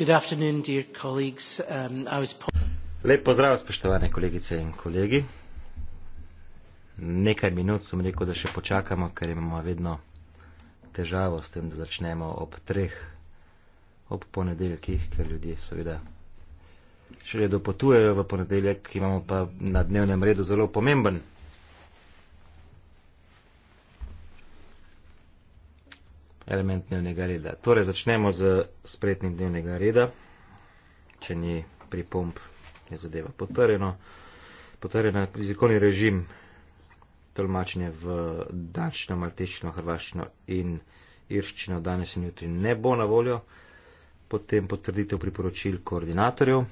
Good afternoon, dear colleagues. Um, I was po Lep pozdrav, spoštovane kolegice in kolegi. Nekaj minut sem rekel, da še počakamo, ker imamo vedno težavo s tem, da začnemo ob treh, ob ponedeljkih, ker ljudje seveda še redo potujejo v ponedeljek, imamo pa na dnevnem redu zelo pomemben element dnevnega reda. Torej, začnemo z spretnim dnevnega reda. Če ni pripomp, je zadeva potrjena. Potrjena je jezikovni režim tolmačenje v dančno, maltečno, hrvaščino in irščino danes in jutri ne bo na voljo. Potem potrditev priporočil koordinatorjev,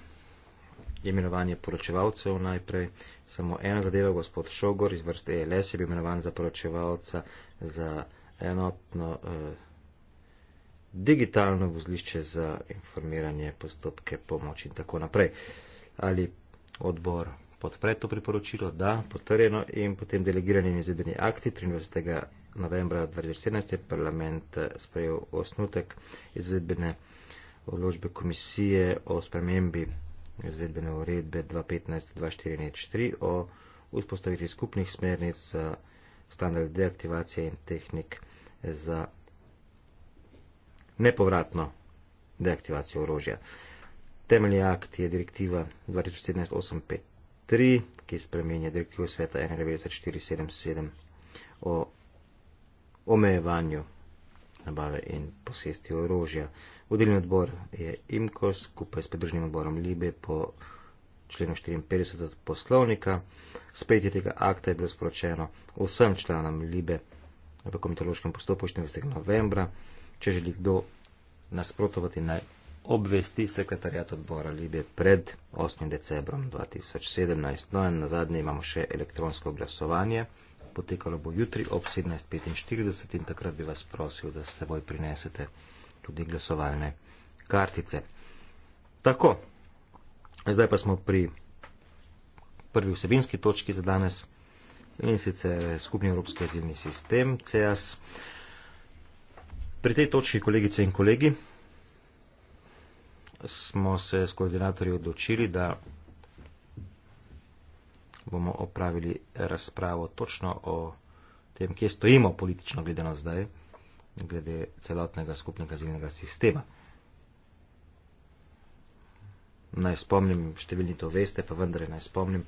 imenovanje poročevalcev najprej. Samo ena zadeva, gospod Šogor iz vrste ELS je bil imenovan za poročevalca za enotno. Eh, digitalno vozlišče za informiranje, postopke, pomoč in tako naprej. Ali odbor podpre to priporočilo, da, potrjeno in potem delegirani in izvedeni akti 23. novembra 2017 je parlament eh, sprejel osnutek izvedbene odločbe komisije o spremembi izvedbene uredbe 2015-2403 o vzpostavitvi skupnih smernic za standarde deaktivacije in tehnik za nepovratno deaktivacijo orožja. Temeljni akt je direktiva 2017-853, ki spremenja direktivo sveta 1947 o omejevanju nabave in posesti orožja. Vodilni odbor je IMKOS skupaj s pridružnim odborom Libe po členu 54 od poslovnika. Sprejetje tega akta je bilo sporočeno vsem članom Libe v komitološkem postopku 14. novembra če želi kdo nasprotovati naj obvesti sekretarjat odbora Libije pred 8. decembrom 2017. No in na zadnje imamo še elektronsko glasovanje. Potekalo bo jutri ob 17.45 in takrat bi vas prosil, da se boj prinesete tudi glasovalne kartice. Tako, zdaj pa smo pri prvi vsebinski točki za danes in sicer skupni evropski azilni sistem CEAS pri tej točki, kolegice in kolegi, smo se s koordinatorji odločili, da bomo opravili razpravo točno o tem, kje stojimo politično gledano zdaj, glede celotnega skupnega zilnega sistema. Naj spomnim, številni to veste, pa vendar naj spomnim,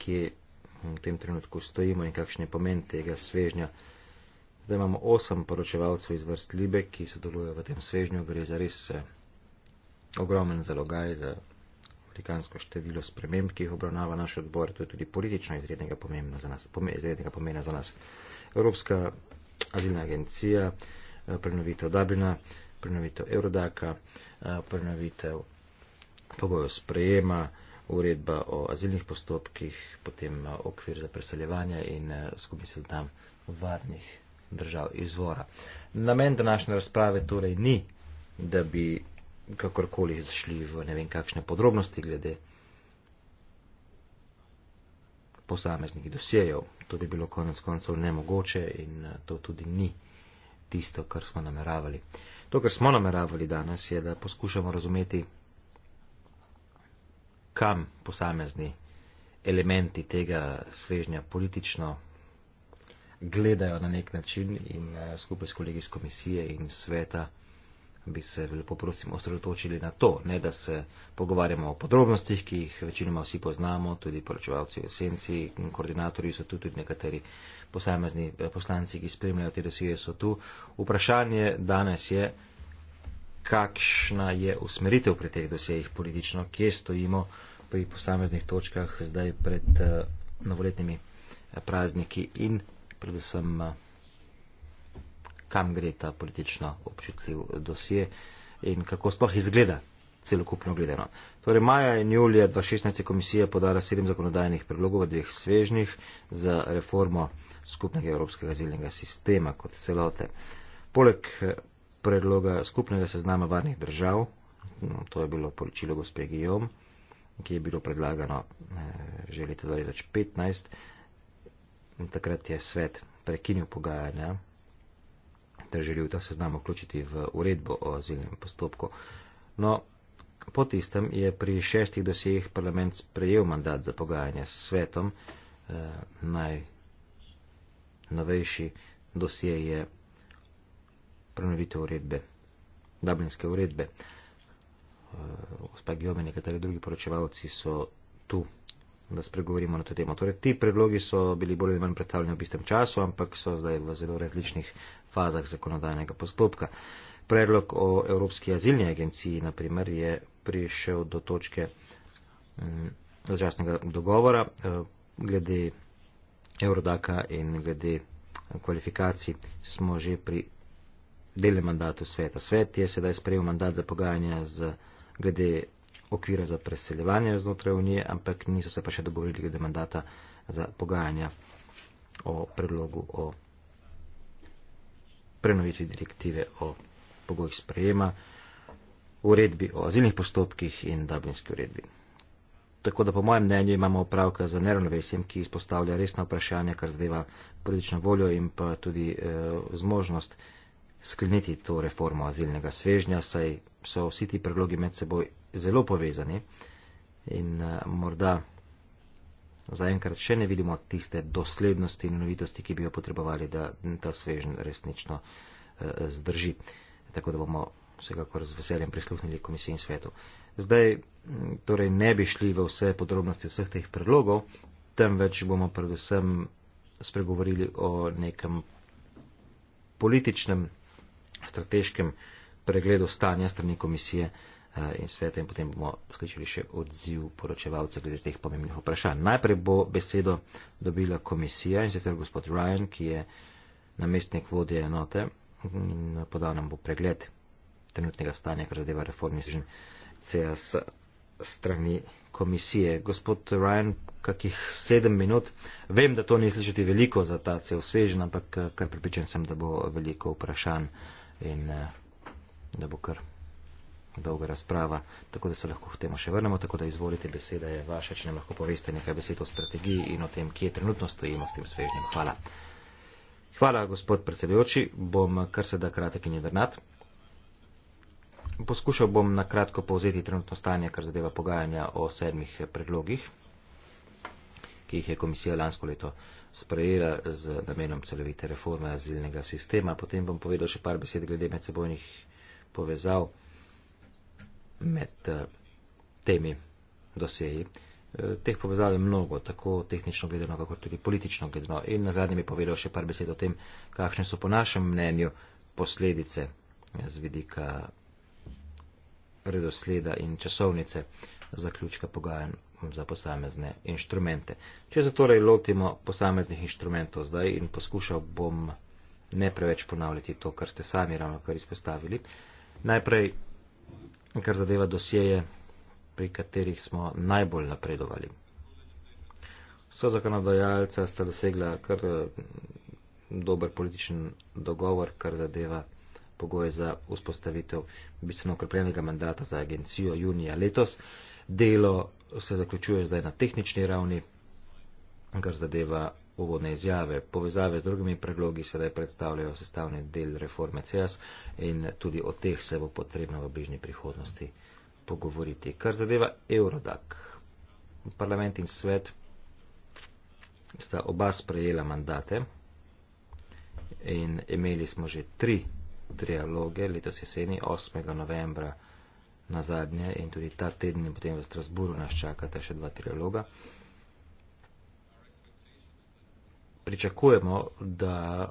kje v tem trenutku stojimo in kakšen je pomen tega svežnja. Da imamo osem poročevalcev iz vrst Libe, ki sodelujejo v tem svežnju, gre za res eh, ogromen zalogaj za velikansko število sprememb, ki jih obravnava naš odbor. To je tudi politično izrednega, za nas, izrednega pomena za nas. Evropska azilna agencija, eh, prenovitev Dublina, prenovitev Eurodaka, eh, prenovitev pogojev sprejema, uredba o azilnih postopkih, potem okvir za preseljevanje in skupni seznam varnih držav izvora. Namen današnje razprave torej ni, da bi kakorkoli zašli v ne vem kakšne podrobnosti glede posameznih dosjejev. To bi bilo konec koncev nemogoče in eh, to tudi ni tisto, kar smo nameravali. To, kar smo nameravali danes, je, da poskušamo razumeti, kam posamezni elementi tega svežnja politično gledajo na nek način in uh, skupaj s kolegi iz komisije in sveta bi se lepo prosim osredotočili na to, ne da se pogovarjamo o podrobnostih, ki jih večinoma vsi poznamo, tudi poročevalci v esenci, koordinatorji so tu, tudi nekateri posamezni eh, poslanci, ki spremljajo te dosije, so tu. Vprašanje danes je, kakšna je usmeritev pri teh dosijejih politično, kje stojimo pri posameznih točkah zdaj pred eh, novoletnimi prazniki in predvsem eh, kam gre ta politično občutljiv dosje in kako sploh izgleda celokupno gledano. Torej, maja in julija 2016 je komisija podala sedem zakonodajnih predlogov, dveh svežnih za reformo skupnega evropskega zelenega sistema kot celote. Poleg eh, predloga skupnega seznama varnih držav, no, to je bilo poročilo gospe Gijom, ki je bilo predlagano eh, že leta 2015, In takrat je svet prekinil pogajanja, ter želel ta seznam vključiti v uredbo o azilnem postopku. No, po tistem je pri šestih dosjejih parlament sprejel mandat za pogajanje s svetom. Eh, najnovejši dosje je prenovitev uredbe, dublinske uredbe. Eh, gospa eh, Giomen, nekateri drugi poročevalci so tu da spregovorimo na to temo. Torej, ti predlogi so bili bolj ali manj predstavljeni v istem času, ampak so zdaj v zelo različnih fazah zakonodajnega postopka. Predlog o Evropski azilni agenciji, na primer, je prišel do točke mm, začasnega dogovora eh, glede Eurodaka in glede kvalifikacij. Smo že pri delnem mandatu sveta. Svet je sedaj sprejel mandat za pogajanja z glede okvira za preseljevanje znotraj Unije, ampak niso se pa še dogovorili glede mandata za pogajanja o predlogu o prenovitvi direktive o pogojih sprejema, uredbi o azilnih postopkih in dublinski uredbi. Tako da po mojem mnenju imamo opravka z neravnovesjem, ki izpostavlja resna vprašanja, kar zadeva politično voljo in pa tudi eh, zmožnost skliniti to reformo azilnega svežnja, saj so vsi ti predlogi med seboj zelo povezani in eh, morda zaenkrat še ne vidimo tiste doslednosti in novitosti, ki bi jo potrebovali, da ta svežen resnično eh, zdrži. Tako da bomo vsekakor z veseljem prisluhnili komisiji in svetu. Zdaj torej ne bi šli v vse podrobnosti vseh teh predlogov, temveč bomo predvsem spregovorili o nekem političnem, strateškem pregledu stanja strani komisije eh, in sveta in potem bomo slišali še odziv poročevalcev glede teh pomembnih vprašanj. Najprej bo besedo dobila komisija in sicer gospod Ryan, ki je namestnik vodje enote in podal nam bo pregled trenutnega stanja, kar zadeva reformni sežen CS strani komisije. Gospod Ryan, kakih sedem minut. Vem, da to ni slišati veliko za ta cel svežen, ampak eh, kar pripričan sem, da bo veliko vprašanj in eh, da bo kar dolga razprava, tako da se lahko k temu še vrnemo, tako da izvolite besede je vaše, če nam lahko poveste nekaj besed o strategiji in o tem, kje trenutno stojimo s tem svežnjem. Hvala. Hvala, gospod predsedujoči, bom kar se da kratek in jedrnat. Poskušal bom na kratko povzeti trenutno stanje, kar zadeva pogajanja o sedmih predlogih, ki jih je komisija lansko leto sprejela z namenom celovite reforme azilnega sistema. Potem bom povedal še par besed glede medsebojnih povezav med eh, temi doseji. Eh, teh povezav je mnogo, tako tehnično gledano, kako tudi politično gledano. In na zadnje bi povedal še par besed o tem, kakšne so po našem mnenju posledice eh, z vidika redosleda in časovnice zaključka pogajanj za posamezne inštrumente. Če se torej lotimo posameznih inštrumentov zdaj in poskušal bom ne preveč ponavljati to, kar ste sami ravno kar izpostavili. Najprej kar zadeva dosjeje, pri katerih smo najbolj napredovali. Vsa zakonodajalca sta dosegla kar mm, dober političen dogovor, kar zadeva pogoje za vzpostavitev bistveno okrepljenega mandata za agencijo junija letos. Delo se zaključuje zdaj na tehnični ravni, kar zadeva uvodne izjave. Povezave z drugimi predlogi sedaj predstavljajo sestavni del reforme CS in tudi o teh se bo potrebno v bližnji prihodnosti pogovoriti. Kar zadeva Eurodak, parlament in svet sta oba sprejela mandate in imeli smo že tri trialoge letos jeseni, 8. novembra na zadnje in tudi ta teden potem v Strasburu nas čakata še dva trialoga. pričakujemo, da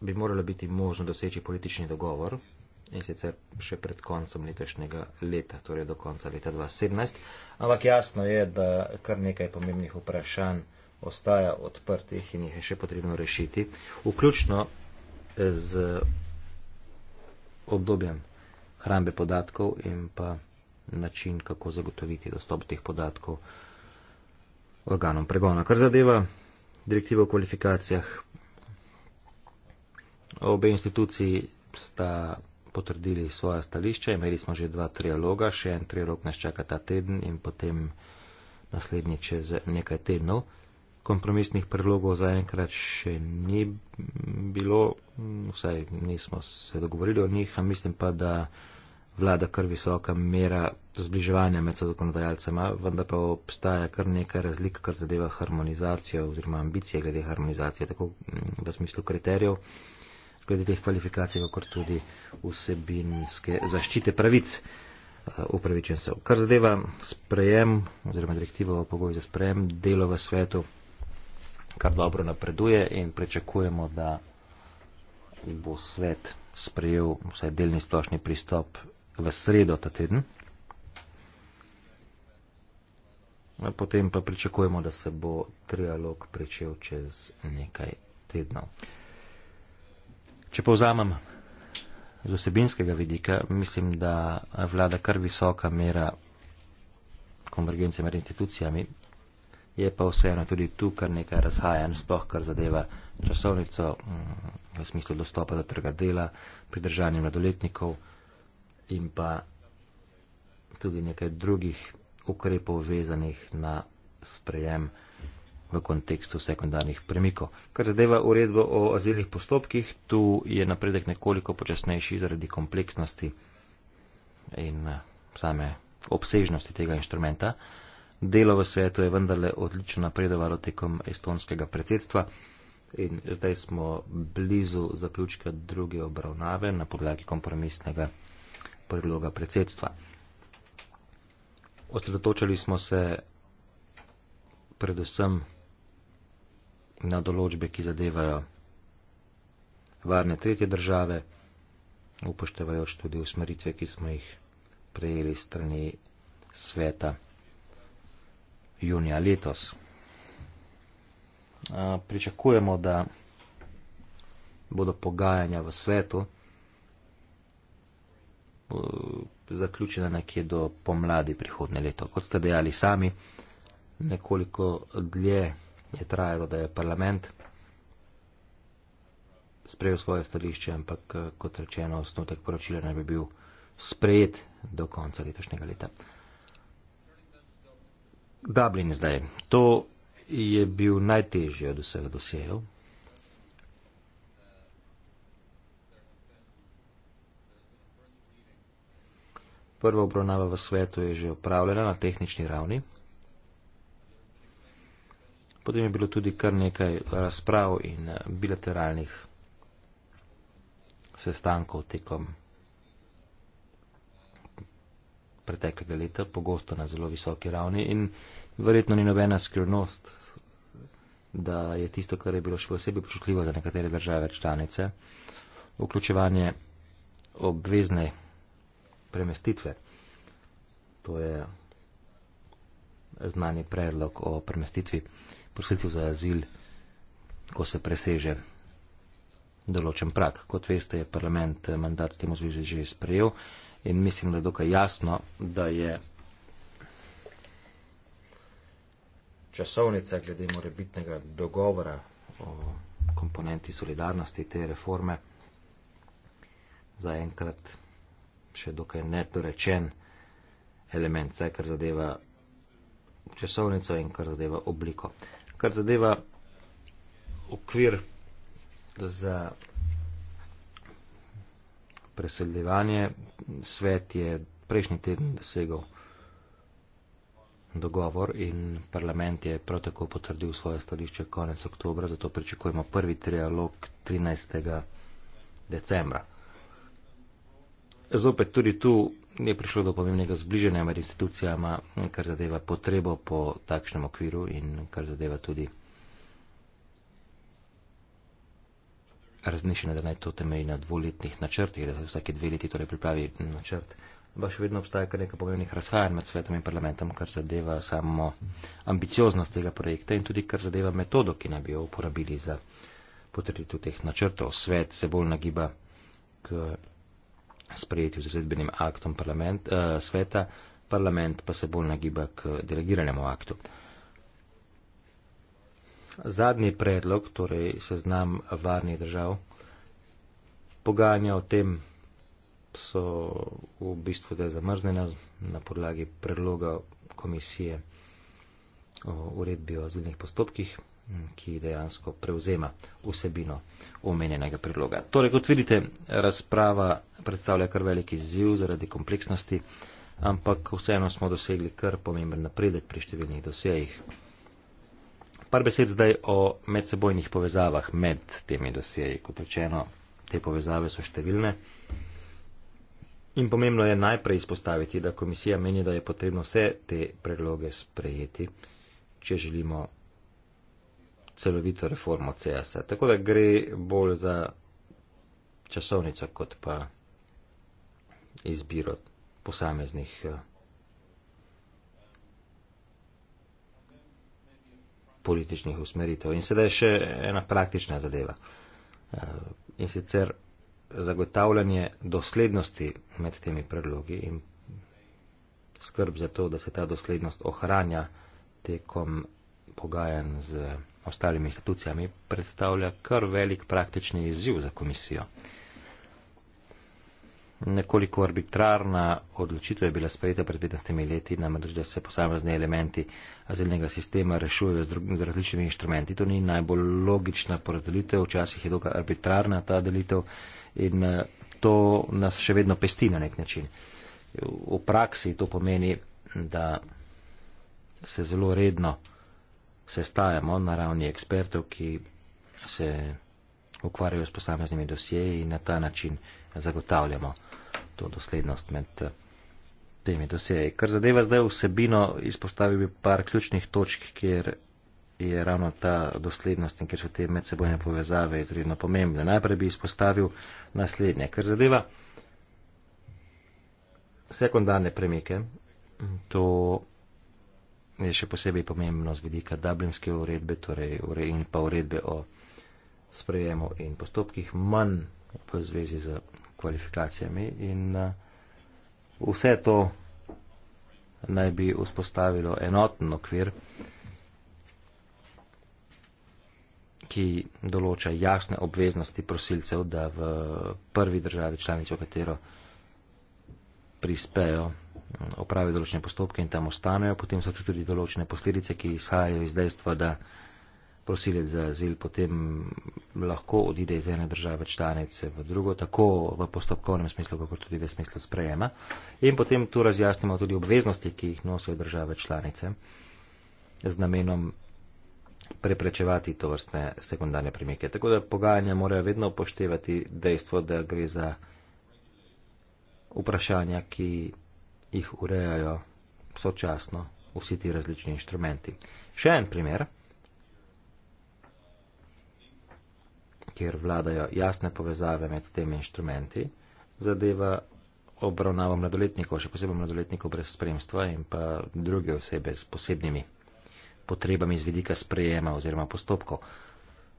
bi moralo biti možno doseči politični dogovor in sicer še pred koncem letošnjega leta, torej do konca leta 2017. Ampak jasno je, da kar nekaj pomembnih vprašanj ostaja odprtih in jih je še potrebno rešiti, vključno z obdobjem hrambe podatkov in pa način, kako zagotoviti dostop teh podatkov organom pregona. Kar zadeva direktiva o kvalifikacijah. Obe instituciji sta potrdili svoje stališče, imeli smo že dva trialoga, še en trialog nas čaka ta teden in potem naslednji čez nekaj tednov. Kompromisnih predlogov zaenkrat še ni bilo, vsaj nismo se dogovorili o njih, a mislim pa, da vlada kar visoka mera zbliževanja med zakonodajalcema, vendar pa obstaja kar nekaj razlik, kar zadeva harmonizacijo oziroma ambicije glede harmonizacije, tako v smislu kriterijev, glede teh kvalifikacij, kot tudi vsebinske zaščite pravic eh, upravičencev. Kar zadeva sprejem oziroma direktivo o pogoji za sprejem, delo v svetu kar dobro napreduje in prečakujemo, da bo svet sprejel vsaj delni splošni pristop v sredo ta teden. Potem pa pričakujemo, da se bo trialog prečel čez nekaj tednov. Če povzamem z osebinskega vidika, mislim, da vlada kar visoka mera konvergence med institucijami, je pa vseeno tudi tu kar nekaj razhajanj, sploh kar zadeva časovnico mm, v smislu dostopa do trga dela, pridržanja mladoletnikov in pa tudi nekaj drugih ukrepov vezanih na sprejem v kontekstu sekundarnih premikov. Kar zadeva uredbo o azilnih postopkih, tu je napredek nekoliko počasnejši zaradi kompleksnosti in eh, same obsežnosti tega inštrumenta. Delo v svetu je vendarle odlično napredovalo tekom estonskega predsedstva in zdaj smo blizu zaključka druge obravnave na podlagi kompromisnega predloga predsedstva. Osredotočali smo se predvsem na določbe, ki zadevajo varne tretje države, upoštevajoč tudi usmeritve, ki smo jih prejeli strani sveta junija letos. Pričakujemo, da bodo pogajanja v svetu zaključena nekje do pomladi prihodne leto. Kot ste dejali sami, nekoliko dlje je trajalo, da je parlament sprejel svoje stališče, ampak kot rečeno, osnotek poročila naj bi bil sprejet do konca letošnjega leta. Dublin zdaj. To je bil najtežji od vseh dosejev. Prva obravnava v svetu je že upravljena na tehnični ravni. Potem je bilo tudi kar nekaj razprav in eh, bilateralnih sestankov tekom preteklega leta, pogosto na zelo visoki ravni in verjetno ni nobena skrivnost, da je tisto, kar je bilo še posebej počutljivo za nekatere države članice, vključevanje obvezne premestitve. To je znani predlog o premestitvi prosilcev za azil, ko se preseže določen prak. Kot veste, je parlament mandat s tem v zvezi že sprejel in mislim, da je dokaj jasno, da je časovnica glede morebitnega dogovora o komponenti solidarnosti te reforme zaenkrat še dokaj nedorečen element, vse kar zadeva časovnico in kar zadeva obliko. Kar zadeva okvir za preseljevanje, svet je prejšnji teden dosegal dogovor in parlament je prav tako potrdil svoje stališče konec oktobra, zato pričakujemo prvi trialog 13. decembra. Zopet tudi tu je prišlo do pomembnega zbližanja med institucijama, kar zadeva potrebo po takšnem okviru in kar zadeva tudi razmišljanje, da naj to temelji na dvoletnih načrtih, da se vsake dve leti torej pripravi načrt. Pa še vedno obstaja kar nekaj pomembnih razhajanj med svetom in parlamentom, kar zadeva samo ambicioznost tega projekta in tudi kar zadeva metodo, ki naj bi jo uporabili za potrditev teh načrtov. Svet se bolj nagiba k sprejeti z izvedbenim aktom parlament, eh, sveta, parlament pa se bolj nagiba k delegiranemu aktu. Zadnji predlog, torej seznam varnih držav, pogajanja o tem so v bistvu da zamrznjena na podlagi predloga komisije o uredbi o azilnih postopkih ki dejansko prevzema vsebino omenjenega predloga. Torej, kot vidite, razprava predstavlja kar veliki izziv zaradi kompleksnosti, ampak vseeno smo dosegli kar pomemben napredek pri številnih dosejih. Par besed zdaj o medsebojnih povezavah med temi dosjeji. Kot rečeno, te povezave so številne. In pomembno je najprej izpostaviti, da komisija meni, da je potrebno vse te predloge sprejeti, če želimo celovito reformo CS-a. Tako da gre bolj za časovnico, kot pa izbiro posameznih. Eh, političnih usmeritev. In sedaj še ena praktična zadeva. Eh, in sicer zagotavljanje doslednosti med temi predlogi in skrb za to, da se ta doslednost ohranja tekom pogajanj z ostalimi institucijami, predstavlja kar velik praktični izziv za komisijo. Nekoliko arbitrarna odločitev je bila sprejeta pred 15 leti, namreč da se posamezni elementi azilnega sistema rešujejo z, z različnimi inštrumenti. To ni najbolj logična porazdelitev, včasih je dokaj arbitrarna ta delitev in to nas še vedno pesti na nek način. V praksi to pomeni, da se zelo redno sestajamo na ravni ekspertov, ki se ukvarjajo s posameznimi dosjeji in na ta način zagotavljamo to doslednost med eh, temi dosjeji. Kar zadeva zdaj vsebino, izpostavil bi par ključnih točk, kjer je ravno ta doslednost in kjer so te medsebojne povezave izredno pomembne. Najprej bi izpostavil naslednje. Kar zadeva sekundarne premike, to je še posebej pomembno z vidika dublinske uredbe torej ure, in pa uredbe o sprejemu in postopkih, manj v zvezi z kvalifikacijami. In uh, vse to naj bi vzpostavilo enoten okvir, ki določa jasne obveznosti prosilcev, da v prvi državi članici, v katero prispejo, opravijo določene postopke in tam ostanejo, potem so tu tudi določene posledice, ki izhajajo iz dejstva, da prosilec za azil potem lahko odide iz ene države članice v drugo, tako v postopkovnem smislu, kako tudi v smislu sprejema. In potem tu razjasnimo tudi obveznosti, ki jih nosijo države članice z namenom preprečevati to vrstne sekundarne premike. Tako da pogajanja morajo vedno upoštevati dejstvo, da gre za vprašanja, ki jih urejajo sočasno vsi ti različni inštrumenti. Še en primer, kjer vladajo jasne povezave med temi inštrumenti, zadeva obravnavo mladoletnikov, še posebej mladoletnikov brez spremstva in pa druge osebe s posebnimi potrebami iz vidika sprejema oziroma postopkov.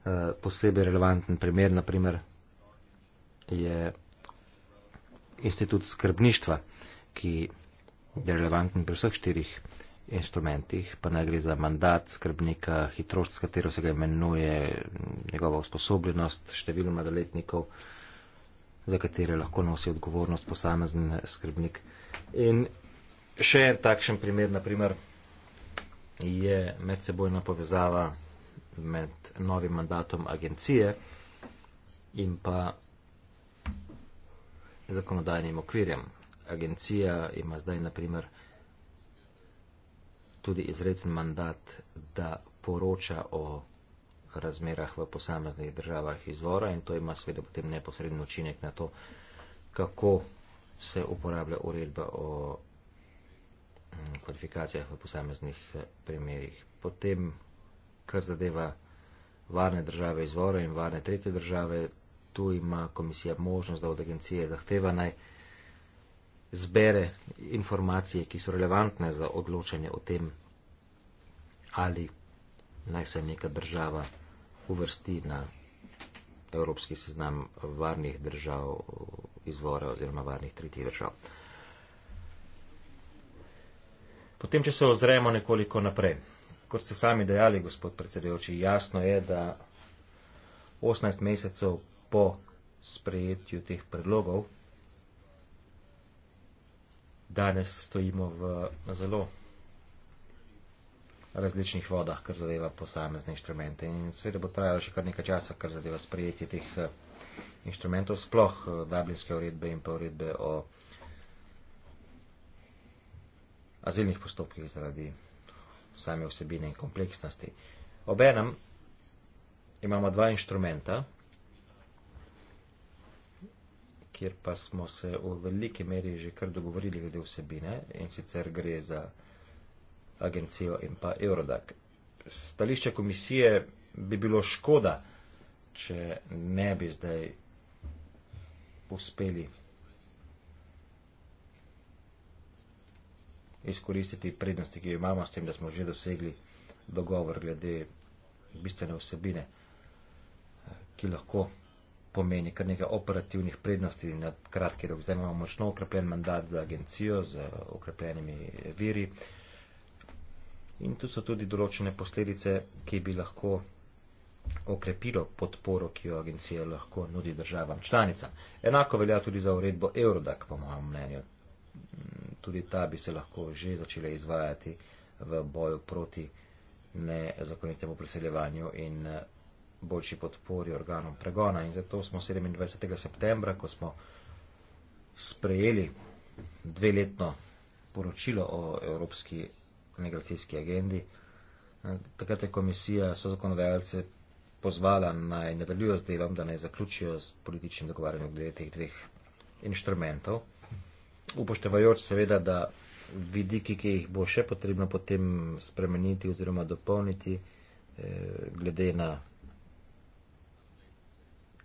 Eh, posebej relevanten primer, na primer, je institut skrbništva, ki relevanten pri vseh štirih instrumentih, pa naj gre za mandat skrbnika, hitrost, s katero se ga imenuje, njegova usposobljenost, število mladoletnikov, za katere lahko nosi odgovornost posamezen skrbnik. In še en takšen primer, naprimer, je medsebojna povezava med novim mandatom agencije in pa zakonodajnim okvirjem agencija ima zdaj naprimer tudi izrecen mandat, da poroča o razmerah v posameznih državah izvora in to ima seveda potem neposreden učinek na to, kako se uporablja uredba o mm, kvalifikacijah v posameznih eh, primerjih. Potem, kar zadeva varne države izvora in varne tretje države, tu ima komisija možnost, da od agencije zahteva naj izvora, zbere informacije, ki so relevantne za odločanje o tem, ali naj se neka država uvrsti na evropski seznam varnih držav izvora oziroma varnih tretjih držav. Potem, če se ozremo nekoliko naprej. Kot ste sami dejali, gospod predsedujoči, jasno je, da 18 mesecev po sprejetju teh predlogov danes stojimo v zelo različnih vodah, kar zadeva posamezne inštrumente. In sveda bo trajalo še kar nekaj časa, kar zadeva sprejetje teh eh, inštrumentov, sploh eh, dublinske uredbe in pa uredbe o azilnih postopkih zaradi same vsebine in kompleksnosti. Obenem imamo dva inštrumenta, kjer pa smo se v veliki meri že kar dogovorili glede vsebine in sicer gre za agencijo in pa Eurodac. Stališče komisije bi bilo škoda, če ne bi zdaj uspeli izkoristiti prednosti, ki jo imamo s tem, da smo že dosegli dogovor glede bistvene vsebine, ki lahko pomeni kar nekaj operativnih prednosti na kratki rok. Zdaj imamo močno ukrepen mandat za agencijo z ukrepenimi viri. In tu so tudi določene posledice, ki bi lahko okrepilo podporo, ki jo agencija lahko nudi državam članicam. Enako velja tudi za uredbo Eurodac, po mojem mnenju. Tudi ta bi se lahko že začela izvajati v boju proti nezakonitemu preseljevanju in eh, boljši podpori organom pregona. In zato smo 27. septembra, ko smo sprejeli dveletno poročilo o Evropski migracijski agendi, eh, takrat je komisija so zakonodajalce pozvala naj nadaljujo z delom, da naj zaključijo s političnim dogovarjanjem glede teh dveh inštrumentov, upoštevajoč seveda, da vidiki, ki jih bo še potrebno potem spremeniti oziroma dopolniti, eh, glede na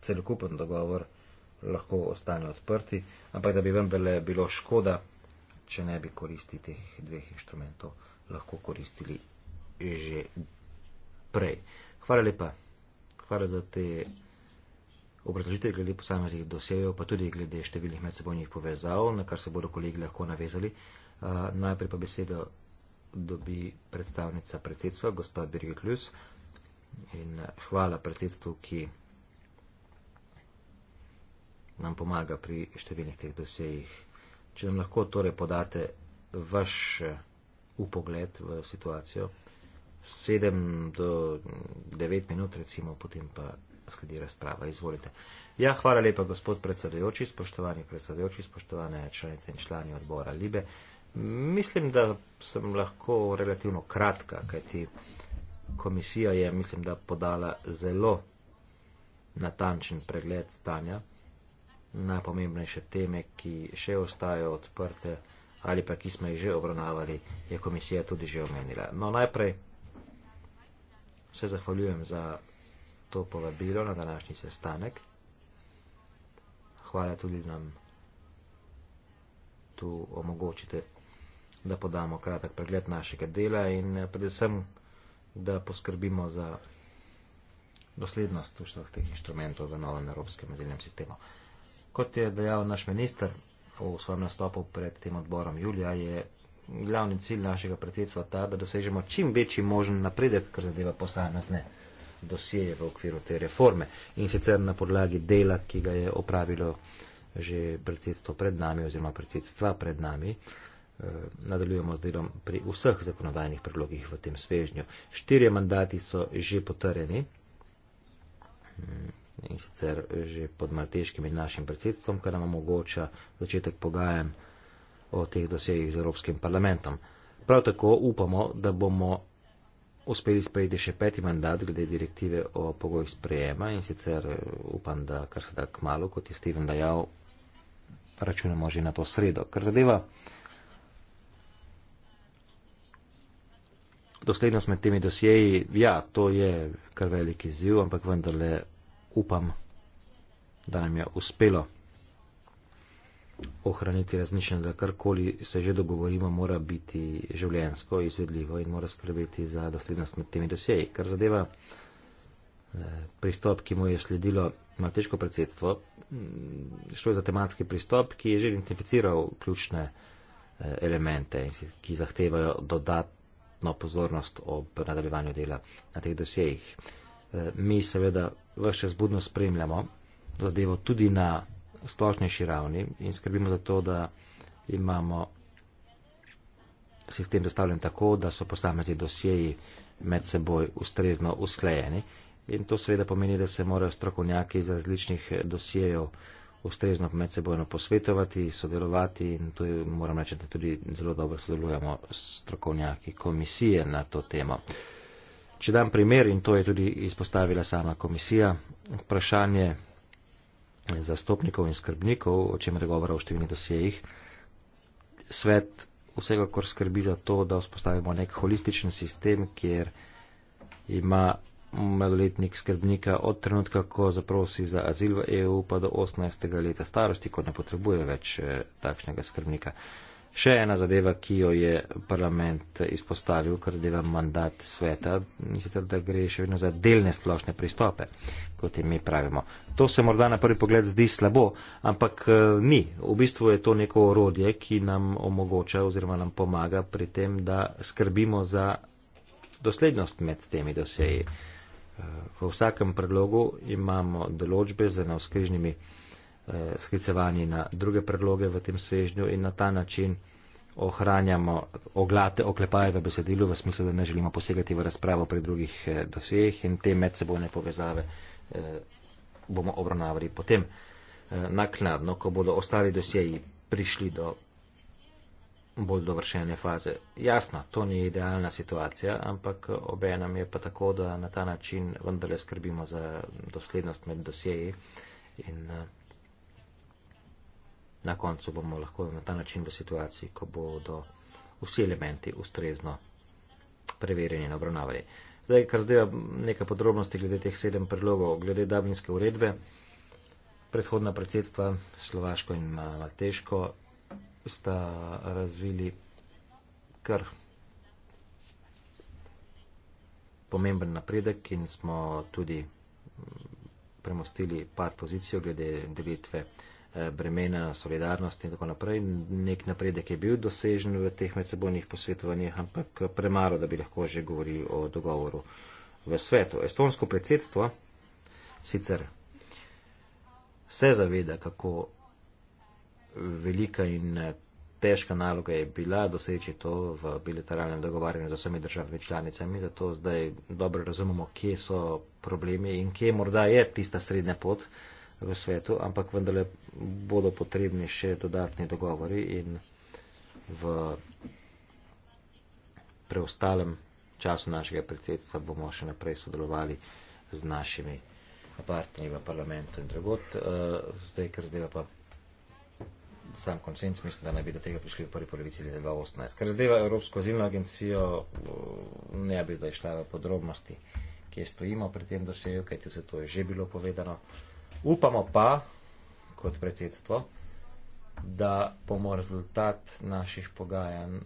celokupen dogovor lahko ostane odprti, ampak da bi vendarle bilo škoda, če ne bi koristi teh dveh inštrumentov lahko koristili že prej. Hvala lepa. Hvala za te obrazložitve glede posameznih dosejev, pa tudi glede številnih medsebojnih povezav, na kar se bodo kolegi lahko navezali. Uh, najprej pa besedo dobi predstavnica predsedstva, gospod Birgit Ljus. In uh, hvala predsedstvu, ki nam pomaga pri številnih teh dosejih. Če nam lahko torej podate vaš eh, upogled v situacijo, 7 do 9 minut recimo, potem pa sledi razprava. Izvolite. Ja, hvala lepa, gospod predsedujoči, spoštovani predsedujoči, spoštovane članice in člani odbora Libe. Mislim, da sem lahko relativno kratka, kajti komisija je, mislim, da podala zelo natančen pregled stanja najpomembnejše teme, ki še ostajajo odprte ali pa ki smo jih že obravnavali, je komisija tudi že omenila. No, najprej se zahvaljujem za to povabilo na današnji sestanek. Hvala tudi nam tu omogočite, da podamo kratek pregled našega dela in eh, predvsem, da poskrbimo za doslednost vseh teh inštrumentov v novem evropskem medeljnem sistemu. Kot je dejal naš minister v svojem nastopu pred tem odborom Julija, je glavni cilj našega predsedstva ta, da dosežemo čim večji možen napredek, kar zadeva posamezne dosije v okviru te reforme. In sicer na podlagi dela, ki ga je opravilo že predsedstvo pred nami oziroma predsedstva pred nami, eh, nadaljujemo z delom pri vseh zakonodajnih predlogih v tem svežnju. Štirje mandati so že potrjeni in sicer že pod malteškim in našim predsedstvom, kar nam omogoča začetek pogajanj o teh dosegih z Evropskim parlamentom. Prav tako upamo, da bomo uspeli sprejeti še peti mandat glede direktive o pogojih sprejema in sicer eh, upam, da kar se da k malu, kot je Steven dejal, računamo že na to sredo. Kar zadeva doslednost med temi dosjeji, ja, to je kar veliki ziv, ampak vendarle upam, da nam je uspelo ohraniti razmišljanje, da karkoli se že dogovorimo, mora biti življensko, izvedljivo in mora skrbeti za doslednost med temi dosjeji. Kar zadeva eh, pristop, ki mu je sledilo malteško predsedstvo, mm, šlo je za tematski pristop, ki je že identificiral ključne eh, elemente, ki zahtevajo dodatno pozornost ob nadaljevanju dela na teh dosjejih. Eh, mi seveda vse zbudno spremljamo zadevo tudi na splošnejši ravni in skrbimo za to, da imamo sistem zastavljen tako, da so posamezni dosjeji med seboj ustrezno usklajeni. In to seveda pomeni, da se morajo strokovnjaki iz različnih dosjejev ustrezno med sebojno posvetovati, sodelovati in tu moram reči, da tudi zelo dobro sodelujemo strokovnjaki komisije na to temo. Če dam primer, in to je tudi izpostavila sama komisija, vprašanje zastopnikov in skrbnikov, o čem je govora v številnih dosjejih, svet vsega, kar skrbi za to, da vzpostavimo nek holističen sistem, kjer ima mladoletnik skrbnika od trenutka, ko zaprosi za azil v EU, pa do 18. leta starosti, ko ne potrebuje več eh, takšnega skrbnika. Še ena zadeva, ki jo je parlament izpostavil, kar zadeva mandat sveta, in sicer, da gre še vedno za delne splošne pristope, kot jim mi pravimo. To se morda na prvi pogled zdi slabo, ampak eh, ni. V bistvu je to neko orodje, ki nam omogoča oziroma nam pomaga pri tem, da skrbimo za doslednost med temi doseji. Eh, v vsakem predlogu imamo določbe z navskrižnimi eh, sklicevanje na druge predloge v tem svežnju in na ta način ohranjamo oglate, oklepaje v besedilu, v smislu, da ne želimo posegati v razpravo pri drugih eh, dosjeh in te medsebojne povezave eh, bomo obravnavali potem eh, naknadno, ko bodo ostali dosjeji prišli do bolj dovršene faze. Jasno, to ni idealna situacija, ampak obenem je pa tako, da na ta način vendarle skrbimo za doslednost med dosjeji in eh, Na koncu bomo lahko na ta način v situaciji, ko bodo vsi elementi ustrezno preverjeni in obravnavali. Zdaj, kar zdaj nekaj podrobnosti glede teh sedem predlogov, glede Dublinske uredbe, predhodna predsedstva Slovaško in Malteško sta razvili kar pomemben napredek in smo tudi premostili pad pozicijo glede delitve Eh, bremena solidarnosti in tako naprej. Nek napredek je bil dosežen v teh medsebojnih posvetovanjih, ampak premalo, da bi lahko že govorili o dogovoru v svetu. Estonsko predsedstvo sicer se zaveda, kako velika in težka naloga je bila doseči to v bilateralnem dogovarjanju z vsemi državami članicami, zato zdaj dobro razumemo, kje so problemi in kje morda je tista srednja pot, v svetu, ampak vendarle bodo potrebni še dodatni dogovori in v preostalem času našega predsedstva bomo še naprej sodelovali z našimi partnerji v parlamentu in drugot. Eh, zdaj, ker zdaj pa sam konsens, mislim, da naj bi do tega prišli v prvi polovici leta 2018. Ker zdaj Evropsko zilno agencijo eh, ne bi zdaj šla v podrobnosti, kje stojimo pri tem dosegu, kajti vse to je že bilo povedano. Upamo pa, kot predsedstvo, da bomo rezultat naših pogajanj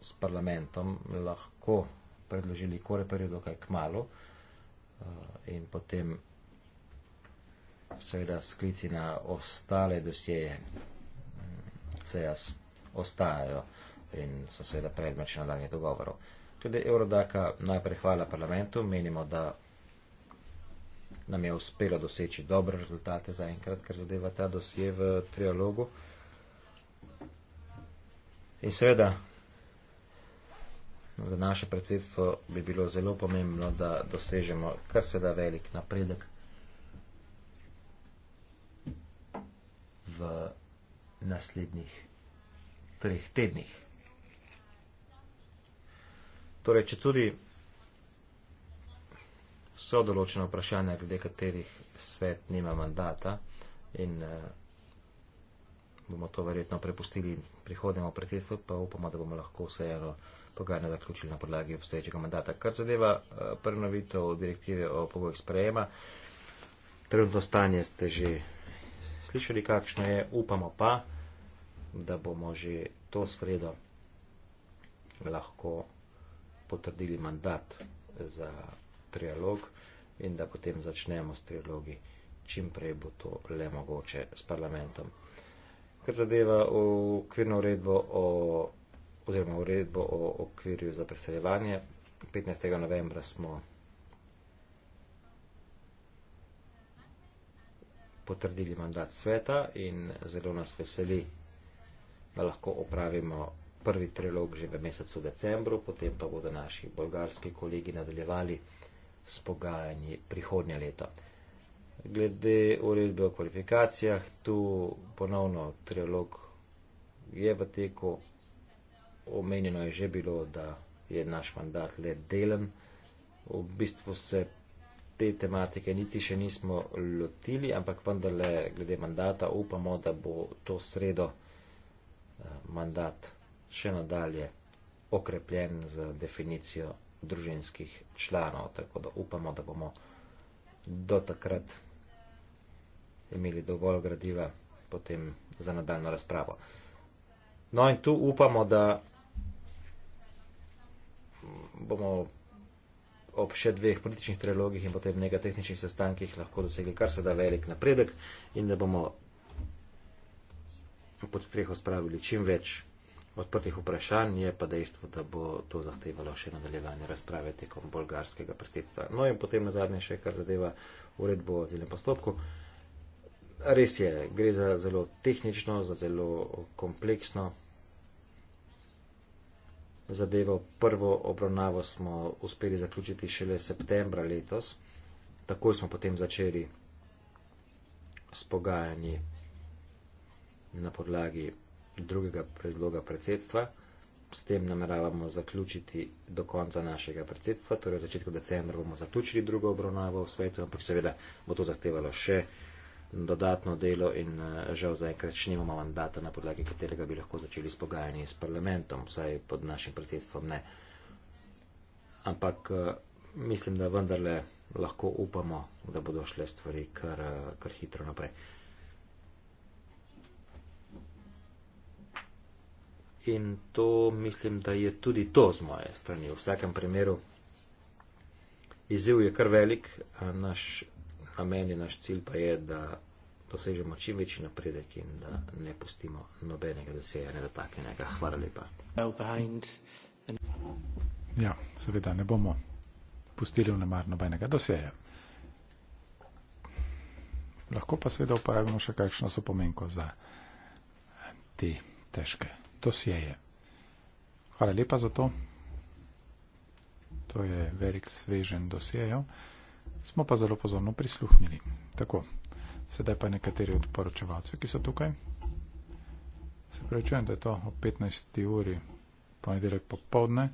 s parlamentom lahko predložili koreperju dokaj k malu eh, in potem seveda sklici na ostale dosjeje CS mm, ostajajo in so seveda predmeč nadaljnjih dogovorov. Tudi Eurodaka najprej hvala parlamentu, menimo, da nam je uspelo doseči dobre rezultate za enkrat, kar zadeva ta dosje v trialogu. In seveda, za naše predsedstvo bi bilo zelo pomembno, da dosežemo kar se da velik napredek v naslednjih treh tednih. Torej, če tudi so določena vprašanja, glede katerih svet nima mandata in eh, bomo to verjetno prepustili prihodnemu predsedstvu, pa upamo, da bomo lahko vseeno pogajanja zaključili na podlagi obstoječega mandata. Kar zadeva eh, prenovitev direktive o pogojih sprejema, trenutno stanje ste že slišali, kakšno je, upamo pa, da bomo že to sredo lahko potrdili mandat za trialog in da potem začnemo s trialogi, čim prej bo to le mogoče s parlamentom. Kar zadeva v okvirno uredbo o, oziroma uredbo o okvirju za preseljevanje, 15. novembra smo potrdili mandat sveta in zelo nas veseli, da lahko opravimo prvi trilog že v mesecu decembru, potem pa bodo naši bolgarski kolegi nadaljevali s pogajanji prihodnje leto. Glede uredbe o kvalifikacijah, tu ponovno trilog je v teku. Omenjeno je že bilo, da je naš mandat le delen. V bistvu se te tematike niti še nismo lotili, ampak vendarle glede mandata upamo, da bo to sredo eh, mandat še nadalje okrepljen z definicijo družinskih članov. Tako da upamo, da bomo do takrat imeli dovolj gradiva potem za nadaljno razpravo. No in tu upamo, da bomo ob še dveh političnih trilogih in potem nekaj tehničnih sestankih lahko dosegli kar se da velik napredek in da bomo pod streho spravili čim več odprtih vprašanj, je pa dejstvo, da bo to zahtevalo še nadaljevanje razprave tekom bolgarskega predsedstva. No in potem na zadnje še, kar zadeva uredbo o zelenem postopku. Res je, gre za zelo tehnično, za zelo kompleksno zadevo. Prvo obravnavo smo uspeli zaključiti šele septembra letos. Takoj smo potem začeli s pogajanji na podlagi drugega predloga predsedstva. S tem nameravamo zaključiti do konca našega predsedstva, torej v začetku decembra bomo zaključili drugo obravnavo v svetu, ampak seveda bo to zahtevalo še dodatno delo in eh, žal zaenkrat še nimamo mandata, na podlagi katerega bi lahko začeli s pogajanji s parlamentom, vsaj pod našim predsedstvom ne. Ampak eh, mislim, da vendarle lahko upamo, da bodo šle stvari kar, eh, kar hitro naprej. in to mislim, da je tudi to z moje strani. V vsakem primeru izziv je kar velik, a naš namen in naš cilj pa je, da dosežemo čim večji napredek in da ne pustimo nobenega, da se je ne dotaknjenega. Hvala lepa. Ja, seveda ne bomo pustili v nemar nobenega doseja. Lahko pa seveda uporabimo še kakšno sopomenko za te težke to sjeje. Hvala lepa za to. To je verik svežen dosjejo. Smo pa zelo pozorno prisluhnili. Tako, sedaj pa nekateri od poročevalcev, ki so tukaj. Se pravičujem, da je to ob 15. uri ponedeljek popovdne.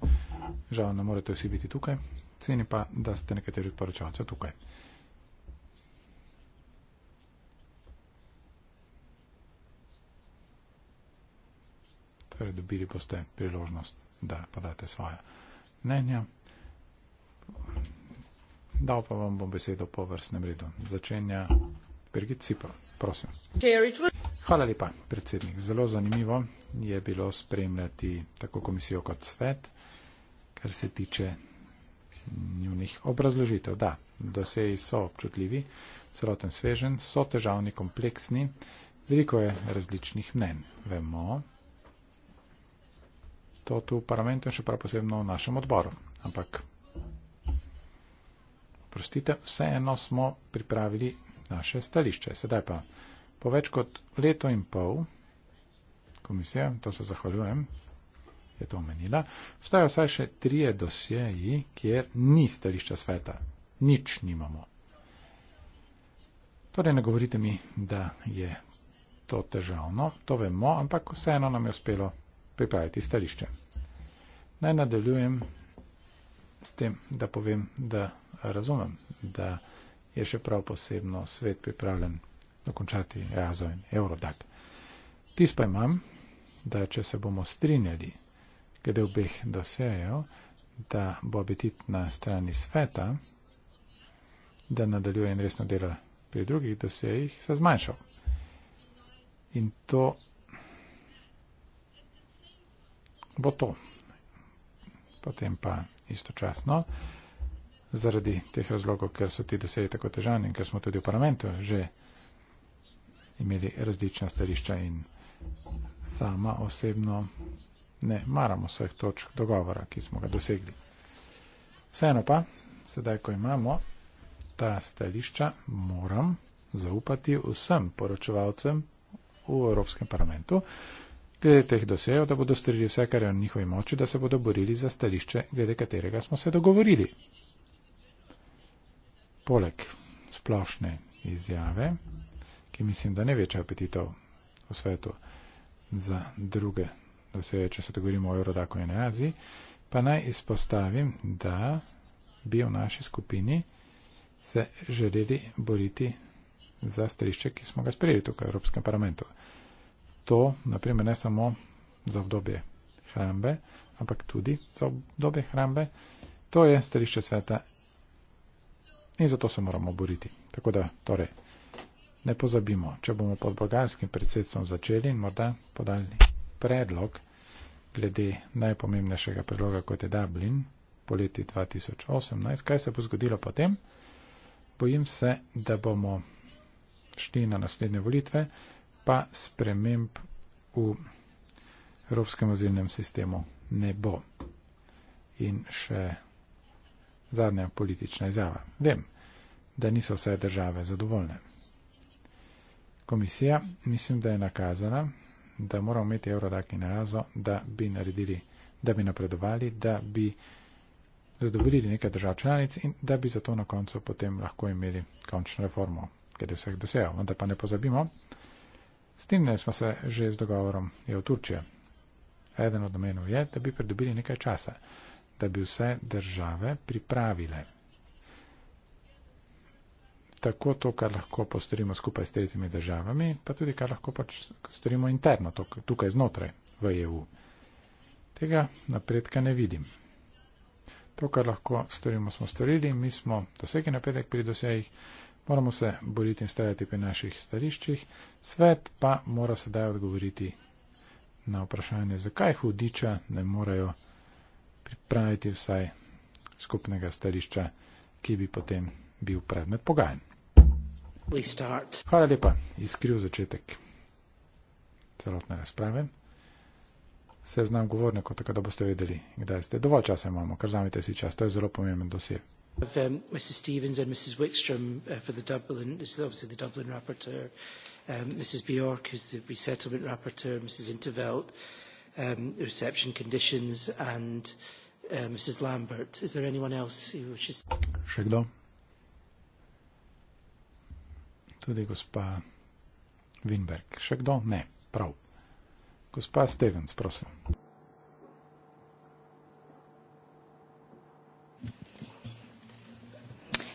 Žal ne morete vsi biti tukaj. Ceni pa, da ste nekateri od poročevalcev tukaj. torej dobili boste priložnost, da podate svoje mnenja. Dal pa vam bom besedo po vrstnem redu. Začenja Birgit Cipa, prosim. Hvala lepa, predsednik. Zelo zanimivo je bilo spremljati tako komisijo kot svet, kar se tiče njunih obrazložitev. Da, doseji so občutljivi, celoten svežen, so težavni, kompleksni, veliko je različnih mnen. Vemo, to tu v parlamentu in še prav posebno v našem odboru. Ampak, prostite, vseeno smo pripravili naše stališče. Sedaj pa, po več kot leto in pol, komisija, to se zahvaljujem, je to omenila, vstajajo vsaj še trije dosjeji, kjer ni stališča sveta. Nič nimamo. Torej, ne govorite mi, da je to težavno, to vemo, ampak vseeno nam je uspelo pripraviti stališče. Naj nadaljujem s tem, da povem, da razumem, da je še prav posebno svet pripravljen dokončati EASO in Eurodac. Tis pa imam, da če se bomo strinjali, glede obeh dosejev, da bo apetit na strani sveta, da nadaljuje in resno dela pri drugih dosejih, se zmanjšal. In to bo to. Potem pa istočasno, zaradi teh razlogov, ker so ti dosedi tako težani in ker smo tudi v parlamentu že imeli različna stališča in sama osebno ne maramo vseh točk dogovora, ki smo ga dosegli. Vseeno pa, sedaj, ko imamo ta stališča, moram zaupati vsem poročevalcem v Evropskem parlamentu, glede teh dosejev, da bodo storili vse, kar je v njihovi moči, da se bodo borili za stališče, glede katerega smo se dogovorili. Poleg splošne izjave, ki mislim, da ne veča apetitov v svetu za druge doseje, če se dogovorimo o Eurodaku in Aziji, pa naj izpostavim, da bi v naši skupini se želeli boriti za stališče, ki smo ga sprejeli tukaj v Evropskem parlamentu to, naprimer, ne samo za obdobje hrambe, ampak tudi za obdobje hrambe, to je stališče sveta in zato se moramo boriti. Tako da, torej, ne pozabimo, če bomo pod bolgarskim predsedstvom začeli in morda podali predlog glede najpomembnejšega predloga, kot je Dublin poleti 2018, kaj se bo zgodilo potem, bojim se, da bomo šli na naslednje volitve pa sprememb v evropskem azilnem sistemu ne bo. In še zadnja politična izjava. Vem, da niso vse države zadovoljne. Komisija mislim, da je nakazana, da moramo imeti Eurodac in EASO, da bi naredili, da bi napredovali, da bi zadovoljili nekaj držav članic in da bi zato na koncu potem lahko imeli končno reformo, ker je vseh dosejal. Vendar pa ne pozabimo, Strinjali smo se že z dogovorom v Turčijo. Eden od namenov je, da bi pridobili nekaj časa, da bi vse države pripravile tako to, kar lahko postorimo skupaj s tretjimi državami, pa tudi kar lahko pač storimo interno, tukaj znotraj v EU. Tega napredka ne vidim. To, kar lahko storimo, smo storili, mi smo dosegli napredek pri dosejih. Moramo se boriti in stajati pri naših stališčih, svet pa mora sedaj odgovoriti na vprašanje, zakaj hudiča ne morejo pripraviti vsaj skupnega stališča, ki bi potem bil predmet pogajanj. Hvala lepa, iskriv začetek celotne razprave. Se znam govornikov, tako da boste vedeli, kdaj ste. Dovolj časa imamo, kar zamite si čas, to je zelo pomemben dosje of um, Mrs Stevens and Mrs Wickstrom uh, for the Dublin, this is obviously the Dublin rapporteur, um, Mrs Bjork who's the resettlement rapporteur, Mrs Intervelt, um, reception conditions and uh, Mrs Lambert. Is there anyone else who wishes to... Še kdo? Tudi gospa Winberg. Še kdo? Ne, prav. Gospa Stevens, prosim.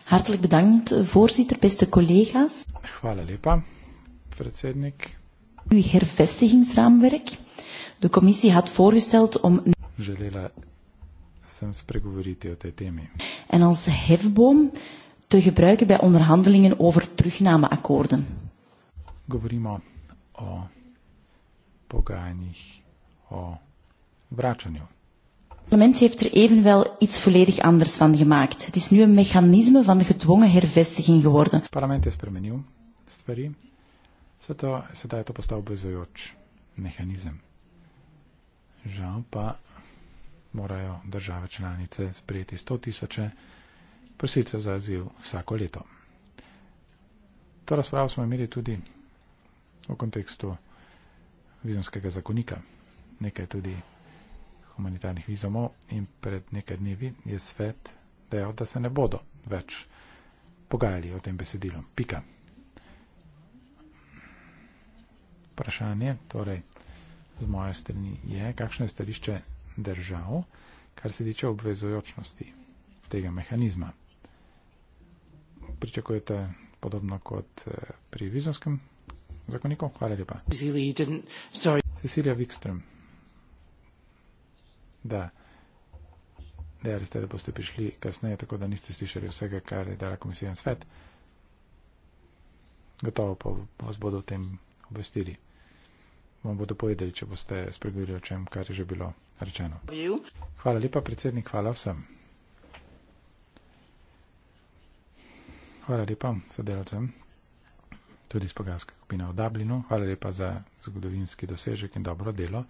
Hartelijk bedankt, voorzitter, beste collega's. Hvala lepa, predsednik. Uw hervestigingsraamwerk. De commissie had voorgesteld om. Želela sem spregovoriti o tej temi. En als hefboom te gebruiken bij onderhandelingen over terugnameakkoorden. Govorimo o pogajanjih o vračanju. Het parlement heeft er evenwel iets volledig anders van gemaakt. Het is nu een mechanisme van de gedwongen hervestiging geworden. Het parlement is spremenil stvari. Zato se da je to postal obvezujoč mehanizem. Žal pa morajo države članice sprejeti 100 tisoče prosilcev za azil vsako leto. To razpravo smo imeli tudi v kontekstu vizumskega zakonika. Nekaj tudi humanitarnih vizumov in pred nekaj dnevi je svet dejal, da se ne bodo več pogajali o tem besedilom. Pika. Vprašanje torej z moje strani je, kakšno je stališče držav, kar se tiče obvezujočnosti tega mehanizma. Pričakujete podobno kot eh, pri vizumskem zakoniku? Hvala lepa. Cecilia Wikström da dejali ste, da boste prišli kasneje, tako da niste slišali vsega, kar je dala komisija na svet. Gotovo pa vas bodo o tem obvestili. Vam bodo povedali, če boste spregovorili o čem, kar je že bilo rečeno. Hvala lepa, predsednik, hvala vsem. Hvala lepa sodelavcem, tudi iz pogajalske skupine v Dublinu. Hvala lepa za zgodovinski dosežek in dobro delo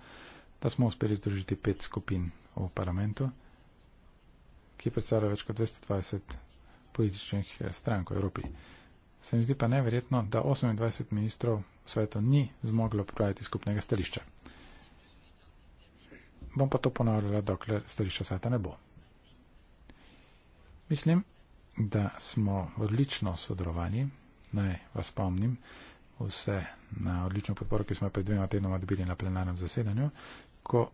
da smo uspeli združiti pet skupin v parlamentu, ki predstavlja več kot 220 političnih eh, strank v Evropi. Se mi zdi pa neverjetno, da 28 ministrov sveto ni zmoglo pripraviti skupnega stališča. Bom pa to ponavljala, dokler stališča sveta ne bo. Mislim, da smo odlično sodelovali, naj vas spomnim, vse na odlično podporo, ki smo jo pred dvema tednoma dobili na plenarnem zasedanju, ko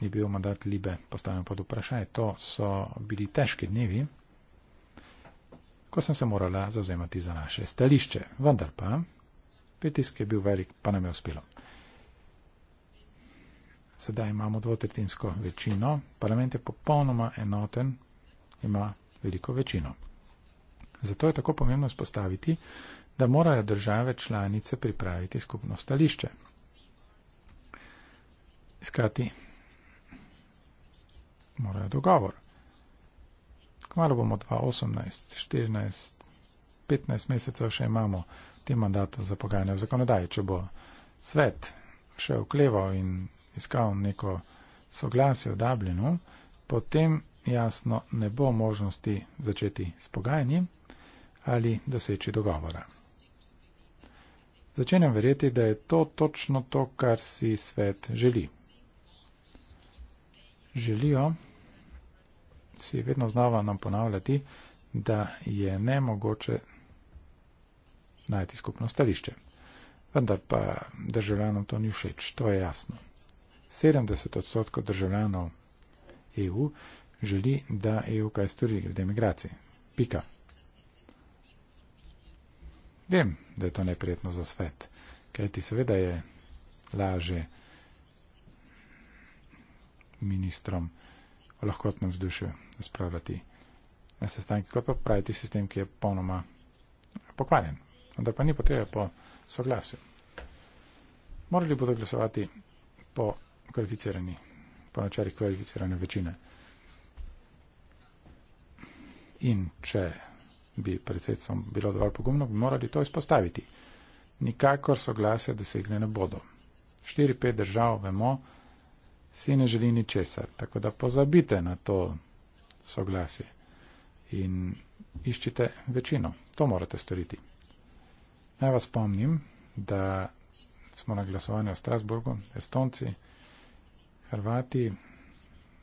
je bil mandat Libe postavljen pod vprašaj. To so bili težki dnevi, ko sem se morala zauzemati za naše stališče. Vendar pa, pritisk je bil velik, pa nam je uspelo. Sedaj imamo dvotretinsko večino, parlament je popolnoma enoten, ima veliko večino. Zato je tako pomembno izpostaviti, da morajo države članice pripraviti skupno stališče iskati. Morajo dogovor. Kmalo bomo 2018, 14, 15 mesecev še imamo te mandato za pogajanje v zakonodaji. Če bo svet še okleval in iskal neko soglasje v Dublinu, potem jasno ne bo možnosti začeti s pogajanji ali doseči dogovora. Začenjam verjeti, da je to točno to, kar si svet želi želijo, si vedno znova nam ponavljati, da je nemogoče najti skupno stališče. Vendar pa državljanom to ni všeč, to je jasno. 70 odstotkov državljanov EU želi, da EU kaj stori glede migracij. Pika. Vem, da je to neprijetno za svet, kajti seveda je laže ministrom o lahkotnem vzdušju spravljati na sestanke, kot pa praviti sistem, ki je ponoma pokvarjen. Da pa ni potrebe po soglasju. Morali bodo glasovati po kvalificirani, po načelih kvalificirane večine. In če bi predsedcom bilo dovolj pogumno, bi morali to izpostaviti. Nikakor soglasje dosegne ne bodo. 4-5 držav vemo, si ne želi ničesar. Tako da pozabite na to soglasje in iščite večino. To morate storiti. Naj vas spomnim, da smo na glasovanju v Strasburgu, Estonci, Hrvati,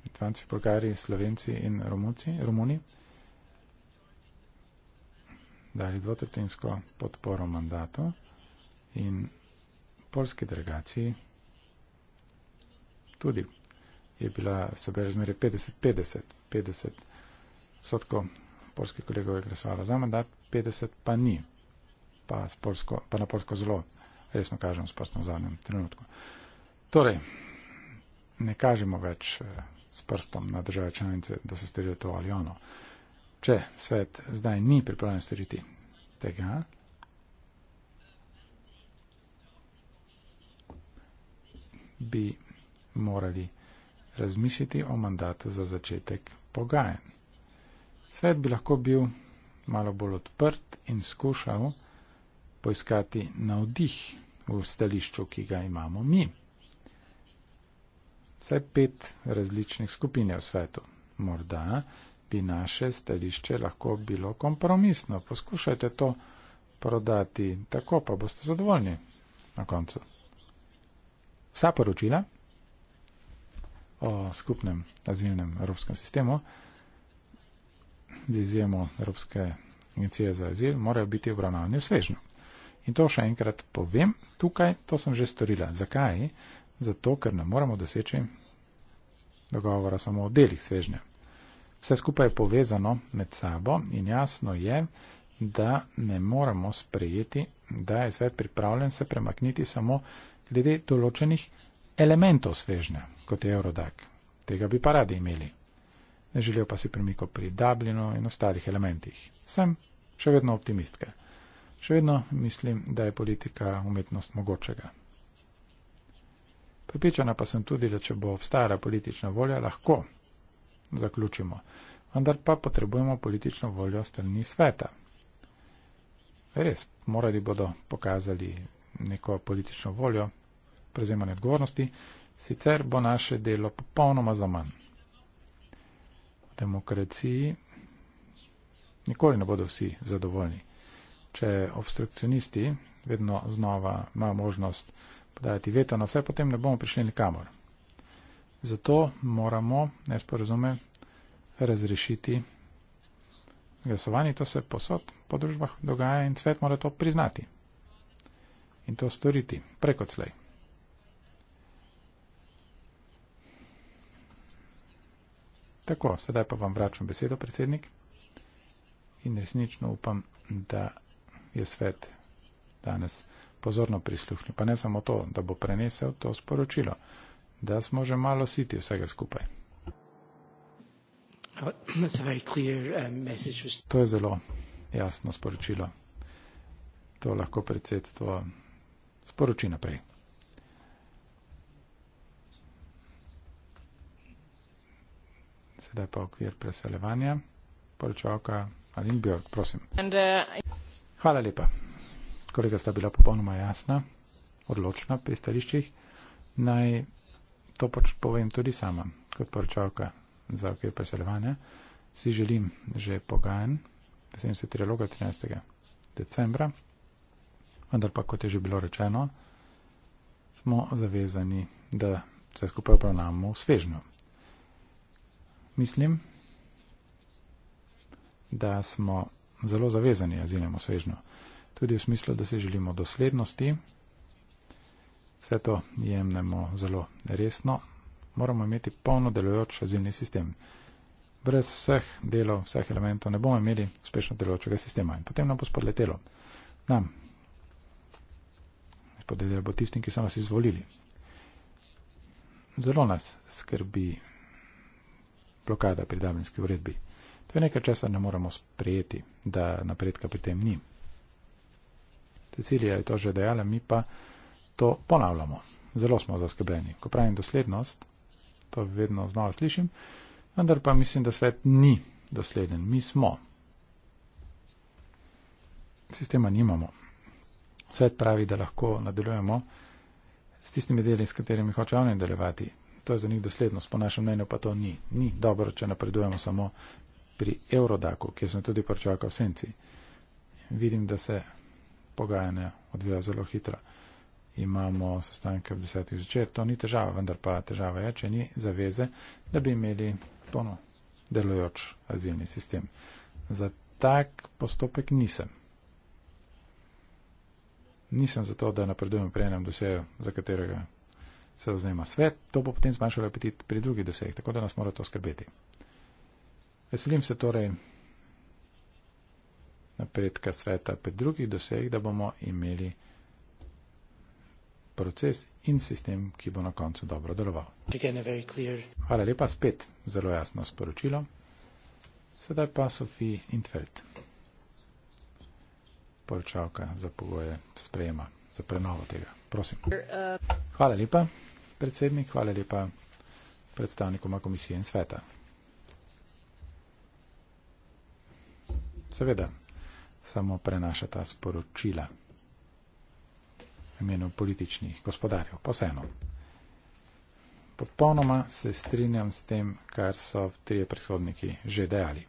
Litvanci, Bolgari, Slovenci in Romunci, Romuni dali dvotretinsko podporo mandatu in polski delegaciji tudi bila, so bile razmere 50-50. 50 odstotkov polskih kolegov je glasovalo za mandat, 50 pa ni. Pa, polsko, pa na polsko zelo resno kažem s prstom v zadnjem trenutku. Torej, ne kažemo več eh, s prstom na države članice, da so storili to ali ono. Če svet zdaj ni pripravljen storiti tega, bi morali razmišljati o mandatu za začetek pogajanj. Svet bi lahko bil malo bolj odprt in skušal poiskati navdih v stališču, ki ga imamo mi. Vse pet različnih skupin je v svetu. Morda bi naše stališče lahko bilo kompromisno. Poskušajte to prodati, tako pa boste zadovoljni na koncu. Vsa poročila o skupnem azilnem evropskem sistemu, z izjemo Evropske agencije za azil, morajo biti obravnavani svežno. In to še enkrat povem tukaj, to sem že storila. Zakaj? Zato, ker ne moramo doseči dogovora samo o delih svežnja. Vse skupaj je povezano med sabo in jasno je, da ne moramo sprejeti, da je svet pripravljen se premakniti samo glede določenih elementov svežne, kot je Eurodac. Tega bi pa radi imeli. Ne želijo pa si premiko pri Dublinu in ostalih elementih. Sem še vedno optimistka. Še vedno mislim, da je politika umetnost mogočega. Pripričana pa sem tudi, da če bo obstajala politična volja, lahko. Zaključimo. Vendar pa potrebujemo politično voljo strani sveta. Res, morali bodo pokazali neko politično voljo, prezemanje odgovornosti, sicer bo naše delo popolnoma za manj. V demokraciji nikoli ne bodo vsi zadovoljni. Če obstrukcionisti vedno znova imajo možnost podajati veto na vse, potem ne bomo prišli nikamor. Zato moramo nesporazume razrešiti glasovanje. To se posod po družbah dogaja in svet mora to priznati. In to storiti preko slej. Tako, sedaj pa vam vračam besedo, predsednik. In resnično upam, da je svet danes pozorno prisluhnil. Pa ne samo to, da bo prenesel to sporočilo, da smo že malo siti vsega skupaj. Oh, um, to je zelo jasno sporočilo. To lahko predsedstvo sporoči naprej. sedaj pa okvir preseljevanja. Poročavka Alin Björk, prosim. Uh, Hvala lepa. Kolega sta bila popolnoma jasna, odločna pri stališčih. Naj to pač povem tudi sama, kot poročavka za okvir preseljevanja. Si želim že pogajan 70. loga 13. decembra, vendar pa, kot je že bilo rečeno, smo zavezani, da se skupaj obravnavamo v svežnju. Mislim, da smo zelo zavezani azilnemu svežnju, tudi v smislu, da se želimo doslednosti. Vse to jemnemo zelo resno. Moramo imeti polno delujoč azilni sistem. Brez vseh delov, vseh elementov ne bomo imeli uspešno delujočega sistema in potem nam bo spodletelo. Nam. Spodletelo bo tistim, ki so nas izvolili. Zelo nas skrbi blokada pri davljenski uredbi. To je nekaj časa ne moramo sprejeti, da napredka pri tem ni. Cecilija je to že dejala, mi pa to ponavljamo. Zelo smo zaskrbljeni. Ko pravim doslednost, to vedno znova slišim, vendar pa mislim, da svet ni dosleden. Mi smo. Sistema nimamo. Svet pravi, da lahko nadaljujemo s tistimi deli, s katerimi hoče on nadaljevati. To je za njih doslednost, po našem mnenju pa to ni. Ni dobro, če napredujemo samo pri Eurodaku, kjer sem tudi pričakal senci. Vidim, da se pogajanja odvija zelo hitro. Imamo sestanke v desetih zvečer, to ni težava, vendar pa težava je, če ni zaveze, da bi imeli polno delujoč azilni sistem. Za tak postopek nisem. Nisem za to, da napredujem pri enem doseju, za katerega se zauzema svet, to bo potem zmanjšalo apetit pri drugih dosegih, tako da nas mora to skrbeti. Veselim se torej napredka sveta pri drugih dosegih, da bomo imeli proces in sistem, ki bo na koncu dobro deloval. Hvala lepa, spet zelo jasno sporočilo. Sedaj pa Sofija Intfeld, poročavka za pogoje sprejema, za prenovo tega prosim. Hvala lepa, predsednik, hvala lepa predstavnikoma komisije in sveta. Seveda, samo prenašata sporočila v imenu političnih gospodarjev. Posebno. Popolnoma se strinjam s tem, kar so trije predhodniki že dejali.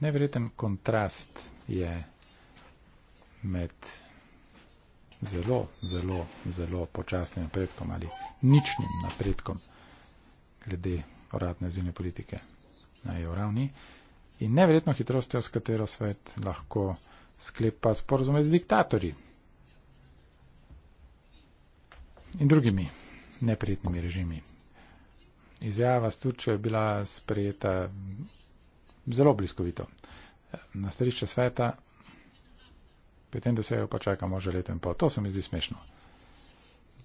Neverjeten kontrast je med zelo, zelo, zelo počasnim napredkom ali ničnim napredkom glede uradne zunje politike na EU ravni in neverjetno hitrostjo, s katero svet lahko sklepa sporozume z diktatorji in drugimi neprijetnimi režimi. Izjava s Turčjo je bila sprejeta zelo bliskovito. Na starišče sveta 75 pa čakamo že leto in pol. To se mi zdi smešno.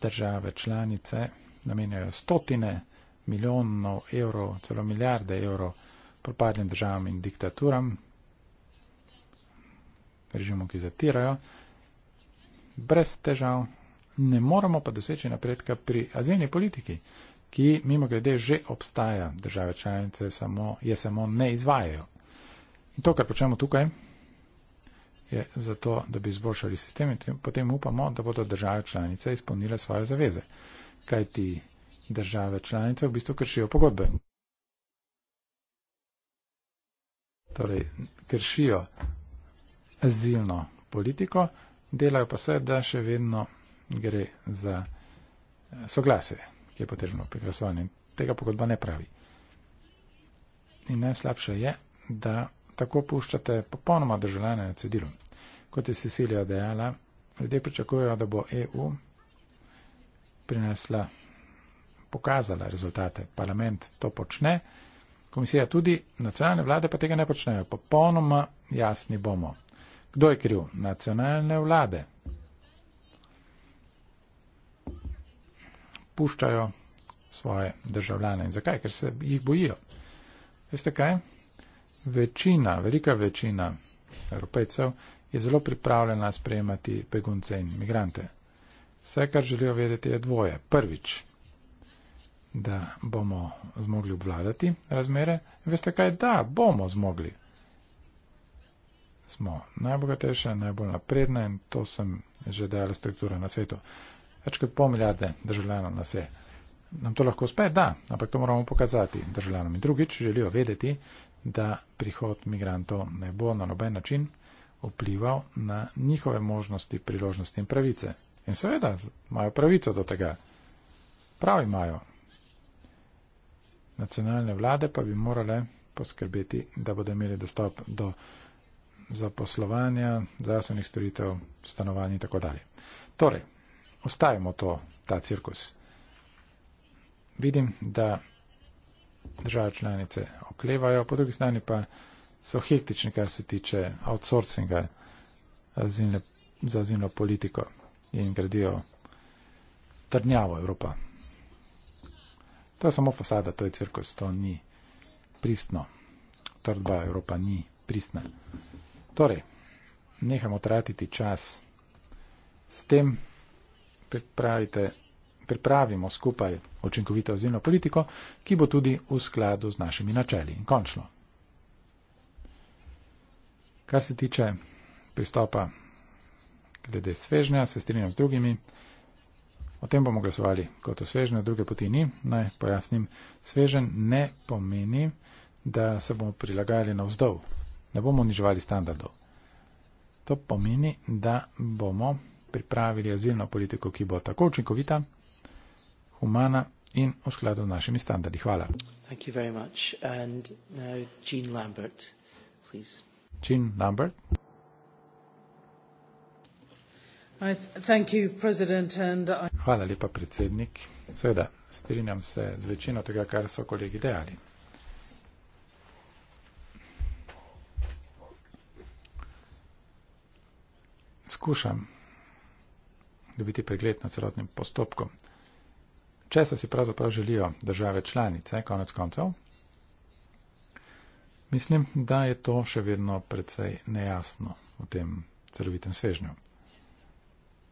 Države članice namenjajo stotine milijonov evrov, celo milijarde evrov propadljen državam in diktaturam, režimu, ki zatirajo, brez težav. Ne moramo pa doseči napredka pri azilni politiki, ki mimo glede že obstaja. Države članice samo, je samo ne izvajajo. In to, kar počnemo tukaj, je zato, da bi izboljšali sistem in potem upamo, da bodo države članice izpolnile svoje zaveze. Kaj ti države članice v bistvu kršijo pogodbe? Torej, kršijo azilno politiko, delajo pa se, da še vedno gre za eh, soglasje, ki je potrebno pri glasovanju. Tega pogodba ne pravi. In najslabše je, da tako puščate popolnoma državljane na cedilu. Kot je Cecilija dejala, ljudje pričakujejo, da bo EU prinesla, pokazala rezultate. Parlament to počne, komisija tudi, nacionalne vlade pa tega ne počnejo. Popolnoma jasni bomo. Kdo je kriv? Nacionalne vlade. Puščajo svoje državljane. In zakaj? Ker se jih bojijo. Veste kaj? večina, velika večina evropejcev je zelo pripravljena sprejemati begunce in imigrante. Vse, kar želijo vedeti, je dvoje. Prvič, da bomo zmogli obvladati razmere. Veste kaj? Da, bomo zmogli. Smo najbogatejša, najbolj napredna in to sem že dejala struktura na svetu. Več kot pol milijarde državljanov nas je. Nam to lahko uspe? Da, ampak to moramo pokazati državljanom. In drugič, želijo vedeti, da prihod migrantov ne bo na noben način vplival na njihove možnosti, priložnosti in pravice. In seveda imajo pravico do tega. Prav imajo. Nacionalne vlade pa bi morale poskrbeti, da bodo imeli dostop do zaposlovanja, zdravstvenih storitev, stanovanj in tako dalje. Torej, ostajamo to, ta cirkus. Vidim, da države članice oklevajo, po drugi strani pa so hektični, kar se tiče outsourcinga azilne, za azilno politiko in gradijo trdnjavo Evropa. To je samo fasada, to je cirkus, to ni pristno. Trdba Evropa ni pristna. Torej, nehamo tratiti čas s tem, pripravite pripravimo skupaj očinkovito azilno politiko, ki bo tudi v skladu z našimi načeli. In končno. Kar se tiče pristopa glede svežnja, se strinjam z drugimi. O tem bomo glasovali kot o svežnju, druge poti ni. Naj pojasnim, svežen ne pomeni, da se bomo prilagajali na vzdolj, da bomo niževali standardov. To pomeni, da bomo pripravili azilno politiko, ki bo tako učinkovita, humana in v skladu z našimi standardi. Hvala. Jean Lambert, Jean Lambert. Hvala lepa, predsednik. Seveda, strinjam se z večino tega, kar so kolegi dejali. Skušam dobiti pregled nad celotnim postopkom. Če se si pravzaprav želijo države članice, konec koncev, mislim, da je to še vedno precej nejasno v tem celovitem svežnju.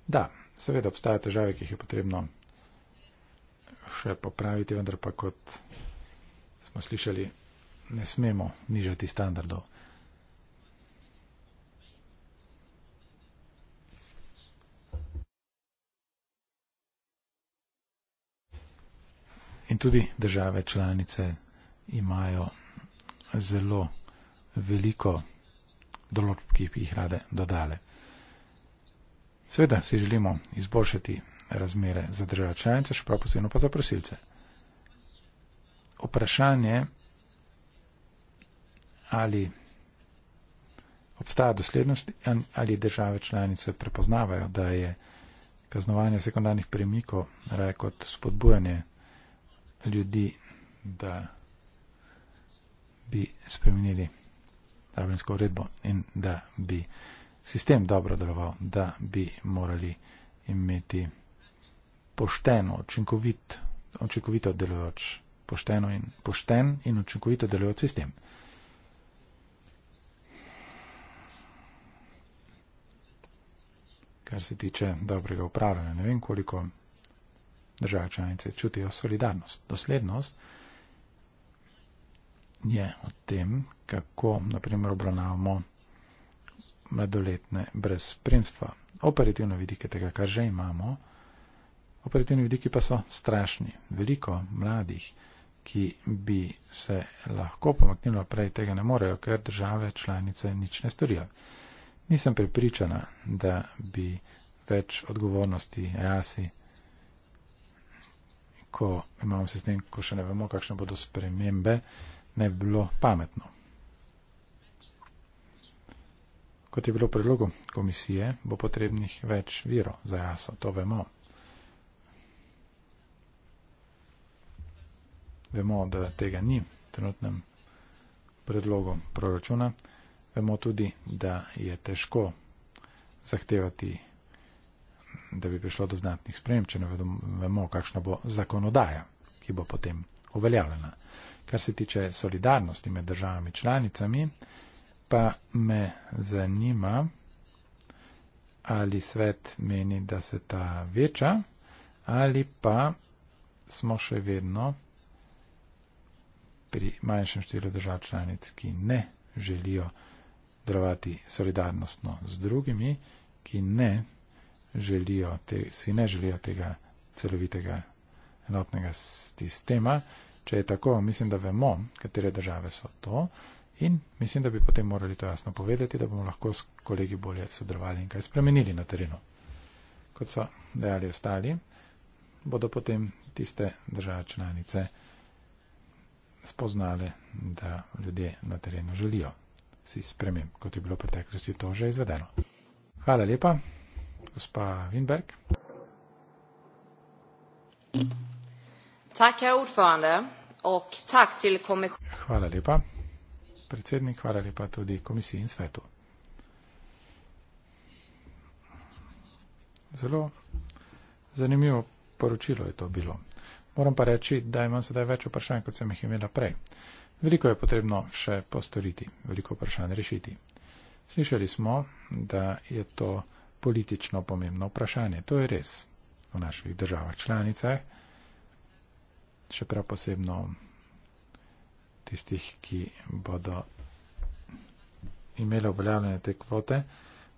Da, seveda obstajajo težave, ki jih je potrebno še popraviti, vendar pa kot smo slišali, ne smemo nižati standardov. In tudi države članice imajo zelo veliko določb, ki bi jih rade dodale. Sveda si želimo izboljšati razmere za države članice, še prav posebno pa za prosilce. Vprašanje, ali obstaja doslednost, ali države članice prepoznavajo, da je kaznovanje sekundarnih premikov raje kot spodbujanje ljudi, da bi spremenili Dublinsko uredbo in da bi sistem dobro deloval, da bi morali imeti pošteno, učinkovito, učinkovito delujoč, pošteno in pošten in učinkovito delujoč sistem. Kar se tiče dobrega upravljanja, ne vem koliko države članice čutijo solidarnost. Doslednost je o tem, kako naprimer obravnavamo mladoletne brez spremstva. Operativne vidike tega, kar že imamo, operativne vidiki pa so strašni. Veliko mladih, ki bi se lahko pomaknilo prej, tega ne morejo, ker države članice nič ne storijo. Nisem prepričana, da bi več odgovornosti EASI ko imamo sistem, ko še ne vemo, kakšne bodo spremembe, ne bi bilo pametno. Kot je bilo v predlogu komisije, bo potrebnih več virov za jaso, to vemo. Vemo, da tega ni v trenutnem predlogu proračuna. Vemo tudi, da je težko zahtevati da bi prišlo do znatnih sprejem, če ne vemo, kakšna bo zakonodaja, ki bo potem uveljavljena. Kar se tiče solidarnosti med državami članicami, pa me zanima, ali svet meni, da se ta veča, ali pa smo še vedno pri manjšem številu držav članic, ki ne želijo delovati solidarnostno z drugimi, ki ne želijo, te, si ne želijo tega celovitega enotnega sistema. Če je tako, mislim, da vemo, katere države so to in mislim, da bi potem morali to jasno povedati, da bomo lahko s kolegi bolje sodelovali in kaj spremenili na terenu. Kot so dejali ostali, bodo potem tiste države članice spoznale, da ljudje na terenu želijo si spremem, kot je bilo v preteklosti to že izvedeno. Hvala lepa gospa Winberg. Hvala lepa, predsednik, hvala lepa tudi komisiji in svetu. Zelo zanimivo poročilo je to bilo. Moram pa reči, da imam sedaj več vprašanj, kot sem jih imela prej. Veliko je potrebno še postoriti, veliko vprašanj rešiti. Slišali smo, da je to politično pomembno vprašanje. To je res v naših državah članicah, še prav posebno tistih, ki bodo imeli uveljavljene te kvote,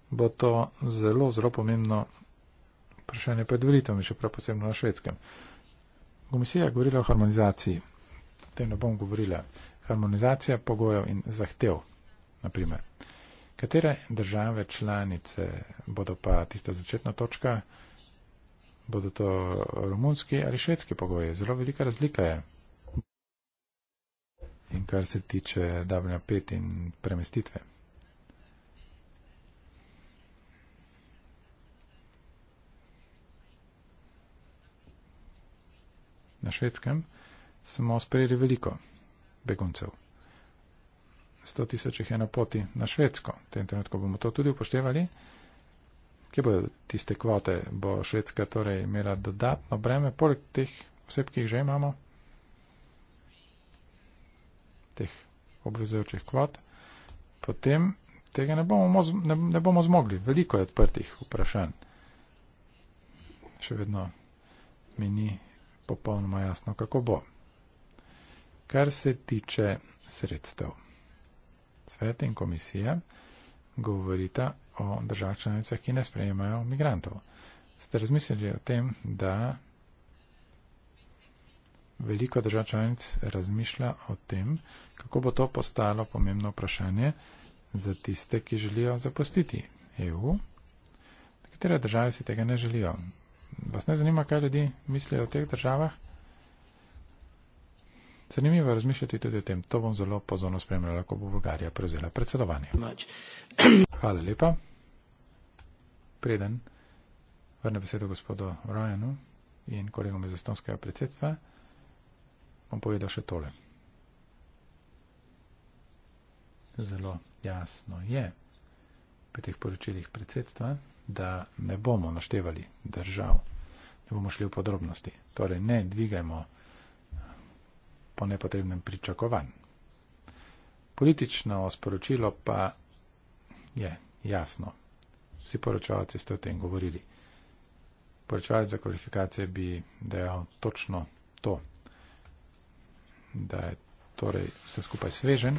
bo to zelo, zelo pomembno vprašanje pred volitvami, še prav posebno na švedskem. Komisija je govorila o harmonizaciji, tem ne bom govorila, harmonizacija pogojev in zahtev, naprimer. Katere države članice bodo pa tista začetna točka? Bodo to romunski ali švedski pogoji? Zelo velika razlika je. In kar se tiče Dublina 5 in premestitve. Na švedskem smo sprejeli veliko beguncev. 100 tisoč jih je na poti na Švedsko. V tem trenutku bomo to tudi upoštevali. Kje bodo tiste kvote? Bo Švedska torej imela dodatno breme, poleg teh oseb, ki jih že imamo, teh obvezujočih kvot. Potem tega ne bomo, ne, ne bomo zmogli. Veliko je odprtih vprašanj. Še vedno mi ni popolnoma jasno, kako bo. Kar se tiče sredstev svet in komisija govorita o držav članicah, ki ne sprejemajo migrantov. Ste razmislili o tem, da veliko držav članic razmišlja o tem, kako bo to postalo pomembno vprašanje za tiste, ki želijo zapustiti EU. Nekatere države si tega ne želijo. Vas ne zanima, kaj ljudi mislijo o teh državah? Zanimivo je razmišljati tudi o tem. To bom zelo pozorno spremljala, ko bo Bulgarija prevzela predsedovanje. Hvala lepa. Preden vrnem besedo gospodu Rajanu in kolegom iz estonskega predsedstva, bom povedal še tole. Zelo jasno je pri teh poročilih predsedstva, da ne bomo naštevali držav, da bomo šli v podrobnosti. Torej, ne dvigajmo po nepotrebnem pričakovanju. Politično sporočilo pa je jasno. Vsi poročavci ste o tem govorili. Poročavac za kvalifikacije bi dejal točno to, da je torej vse skupaj svežen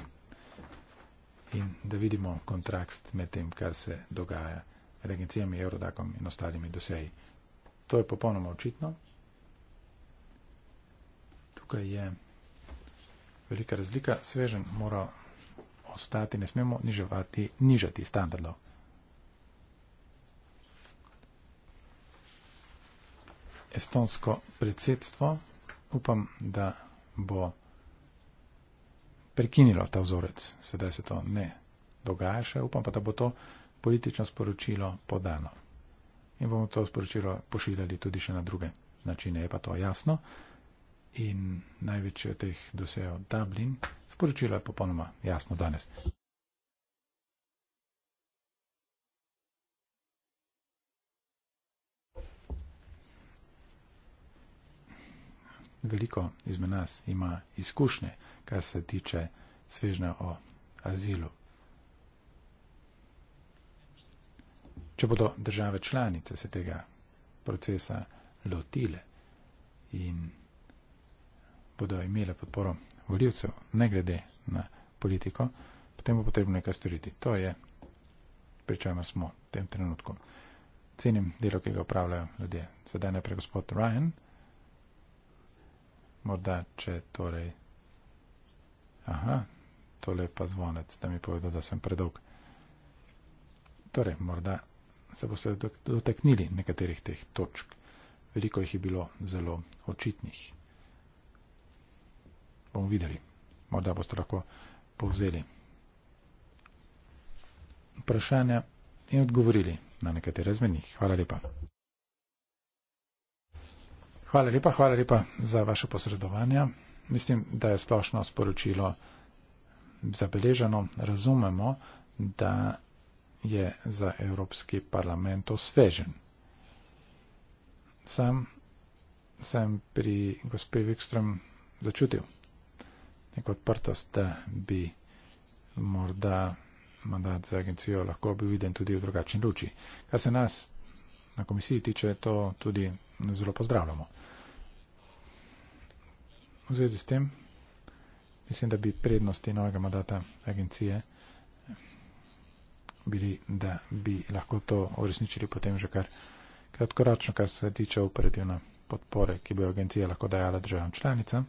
in da vidimo kontrast med tem, kar se dogaja med agencijami, Eurodakom in ostalimi doseji. To je popolnoma očitno. Tukaj je velika razlika, svežen mora ostati, ne smemo niževati, nižati standardov. Estonsko predsedstvo upam, da bo prekinilo ta vzorec, sedaj se to ne dogaja še, upam pa, da bo to politično sporočilo podano. In bomo to sporočilo pošiljali tudi še na druge načine, je pa to jasno in največji od teh dosejo Dublin. Sporočilo je popolnoma jasno danes. Veliko izmed nas ima izkušnje, kar se tiče svežnja o azilu. Če bodo države članice se tega procesa lotile in bodo imele podporo voljivcev, ne glede na politiko, potem bo potrebno nekaj storiti. To je, pri čemer smo v tem trenutku. Cenim delo, ki ga upravljajo ljudje. Sedaj najprej gospod Ryan. Morda, če torej. Aha, tole je pa zvonec, da mi povedo, da sem predolg. Torej, morda se boste dotaknili nekaterih teh točk. Veliko jih je bilo zelo očitnih bomo videli, morda boste lahko povzeli vprašanja in odgovorili na nekatere zmenih. Hvala lepa. Hvala lepa, hvala lepa za vaše posredovanja. Mislim, da je splošno sporočilo zabeleženo. Razumemo, da je za Evropski parlament osvežen. Sam sem pri gospe Vikström začutil neko odprtost, bi morda mandat za agencijo lahko bil viden tudi v drugačni luči. Kar se nas na komisiji tiče, to tudi zelo pozdravljamo. V zvezi s tem, mislim, da bi prednosti novega mandata agencije bili, da bi lahko to uresničili potem že kar kratkoročno, kar se tiče operativne podpore, ki bi agencija lahko dajala državam članicam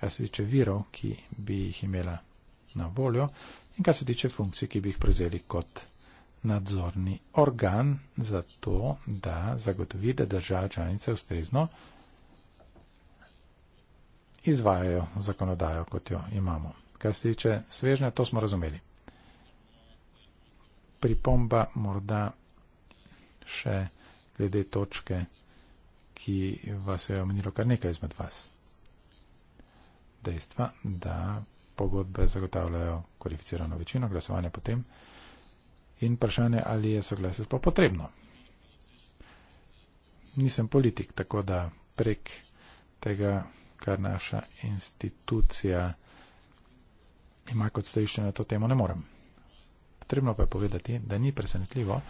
kar se tiče virov, ki bi jih imela na voljo, in kar se tiče funkcij, ki bi jih prevzeli kot nadzorni organ za to, da zagotovi, da država članice ustrezno izvajajo zakonodajo, kot jo imamo. Kar se tiče svežnja, to smo razumeli. Pripomba morda še glede točke, ki vas je omenilo kar nekaj izmed vas dejstva, da pogodbe zagotavljajo kvalificirano večino glasovanja potem in vprašanje, ali je soglasje sploh potrebno. Nisem politik, tako da prek tega, kar naša institucija ima kot stojišče na to temo, ne morem. Potrebno pa je povedati, da ni presenetljivo,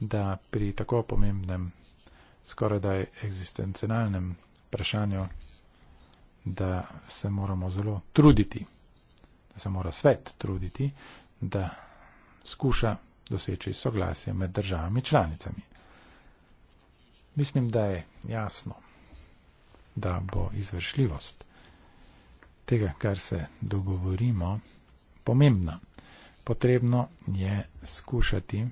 da pri tako pomembnem, skoraj da je eksistencialnem vprašanju da se moramo zelo truditi, da se mora svet truditi, da skuša doseči soglasje med državami članicami. Mislim, da je jasno, da bo izvršljivost tega, kar se dogovorimo, pomembna. Potrebno je skušati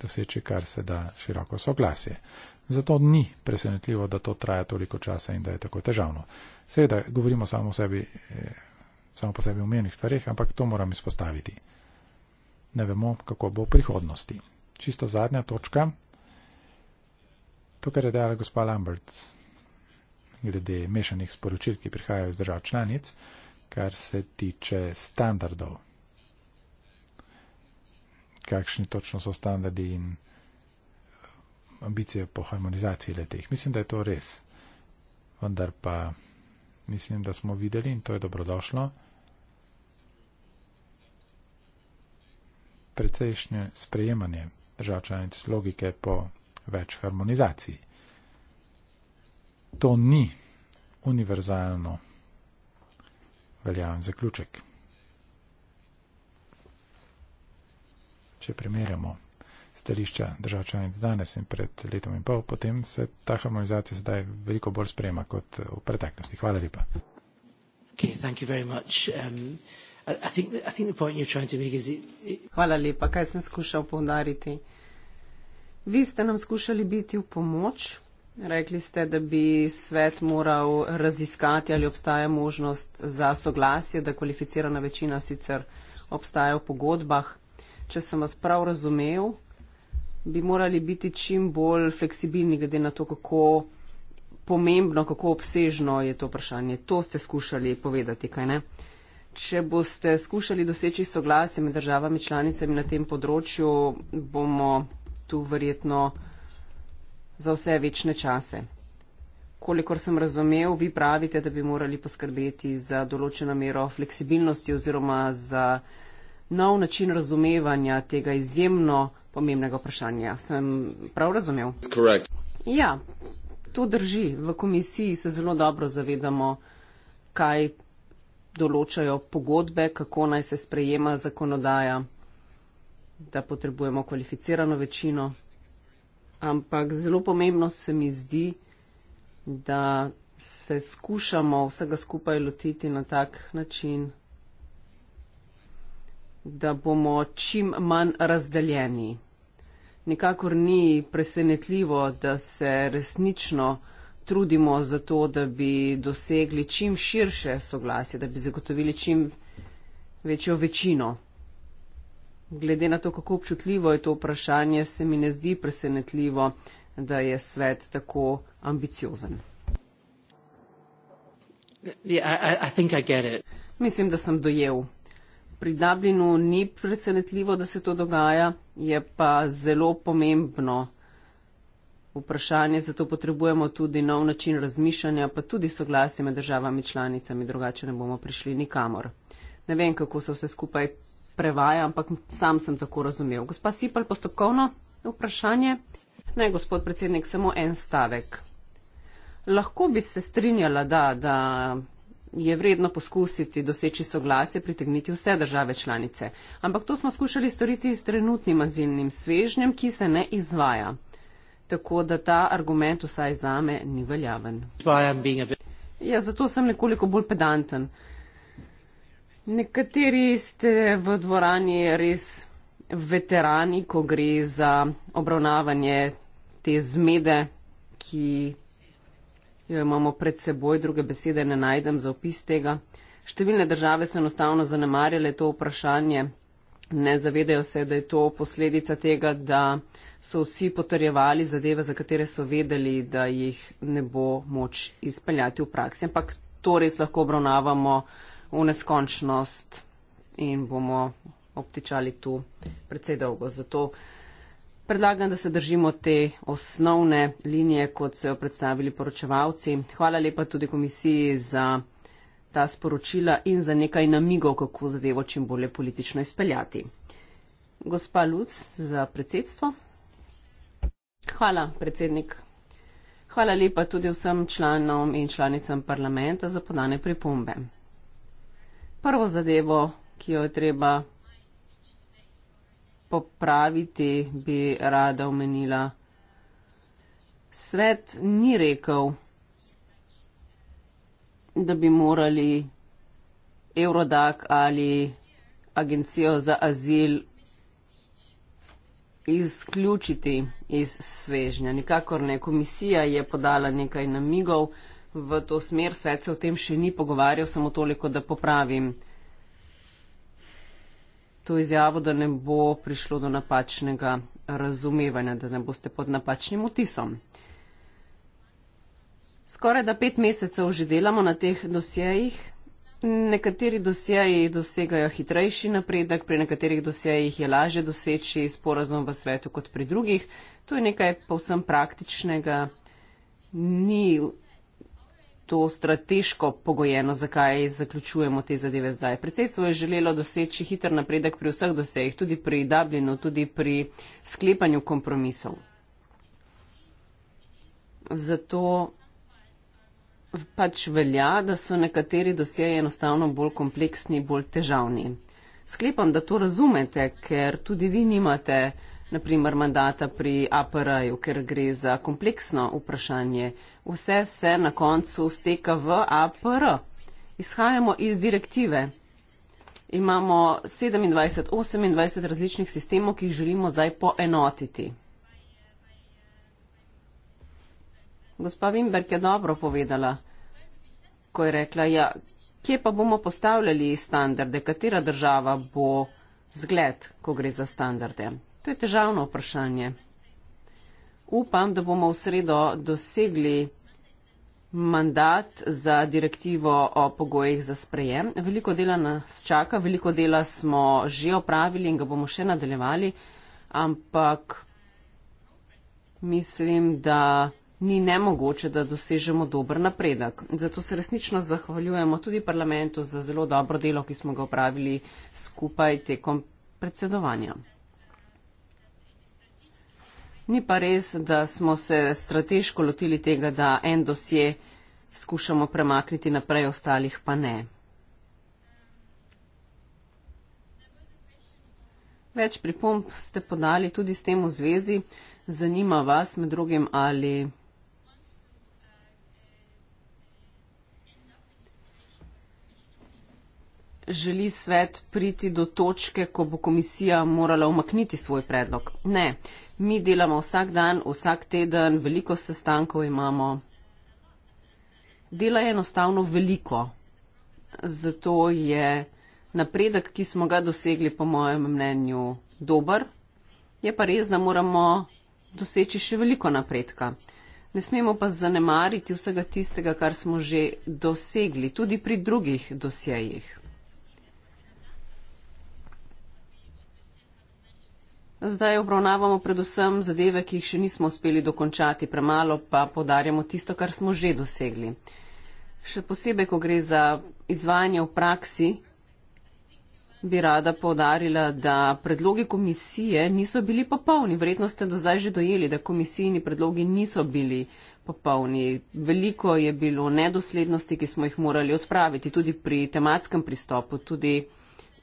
doseči, kar se da široko soglasje. Zato ni presenetljivo, da to traja toliko časa in da je tako težavno. Seveda, govorimo samo, sebi, eh, samo po sebi o menih stvarih, ampak to moram izpostaviti. Ne vemo, kako bo v prihodnosti. Čisto zadnja točka. To, kar je dejala gospa Lamberts glede mešanih sporočil, ki prihajajo iz držav članic, kar se tiče standardov. Kakšni točno so standardi in standardi ambicije po harmonizaciji leteh. Mislim, da je to res. Vendar pa mislim, da smo videli in to je dobrodošlo. Precejšnje sprejemanje držav članic logike po več harmonizaciji. To ni univerzalno veljaven zaključek. Če primerjamo stališča držav članic danes in pred letom in pol, potem se ta harmonizacija sedaj veliko bolj sprejema kot v preteklosti. Hvala lepa. Um, Hvala lepa, kaj sem skušal povdariti. Vi ste nam skušali biti v pomoč. Rekli ste, da bi svet moral raziskati, ali obstaja možnost za soglasje, da kvalificirana večina sicer obstaja v pogodbah. Če sem vas prav razumel, bi morali biti čim bolj fleksibilni, glede na to, kako pomembno, kako obsežno je to vprašanje. To ste skušali povedati, kaj ne? Če boste skušali doseči soglasje med državami članicami na tem področju, bomo tu verjetno za vse večne čase. Kolikor sem razumel, vi pravite, da bi morali poskrbeti za določeno mero fleksibilnosti oziroma za nov način razumevanja tega izjemno pomembnega vprašanja. Sem prav razumel? Correct. Ja, to drži. V komisiji se zelo dobro zavedamo, kaj določajo pogodbe, kako naj se sprejema zakonodaja, da potrebujemo kvalificirano večino. Ampak zelo pomembno se mi zdi, da se skušamo vsega skupaj lotiti na tak način, da bomo čim manj razdeljeni. Nikakor ni presenetljivo, da se resnično trudimo za to, da bi dosegli čim širše soglasje, da bi zagotovili čim večjo večino. Glede na to, kako občutljivo je to vprašanje, se mi ne zdi presenetljivo, da je svet tako ambiciozen. Yeah, I, I I Mislim, da sem dojel. Pri Dublinu ni presenetljivo, da se to dogaja je pa zelo pomembno vprašanje, zato potrebujemo tudi nov način razmišljanja, pa tudi soglasje med državami članicami, drugače ne bomo prišli nikamor. Ne vem, kako se vse skupaj prevaja, ampak sam sem tako razumel. Gospa Sipal, postopkovno vprašanje. Ne, gospod predsednik, samo en stavek. Lahko bi se strinjala, da, da je vredno poskusiti doseči soglasje, pritegniti vse države članice. Ampak to smo skušali storiti s trenutnim azilnim svežnjem, ki se ne izvaja. Tako da ta argument vsaj za me ni veljaven. Ja, zato sem nekoliko bolj pedanten. Nekateri ste v dvorani res veterani, ko gre za obravnavanje te zmede, ki jo imamo pred seboj, druge besede ne najdem za opis tega. Številne države so enostavno zanemarjale to vprašanje, ne zavedajo se, da je to posledica tega, da so vsi potrjevali zadeve, za katere so vedeli, da jih ne bo moč izpeljati v praksi. Ampak to res lahko obravnavamo v neskončnost in bomo obtičali tu predsej dolgo. Zato Predlagam, da se držimo te osnovne linije, kot so jo predstavili poročevalci. Hvala lepa tudi komisiji za ta sporočila in za nekaj namigov, kako zadevo čim bolje politično izpeljati. Gospa Luc za predsedstvo. Hvala, predsednik. Hvala lepa tudi vsem članom in članicam parlamenta za podane pripombe. Prvo zadevo, ki jo je treba popraviti, bi rada omenila. Svet ni rekel, da bi morali Eurodak ali Agencijo za azil izključiti iz svežnja. Nikakor ne. Komisija je podala nekaj namigov v to smer. Svet se o tem še ni pogovarjal, samo toliko, da popravim to izjavo, da ne bo prišlo do napačnega razumevanja, da ne boste pod napačnim vtisom. Skoraj da pet mesecev že delamo na teh dosjejih. Nekateri dosjeji dosegajo hitrejši napredek, pri nekaterih dosjejih je lažje doseči sporazum v svetu kot pri drugih. To je nekaj povsem praktičnega. Ni to strateško pogojeno, zakaj zaključujemo te zadeve zdaj. Predsedstvo je želelo doseči hiter napredek pri vseh dosejih, tudi pri Dublinu, tudi pri sklepanju kompromisov. Zato pač velja, da so nekateri dosjeji enostavno bolj kompleksni, bolj težavni. Sklepam, da to razumete, ker tudi vi nimate naprimer mandata pri APR-ju, ker gre za kompleksno vprašanje. Vse se na koncu steka v APR. Izhajamo iz direktive. Imamo 27-28 različnih sistemov, ki jih želimo zdaj poenotiti. Gospa Wimberg je dobro povedala, ko je rekla, ja, kje pa bomo postavljali standarde, katera država bo zgled, ko gre za standarde. To je težavno vprašanje. Upam, da bomo v sredo dosegli mandat za direktivo o pogojih za sprejem. Veliko dela nas čaka, veliko dela smo že opravili in ga bomo še nadaljevali, ampak mislim, da ni nemogoče, da dosežemo dober napredek. Zato se resnično zahvaljujemo tudi parlamentu za zelo dobro delo, ki smo ga opravili skupaj tekom predsedovanja. Ni pa res, da smo se strateško lotili tega, da en dosje skušamo premakniti naprej, ostalih pa ne. Več pripomb ste podali tudi s tem v zvezi. Zanima vas med drugim ali. želi svet priti do točke, ko bo komisija morala omakniti svoj predlog. Ne, mi delamo vsak dan, vsak teden, veliko sestankov imamo. Dela je enostavno veliko, zato je napredek, ki smo ga dosegli, po mojem mnenju, dober. Je pa res, da moramo doseči še veliko napredka. Ne smemo pa zanemariti vsega tistega, kar smo že dosegli, tudi pri drugih dosjejih. Zdaj obravnavamo predvsem zadeve, ki jih še nismo uspeli dokončati, premalo pa podarjamo tisto, kar smo že dosegli. Še posebej, ko gre za izvajanje v praksi, bi rada povdarila, da predlogi komisije niso bili popolni. Verjetno ste do zdaj že dojeli, da komisijni predlogi niso bili popolni. Veliko je bilo nedoslednosti, ki smo jih morali odpraviti, tudi pri tematskem pristopu, tudi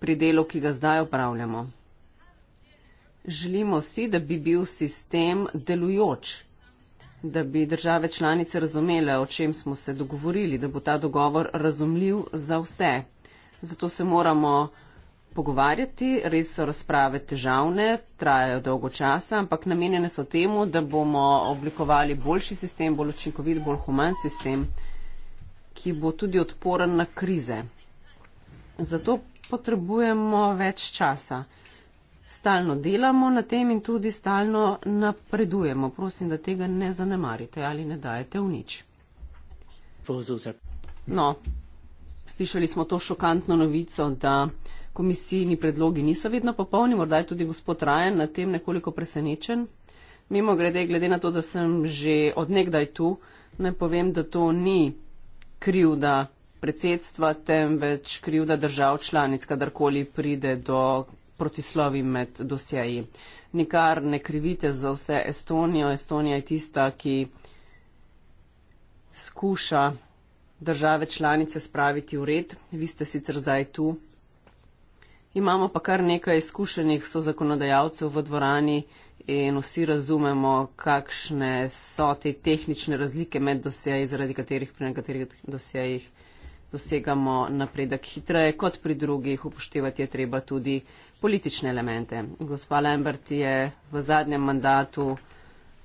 pri delu, ki ga zdaj upravljamo. Želimo si, da bi bil sistem delujoč, da bi države članice razumele, o čem smo se dogovorili, da bo ta dogovor razumljiv za vse. Zato se moramo pogovarjati, res so razprave težavne, trajajo dolgo časa, ampak namenjene so temu, da bomo oblikovali boljši sistem, bolj učinkovit, bolj human sistem, ki bo tudi odporen na krize. Zato potrebujemo več časa stalno delamo na tem in tudi stalno napredujemo. Prosim, da tega ne zanemarite ali ne dajete v nič. No, slišali smo to šokantno novico, da komisijni predlogi niso vedno popolni, morda je tudi gospod Rajen na tem nekoliko presenečen. Mimo grede, glede na to, da sem že odnegdaj tu, ne povem, da to ni krivda predsedstva, temveč krivda držav članic, kadarkoli pride do protislovi med dosjeji. Nikar ne krivite za vse Estonijo. Estonija je tista, ki skuša države članice spraviti v red. Vi ste sicer zdaj tu. Imamo pa kar nekaj izkušenih so zakonodajalcev v dvorani in vsi razumemo, kakšne so te tehnične razlike med dosjeji, zaradi katerih pri nekaterih dosjejih dosegamo napredek hitreje kot pri drugih. Upoštevati je treba tudi politične elemente. Gospa Lambert je v zadnjem mandatu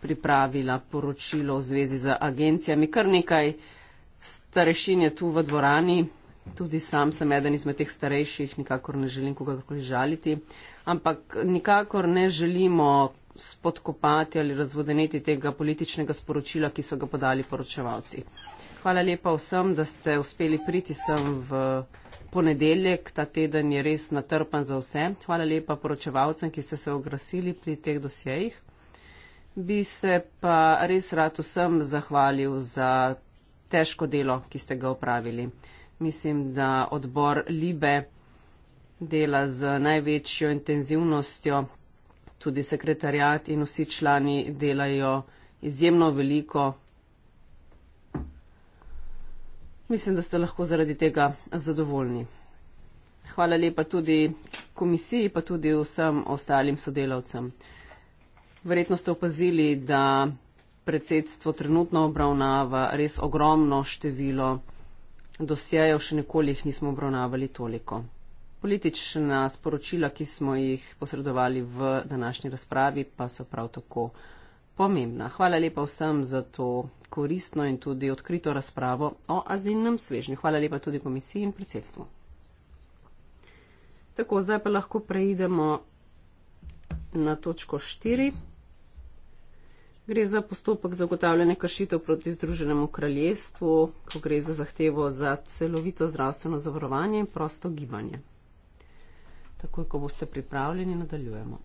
pripravila poročilo v zvezi z agencijami. Kar nekaj starešin je tu v dvorani, tudi sam sem eden izmed teh starejših, nikakor ne želim kogarkoli žaliti, ampak nikakor ne želimo spodkopati ali razvodeniti tega političnega sporočila, ki so ga podali poročevalci. Hvala lepa vsem, da ste uspeli priti sem v ponedeljek, ta teden je res natrpan za vse. Hvala lepa poročevalcem, ki ste se oglasili pri teh dosjejih. Bi se pa res rad vsem zahvalil za težko delo, ki ste ga upravili. Mislim, da odbor Libe dela z največjo intenzivnostjo, tudi sekretarjat in vsi člani delajo izjemno veliko, Mislim, da ste lahko zaradi tega zadovoljni. Hvala lepa tudi komisiji, pa tudi vsem ostalim sodelavcem. Verjetno ste opazili, da predsedstvo trenutno obravnava res ogromno število dosjejev, še nikoli jih nismo obravnavali toliko. Politična sporočila, ki smo jih posredovali v današnji razpravi, pa so prav tako pomembna. Hvala lepa vsem za to koristno in tudi odkrito razpravo o azilnem svežnju. Hvala lepa tudi komisiji in predsedstvu. Tako, zdaj pa lahko preidemo na točko 4. Gre za postopek zagotavljanja kršitev proti Združenemu kraljestvu, ko gre za zahtevo za celovito zdravstveno zavarovanje in prosto gibanje. Takoj, ko boste pripravljeni, nadaljujemo.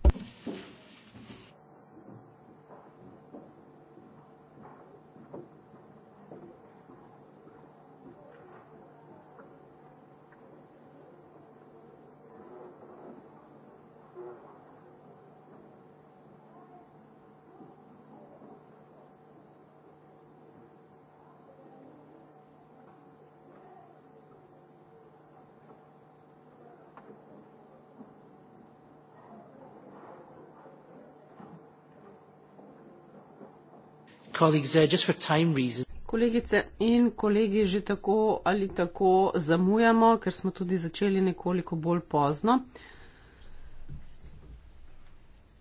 Kolegice in kolegi, že tako ali tako zamujamo, ker smo tudi začeli nekoliko bolj pozno.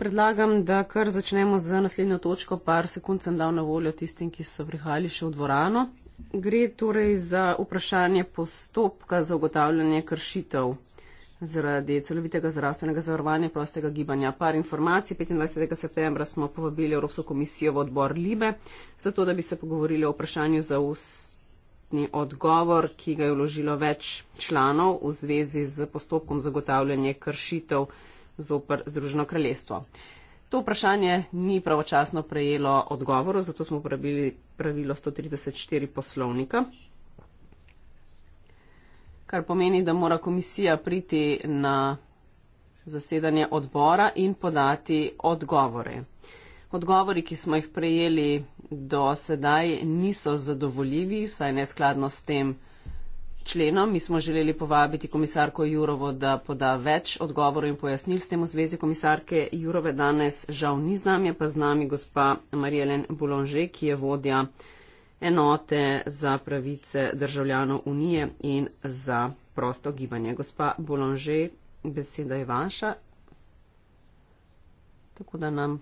Predlagam, da kar začnemo z naslednjo točko, par sekund sem dal na voljo tistim, ki so prihajali še v dvorano. Gre torej za vprašanje postopka za ugotavljanje kršitev zaradi celovitega zdravstvenega zavarovanja prostega gibanja. Par informacij. 25. septembra smo povabili Evropsko komisijo v odbor Libe, zato da bi se pogovorili o vprašanju za ustni odgovor, ki ga je vložilo več članov v zvezi z postopkom zagotavljanja kršitev zoper Združeno kraljestvo. To vprašanje ni pravočasno prejelo odgovoru, zato smo uporabili pravilo 134 poslovnika kar pomeni, da mora komisija priti na zasedanje odbora in podati odgovore. Odgovori, ki smo jih prejeli do sedaj, niso zadovoljivi, vsaj neskladno s tem členom. Mi smo želeli povabiti komisarko Jurovo, da poda več odgovorov in pojasnil s tem v zvezi komisarke Jurove. Danes žal ni z nami, pa z nami gospa Marijelen Boulanger, ki je vodja enote za pravice državljanov Unije in za prosto gibanje. Gospa Bolonže, beseda je vaša, tako da nam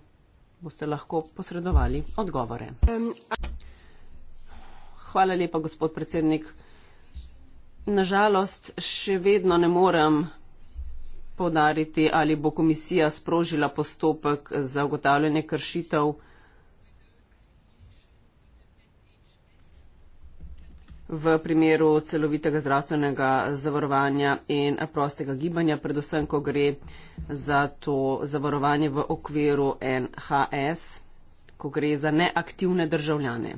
boste lahko posredovali odgovore. Hvala lepa, gospod predsednik. Nažalost, še vedno ne morem podariti, ali bo komisija sprožila postopek za ugotavljanje kršitev v primeru celovitega zdravstvenega zavarovanja in prostega gibanja, predvsem, ko gre za to zavarovanje v okviru NHS, ko gre za neaktivne državljane.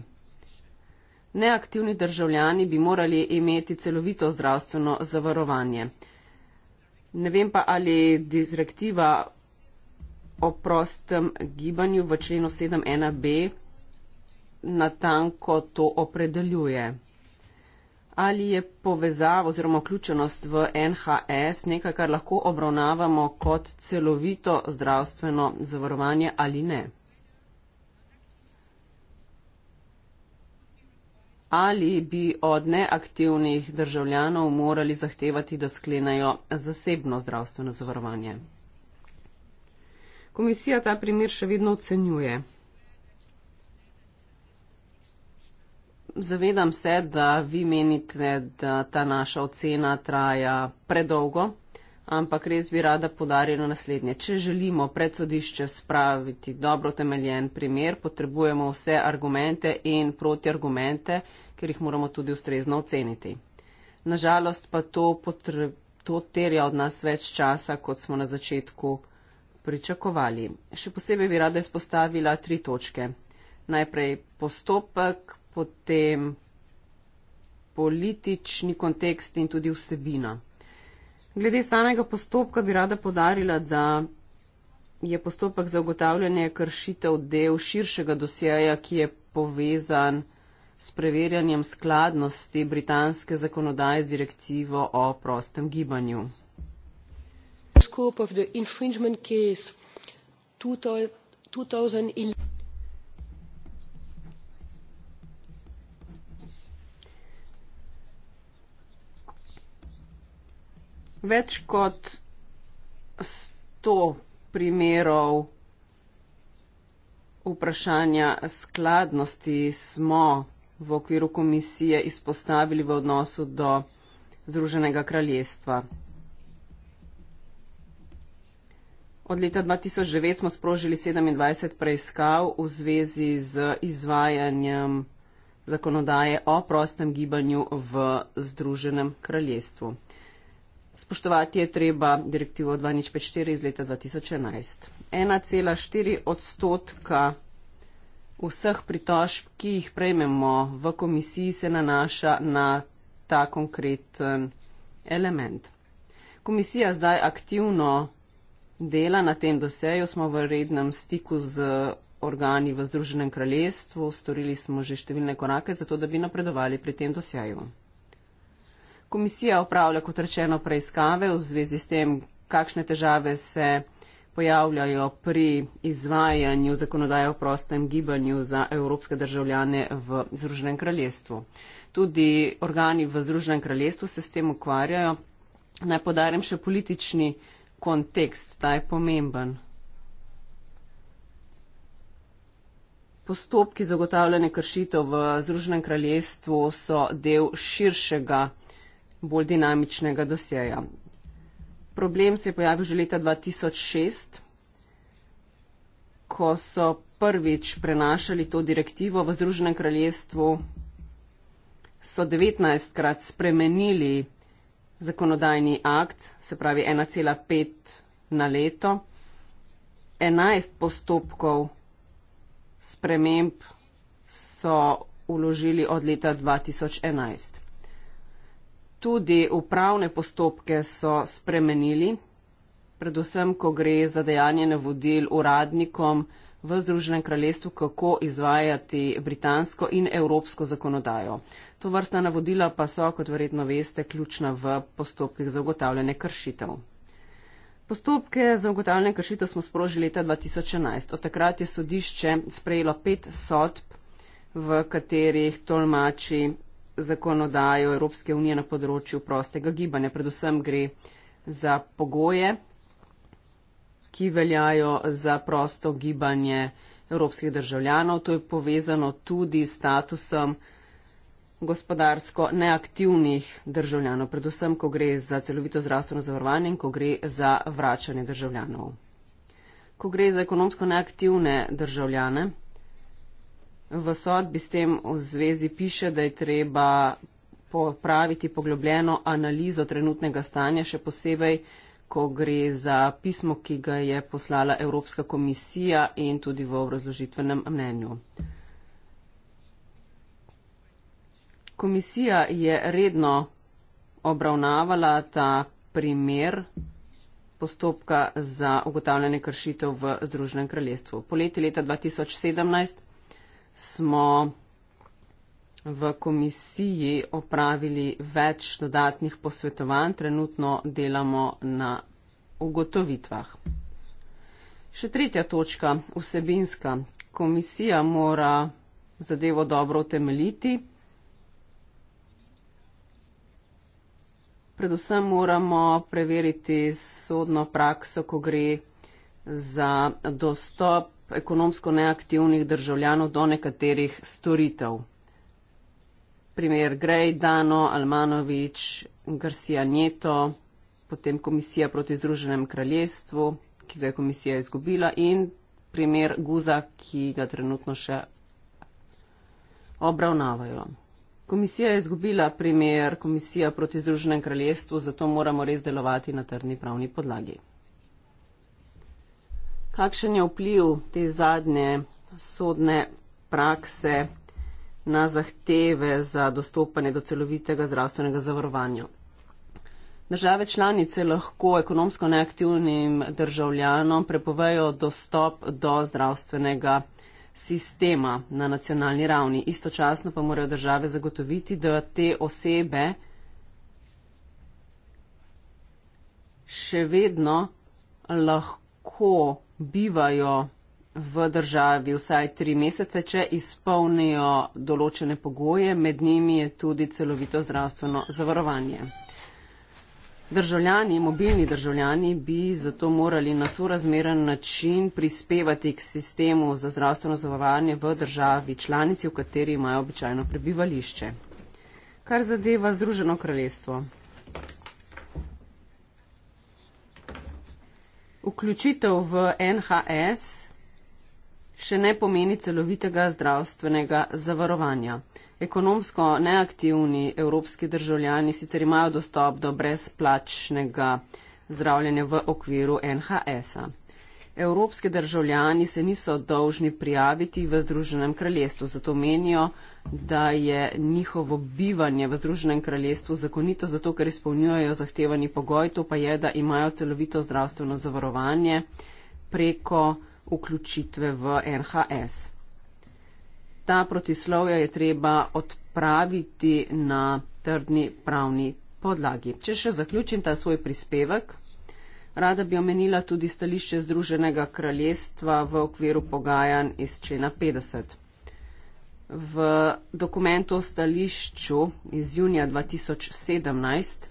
Neaktivni državljani bi morali imeti celovito zdravstveno zavarovanje. Ne vem pa, ali direktiva o prostem gibanju v členu 7.1b natanko to opredeljuje. Ali je povezava oziroma vključenost v NHS nekaj, kar lahko obravnavamo kot celovito zdravstveno zavarovanje ali ne? Ali bi od neaktivnih državljanov morali zahtevati, da sklenajo zasebno zdravstveno zavarovanje? Komisija ta primer še vedno ocenjuje. zavedam se, da vi menite, da ta naša ocena traja predolgo, ampak res bi rada podarila naslednje. Če želimo pred sodišče spraviti dobro temeljen primer, potrebujemo vse argumente in protiargumente, ker jih moramo tudi ustrezno oceniti. Nažalost pa to, to terja od nas več časa, kot smo na začetku pričakovali. Še posebej bi rada izpostavila tri točke. Najprej postopek, potem politični kontekst in tudi vsebina. Glede samega postopka bi rada podarila, da je postopek za ugotavljanje kršitev del širšega dosjeja, ki je povezan s preverjanjem skladnosti britanske zakonodaje z direktivo o prostem gibanju. Scope of the infringement case 2011. več kot sto primerov vprašanja skladnosti smo v okviru komisije izpostavili v odnosu do Združenega kraljestva. Od leta 2009 smo sprožili 27 preiskav v zvezi z izvajanjem zakonodaje o prostem gibanju v Združenem kraljestvu. Spoštovati je treba direktivo 2054 iz leta 2011. 1,4 odstotka vseh pritožb, ki jih prejmemo v komisiji, se nanaša na ta konkreten element. Komisija zdaj aktivno dela na tem doseju, smo v rednem stiku z organi v Združenem kraljestvu, storili smo že številne korake, zato da bi napredovali pri tem doseju. Komisija upravlja, kot rečeno, preiskave v zvezi s tem, kakšne težave se pojavljajo pri izvajanju zakonodaje o prostem gibanju za evropske državljane v Združenem kraljestvu. Tudi organi v Združenem kraljestvu se s tem ukvarjajo. Naj podarim še politični kontekst, ta je pomemben. Postopki zagotavljanja kršitev v Združenem kraljestvu so del širšega bolj dinamičnega dosjeja. Problem se je pojavil že leta 2006, ko so prvič prenašali to direktivo v Združenem kraljestvu, so 19krat spremenili zakonodajni akt, se pravi 1,5 na leto, 11 postopkov sprememb so uložili od leta 2011. Tudi upravne postopke so spremenili, predvsem, ko gre za dejanje navodil uradnikom v Združenem kraljestvu, kako izvajati britansko in evropsko zakonodajo. To vrsta navodila pa so, kot verjetno veste, ključna v postopkih za ugotavljanje kršitev. Postopke za ugotavljanje kršitev smo sprožili leta 2011. Od takrat je sodišče sprejelo pet sodb, v katerih tolmači zakonodajo Evropske unije na področju prostega gibanja. Predvsem gre za pogoje, ki veljajo za prosto gibanje evropskih državljanov. To je povezano tudi s statusom gospodarsko neaktivnih državljanov, predvsem, ko gre za celovito zdravstveno zavarovanje in ko gre za vračanje državljanov. Ko gre za ekonomsko neaktivne državljane, V sodbi s tem v zvezi piše, da je treba popraviti poglobljeno analizo trenutnega stanja, še posebej, ko gre za pismo, ki ga je poslala Evropska komisija in tudi v obrazložitvenem mnenju. Komisija je redno obravnavala ta primer postopka za ugotavljanje kršitev v Združenem kraljestvu. Poleti leta 2017 smo v komisiji opravili več dodatnih posvetovanj, trenutno delamo na ugotovitvah. Še tretja točka, vsebinska. Komisija mora zadevo dobro utemeliti. Predvsem moramo preveriti sodno prakso, ko gre za dostop ekonomsko neaktivnih državljanov do nekaterih storitev. Primer Grej, Dano, Almanovič, Garcia Njeto, potem komisija proti Združenem kraljestvu, ki ga je komisija izgubila in primer Guza, ki ga trenutno še obravnavajo. Komisija je izgubila primer komisija proti Združenem kraljestvu, zato moramo res delovati na trdni pravni podlagi. Kakšen je vpliv te zadnje sodne prakse na zahteve za dostopanje do celovitega zdravstvenega zavarovanja? Države članice lahko ekonomsko neaktivnim državljanom prepovejo dostop do zdravstvenega sistema na nacionalni ravni. Istočasno pa morajo države zagotoviti, da te osebe še vedno lahko bivajo v državi vsaj tri mesece, če izpolnijo določene pogoje, med njimi je tudi celovito zdravstveno zavarovanje. Državljani, mobilni državljani bi zato morali na sorazmeren način prispevati k sistemu za zdravstveno zavarovanje v državi članici, v kateri imajo običajno prebivališče. Kar zadeva Združeno kraljestvo. Vključitev v NHS še ne pomeni celovitega zdravstvenega zavarovanja. Ekonomsko neaktivni evropski državljani sicer imajo dostop do brezplačnega zdravljenja v okviru NHS-a. Evropski državljani se niso dolžni prijaviti v Združenem kraljestvu, zato menijo, da je njihovo bivanje v Združenem kraljestvu zakonito, zato ker izpolnjujejo zahtevani pogoj, to pa je, da imajo celovito zdravstveno zavarovanje preko vključitve v NHS. Ta protislovja je treba odpraviti na trdni pravni podlagi. Če še zaključim ta svoj prispevek, rada bi omenila tudi stališče Združenega kraljestva v okviru pogajanj iz člena 50 v dokumentu o stališču iz junija 2017,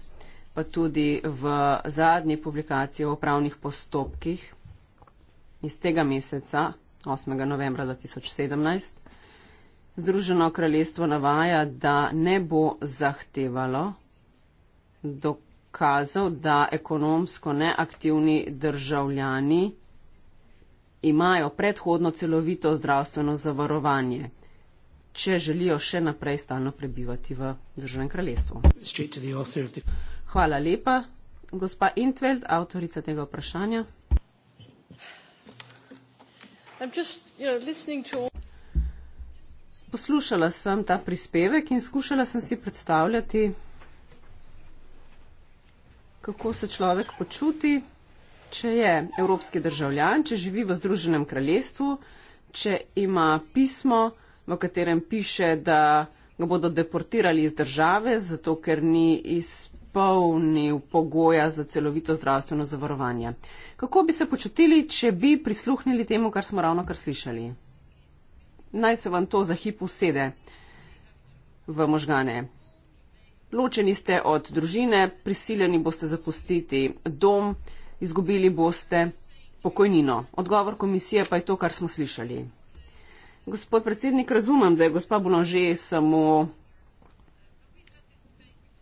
pa tudi v zadnji publikaciji o pravnih postopkih iz tega meseca, 8. novembra 2017, Združeno kraljestvo navaja, da ne bo zahtevalo dokazov, da ekonomsko neaktivni državljani imajo predhodno celovito zdravstveno zavarovanje če želijo še naprej stalno prebivati v Združenem kraljestvu. Hvala lepa, gospa Intveld, avtorica tega vprašanja. Poslušala sem ta prispevek in skušala sem si predstavljati, kako se človek počuti, če je evropski državljan, če živi v Združenem kraljestvu, če ima pismo, v katerem piše, da ga bodo deportirali iz države, zato ker ni izpolnil pogoja za celovito zdravstveno zavarovanje. Kako bi se počutili, če bi prisluhnili temu, kar smo ravno kar slišali? Naj se vam to za hip usede v možgane. Ločeni ste od družine, prisiljeni boste zapustiti dom, izgubili boste pokojnino. Odgovor komisije pa je to, kar smo slišali. Gospod predsednik, razumem, da je gospa Bonože samo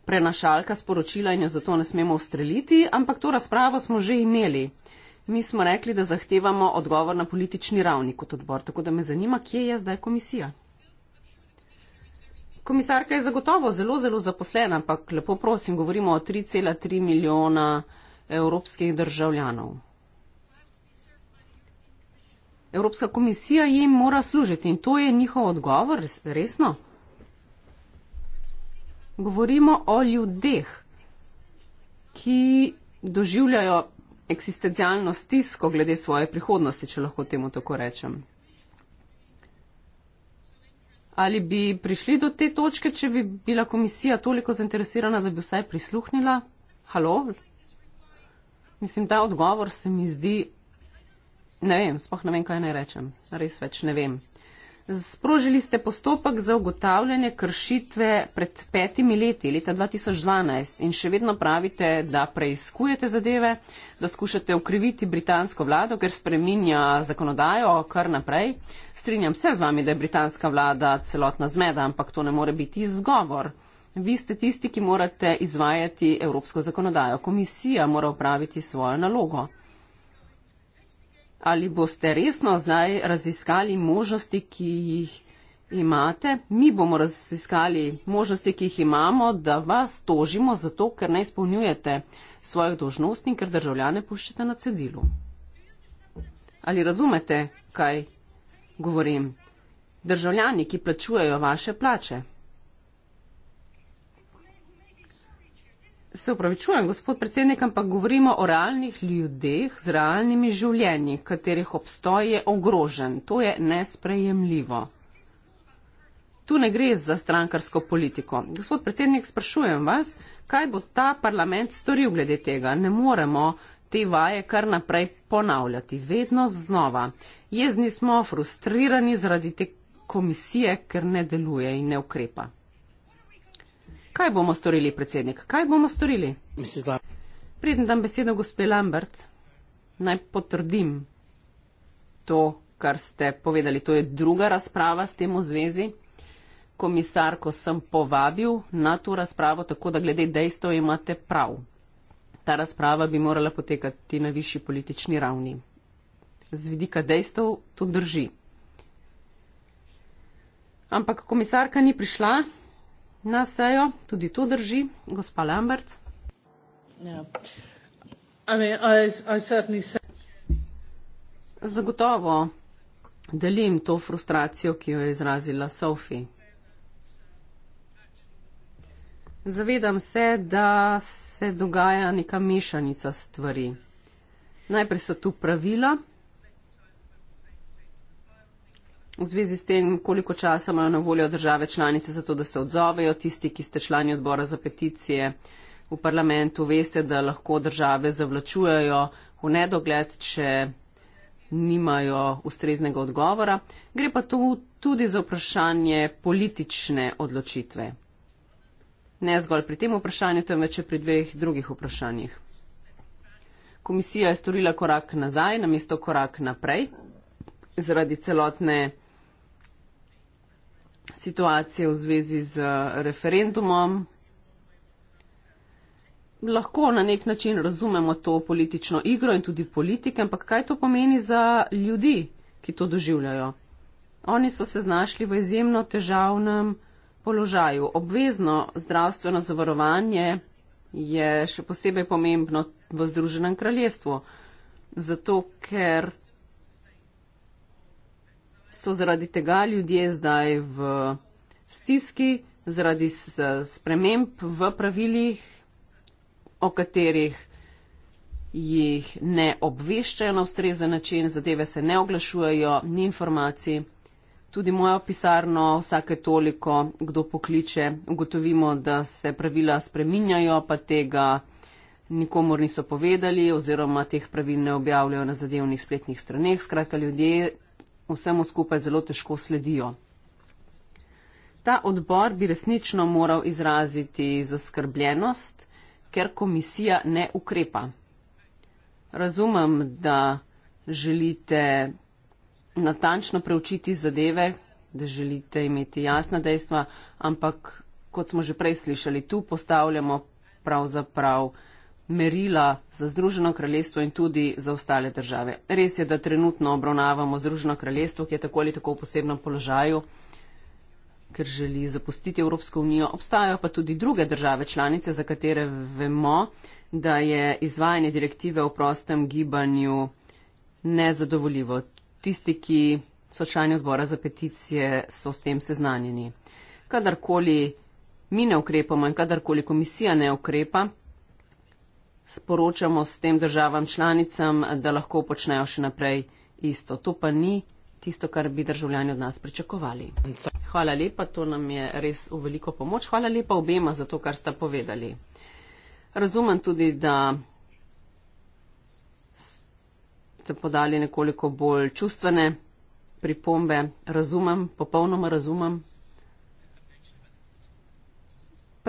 prenašalka sporočila in jo zato ne smemo ustreliti, ampak to razpravo smo že imeli. Mi smo rekli, da zahtevamo odgovor na politični ravni kot odbor, tako da me zanima, kje je zdaj komisija. Komisarka je zagotovo zelo, zelo zaposlena, ampak lepo prosim, govorimo o 3,3 milijona evropskih državljanov. Evropska komisija jim mora služiti in to je njihov odgovor, resno? Govorimo o ljudeh, ki doživljajo eksistencialno stisko glede svoje prihodnosti, če lahko temu tako rečem. Ali bi prišli do te točke, če bi bila komisija toliko zainteresirana, da bi vsaj prisluhnila? Halo? Mislim, ta odgovor se mi zdi Ne vem, spoh ne vem, kaj naj rečem. Res več ne vem. Sprožili ste postopek za ugotavljanje kršitve pred petimi leti, leta 2012, in še vedno pravite, da preiskujete zadeve, da skušate ukriviti britansko vlado, ker spreminja zakonodajo kar naprej. Strinjam se z vami, da je britanska vlada celotna zmeda, ampak to ne more biti izgovor. Vi ste tisti, ki morate izvajati evropsko zakonodajo. Komisija mora upraviti svojo nalogo ali boste resno zdaj raziskali možnosti, ki jih imate. Mi bomo raziskali možnosti, ki jih imamo, da vas tožimo zato, ker ne izpolnjujete svojo dožnost in ker državljane puščate na cedilu. Ali razumete, kaj govorim? Državljani, ki plačujejo vaše plače, Se upravičujem, gospod predsednik, ampak govorimo o realnih ljudeh z realnimi življenji, katerih obstoj je ogrožen. To je nesprejemljivo. Tu ne gre za strankarsko politiko. Gospod predsednik, sprašujem vas, kaj bo ta parlament storil glede tega. Ne moremo te vaje kar naprej ponavljati, vedno znova. Jezni smo, frustrirani zaradi te komisije, ker ne deluje in ne ukrepa. Kaj bomo storili, predsednik? Kaj bomo storili? Preden dam besedo gospe Lambert, naj potrdim to, kar ste povedali. To je druga razprava s tem v zvezi. Komisarko sem povabil na to razpravo, tako da glede dejstva imate prav. Ta razprava bi morala potekati na višji politični ravni. Z vidika dejstev to drži. Ampak komisarka ni prišla, na sejo, tudi to drži, gospa Lambert. Yeah. I mean, I, I certainly... Zagotovo delim to frustracijo, ki jo je izrazila Sofi. Zavedam se, da se dogaja neka mešanica stvari. Najprej so tu pravila, v zvezi s tem, koliko časa imajo na voljo države članice za to, da se odzovejo tisti, ki ste člani odbora za peticije v parlamentu, veste, da lahko države zavlačujejo v nedogled, če nimajo ustreznega odgovora. Gre pa tu tudi za vprašanje politične odločitve. Ne zgolj pri tem vprašanju, temveč pri dveh drugih vprašanjih. Komisija je storila korak nazaj, namesto korak naprej, zaradi celotne situacije v zvezi z eh, referendumom. Lahko na nek način razumemo to politično igro in tudi politike, ampak kaj to pomeni za ljudi, ki to doživljajo? Oni so se znašli v izjemno težavnem položaju. Obvezno zdravstveno zavarovanje je še posebej pomembno v Združenem kraljestvu, zato ker so zaradi tega ljudje zdaj v stiski, zaradi sprememb v pravilih, o katerih jih ne obveščajo na ustrezen način, zadeve se ne oglašujejo, ni informacij. Tudi mojo pisarno vsake toliko, kdo pokliče, ugotovimo, da se pravila spreminjajo, pa tega nikomor niso povedali oziroma teh pravil ne objavljajo na zadevnih spletnih straneh. Skratka, ljudje vsemu skupaj zelo težko sledijo. Ta odbor bi resnično moral izraziti zaskrbljenost, ker komisija ne ukrepa. Razumem, da želite natančno preučiti zadeve, da želite imeti jasna dejstva, ampak, kot smo že prej slišali, tu postavljamo pravzaprav prav merila za Združeno kraljestvo in tudi za ostale države. Res je, da trenutno obravnavamo Združeno kraljestvo, ki je tako ali tako v posebnem položaju, ker želi zapustiti Evropsko unijo. Obstajajo pa tudi druge države članice, za katere vemo, da je izvajanje direktive o prostem gibanju nezadovoljivo. Tisti, ki so člani odbora za peticije, so s tem seznanjeni. Kadarkoli mi ne ukrepamo in kadarkoli komisija ne ukrepa, sporočamo s tem državam članicam, da lahko počnejo še naprej isto. To pa ni tisto, kar bi državljani od nas pričakovali. Hvala lepa, to nam je res v veliko pomoč. Hvala lepa obema za to, kar sta povedali. Razumem tudi, da ste podali nekoliko bolj čustvene pripombe. Razumem, popolnoma razumem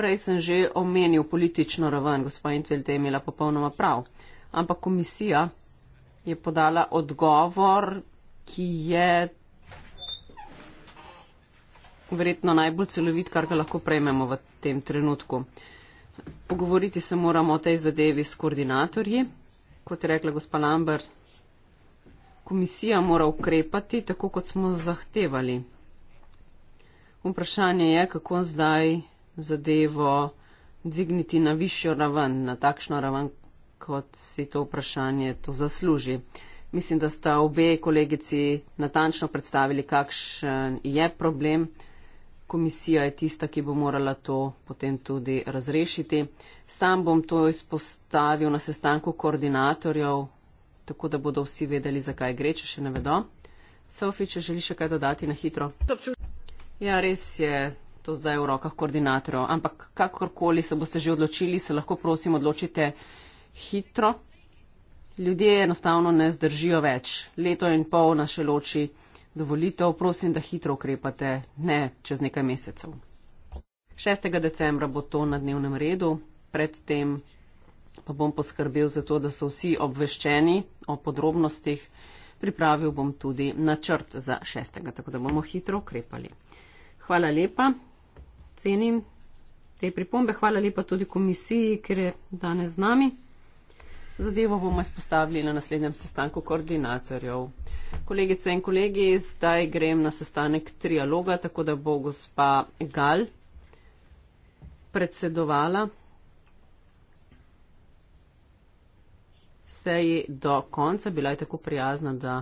prej sem že omenil politično raven, gospa Intel te je imela popolnoma prav. Ampak komisija je podala odgovor, ki je verjetno najbolj celovit, kar ga lahko prejmemo v tem trenutku. Pogovoriti se moramo o tej zadevi s koordinatorji. Kot je rekla gospa Lambert, komisija mora ukrepati tako, kot smo zahtevali. Vprašanje je, kako zdaj zadevo dvigniti na višjo raven, na takšno raven, kot si to vprašanje to zasluži. Mislim, da sta obe kolegici natančno predstavili, kakšen je problem. Komisija je tista, ki bo morala to potem tudi razrešiti. Sam bom to izpostavil na sestanku koordinatorjev, tako da bodo vsi vedeli, zakaj gre, če še ne vedo. Sofi, če želiš še kaj dodati na hitro. Ja, res je to zdaj v rokah koordinatorjev. Ampak kakorkoli se boste že odločili, se lahko prosim odločite hitro. Ljudje enostavno ne zdržijo več. Leto in pol nas še loči dovolitev. Prosim, da hitro ukrepate, ne čez nekaj mesecev. 6. decembra bo to na dnevnem redu. Predtem pa bom poskrbel za to, da so vsi obveščeni o podrobnostih. Pripravil bom tudi načrt za 6. tako da bomo hitro ukrepali. Hvala lepa cenim te pripombe. Hvala lepa tudi komisiji, ker je danes z nami. Zadevo bomo izpostavili na naslednjem sestanku koordinatorjev. Kolegice in kolegi, zdaj grem na sestanek trialoga, tako da bo gospa Gal predsedovala seji do konca. Bila je tako prijazna, da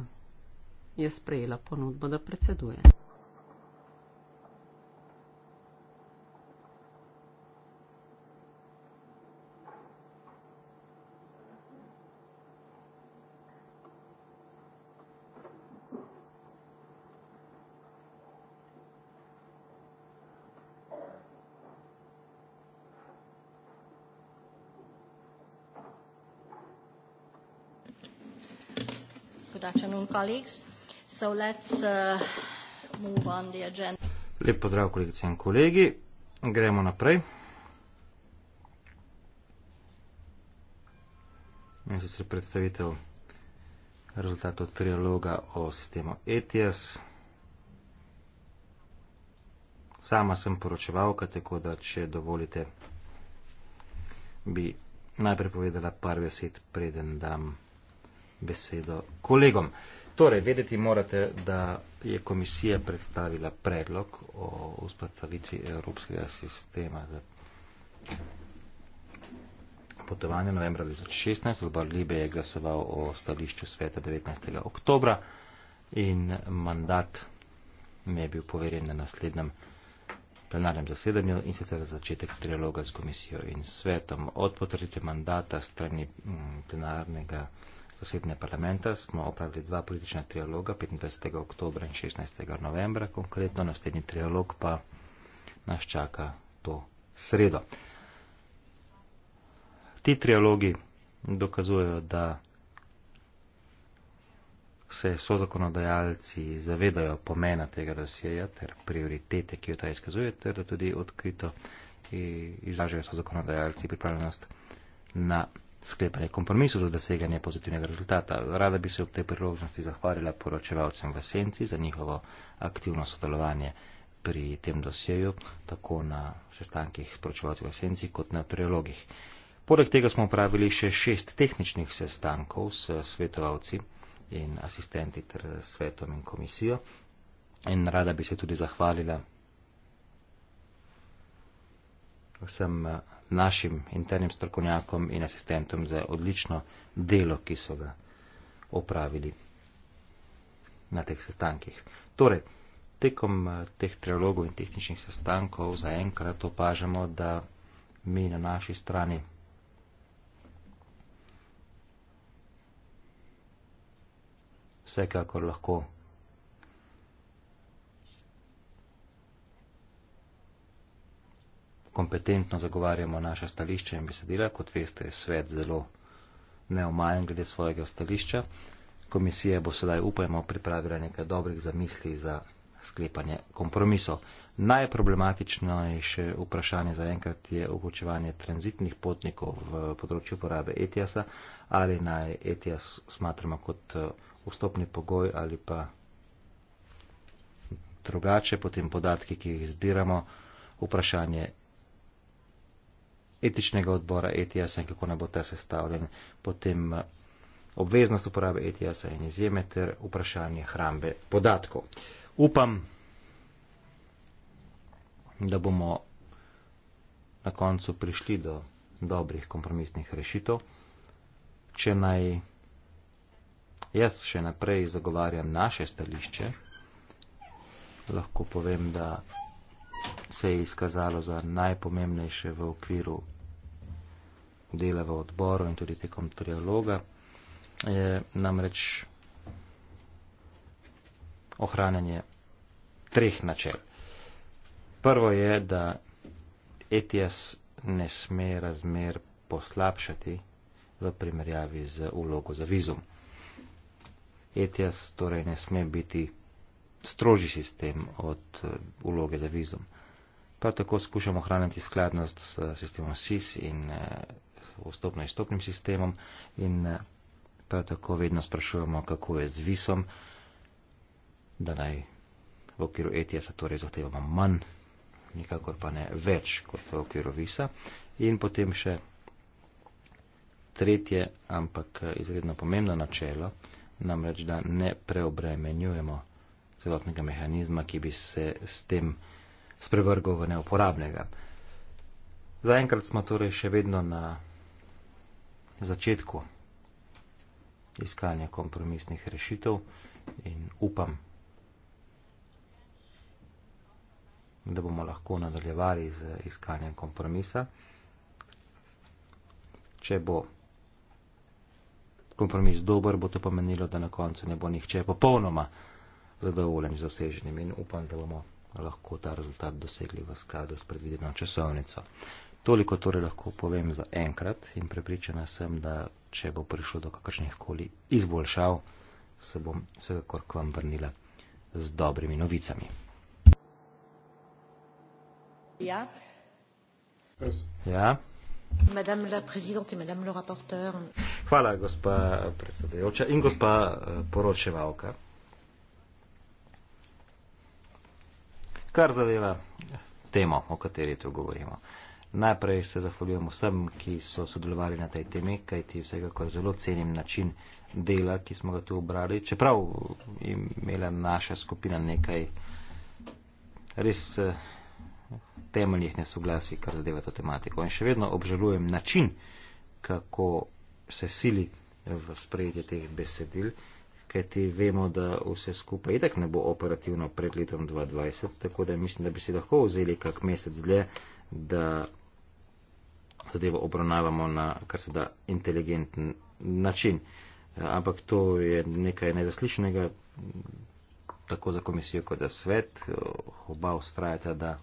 je sprejela ponudbo, da predseduje. afternoon, colleagues. So let's uh, move on the agenda. Lep pozdrav, kolegice in kolegi. Gremo naprej. In sicer predstavitev rezultatov trialoga o sistemu ETS. Sama sem poročevalka, tako da, če dovolite, bi najprej povedala par besed, preden dam besedo kolegom. Torej, vedeti morate, da je komisija predstavila predlog o vzpostavitvi Evropskega sistema za potovanje novembra 2016. Odbor Libe je glasoval o stališču sveta 19. oktobra in mandat mi je bil poverjen na naslednjem plenarnem zasedanju in sicer začetek triloga s komisijo in svetom. Od potrditve mandata strani mm, plenarnega zasebne parlamenta smo opravili dva politična trialoga 25. oktober in 16. novembra, konkretno naslednji trialog pa nas čaka to sredo. Ti trialogi dokazujejo, da se so zakonodajalci zavedajo pomena tega dosjeja ter prioritete, ki jo ta izkazuje, ter da tudi odkrito izražajo so zakonodajalci pripravljenost na sklepanje kompromisov za doseganje pozitivnega rezultata. Rada bi se ob tej priložnosti zahvalila poročevalcem v Senci za njihovo aktivno sodelovanje pri tem dosjeju, tako na sestankih s poročevalci v Senci kot na trilogih. Poleg tega smo upravili še šest tehničnih sestankov s svetovalci in asistenti ter svetom in komisijo in rada bi se tudi zahvalila vsem eh, našim internim strokovnjakom in asistentom za odlično delo, ki so ga opravili na teh sestankih. Torej, tekom eh, teh trialogov in tehničnih sestankov zaenkrat opažamo, da mi na naši strani vsekakor lahko kompetentno zagovarjamo naše stališče in besedila. Kot veste, je svet zelo neomajen glede svojega stališča. Komisija bo sedaj, upajmo, pripravila nekaj dobrih zamisli za sklepanje kompromisov. Najproblematično je še vprašanje zaenkrat je vključevanje tranzitnih potnikov v področju uporabe ETS-a ali naj ETS smatramo kot eh, vstopni pogoj ali pa drugače, potem podatki, ki jih zbiramo, vprašanje etičnega odbora ETS-a in kako naj bo ta sestavljen, potem eh, obveznost uporabe ETS-a in izjeme ter vprašanje hrambe podatkov. Upam, da bomo na koncu prišli do dobrih kompromisnih rešitev. Če naj jaz še naprej zagovarjam naše stališče, lahko povem, da se je izkazalo za najpomembnejše v okviru dela v odboru in tudi tekom trialoga, je namreč ohranjanje treh načel. Prvo je, da ETS ne sme razmer poslabšati v primerjavi z ulogo za vizum. ETS torej ne sme biti strožji sistem od uloge eh, za vizum. Prav tako skušamo hraniti skladnost s sistemom SIS in eh, vstopno-izstopnim sistemom in eh, prav tako vedno sprašujemo, kako je z visom, da naj v okviru ETS-a torej zahtevamo manj, nikakor pa ne več kot v okviru visa. In potem še tretje, ampak eh, izredno pomembno načelo, namreč, da ne preobremenjujemo celotnega mehanizma, ki bi se s tem sprevrgal v neuporabnega. Zaenkrat smo torej še vedno na začetku iskanja kompromisnih rešitev in upam, da bomo lahko nadaljevali z iskanjem kompromisa. Če bo kompromis dober, bo to pomenilo, da na koncu ne bo nihče popolnoma zadovoljen z doseženim in upam, da bomo lahko ta rezultat dosegli v skladu s predvideno časovnico. Toliko torej lahko povem za enkrat in prepričana sem, da če bo prišlo do kakršnih koli izboljšav, se bom vsekakor k vam vrnila z dobrimi novicami. Ja. Ja. Madame la présidente et madame le rapporteur. Hvala, gospa predsedujoča in gospa eh, poročevalka. kar zadeva temo, o kateri tu govorimo. Najprej se zahvaljujem vsem, ki so sodelovali na tej temi, kajti vsekakor zelo cenim način dela, ki smo ga tu obrali. Čeprav je imela naša skupina nekaj res eh, temeljnih nesoglasij, kar zadeva to tematiko. In še vedno obžalujem način, kako se sili v sprejetje teh besedil. Uh, kajti vemo, da vse skupaj itak ne bo operativno pred letom 2020, tako da mislim, da bi si lahko vzeli kak mesec dlje, da zadevo obravnavamo na kar se da inteligenten način. Ampak to je nekaj nezaslišenega, tako za komisijo kot za svet. Oba ustrajata, da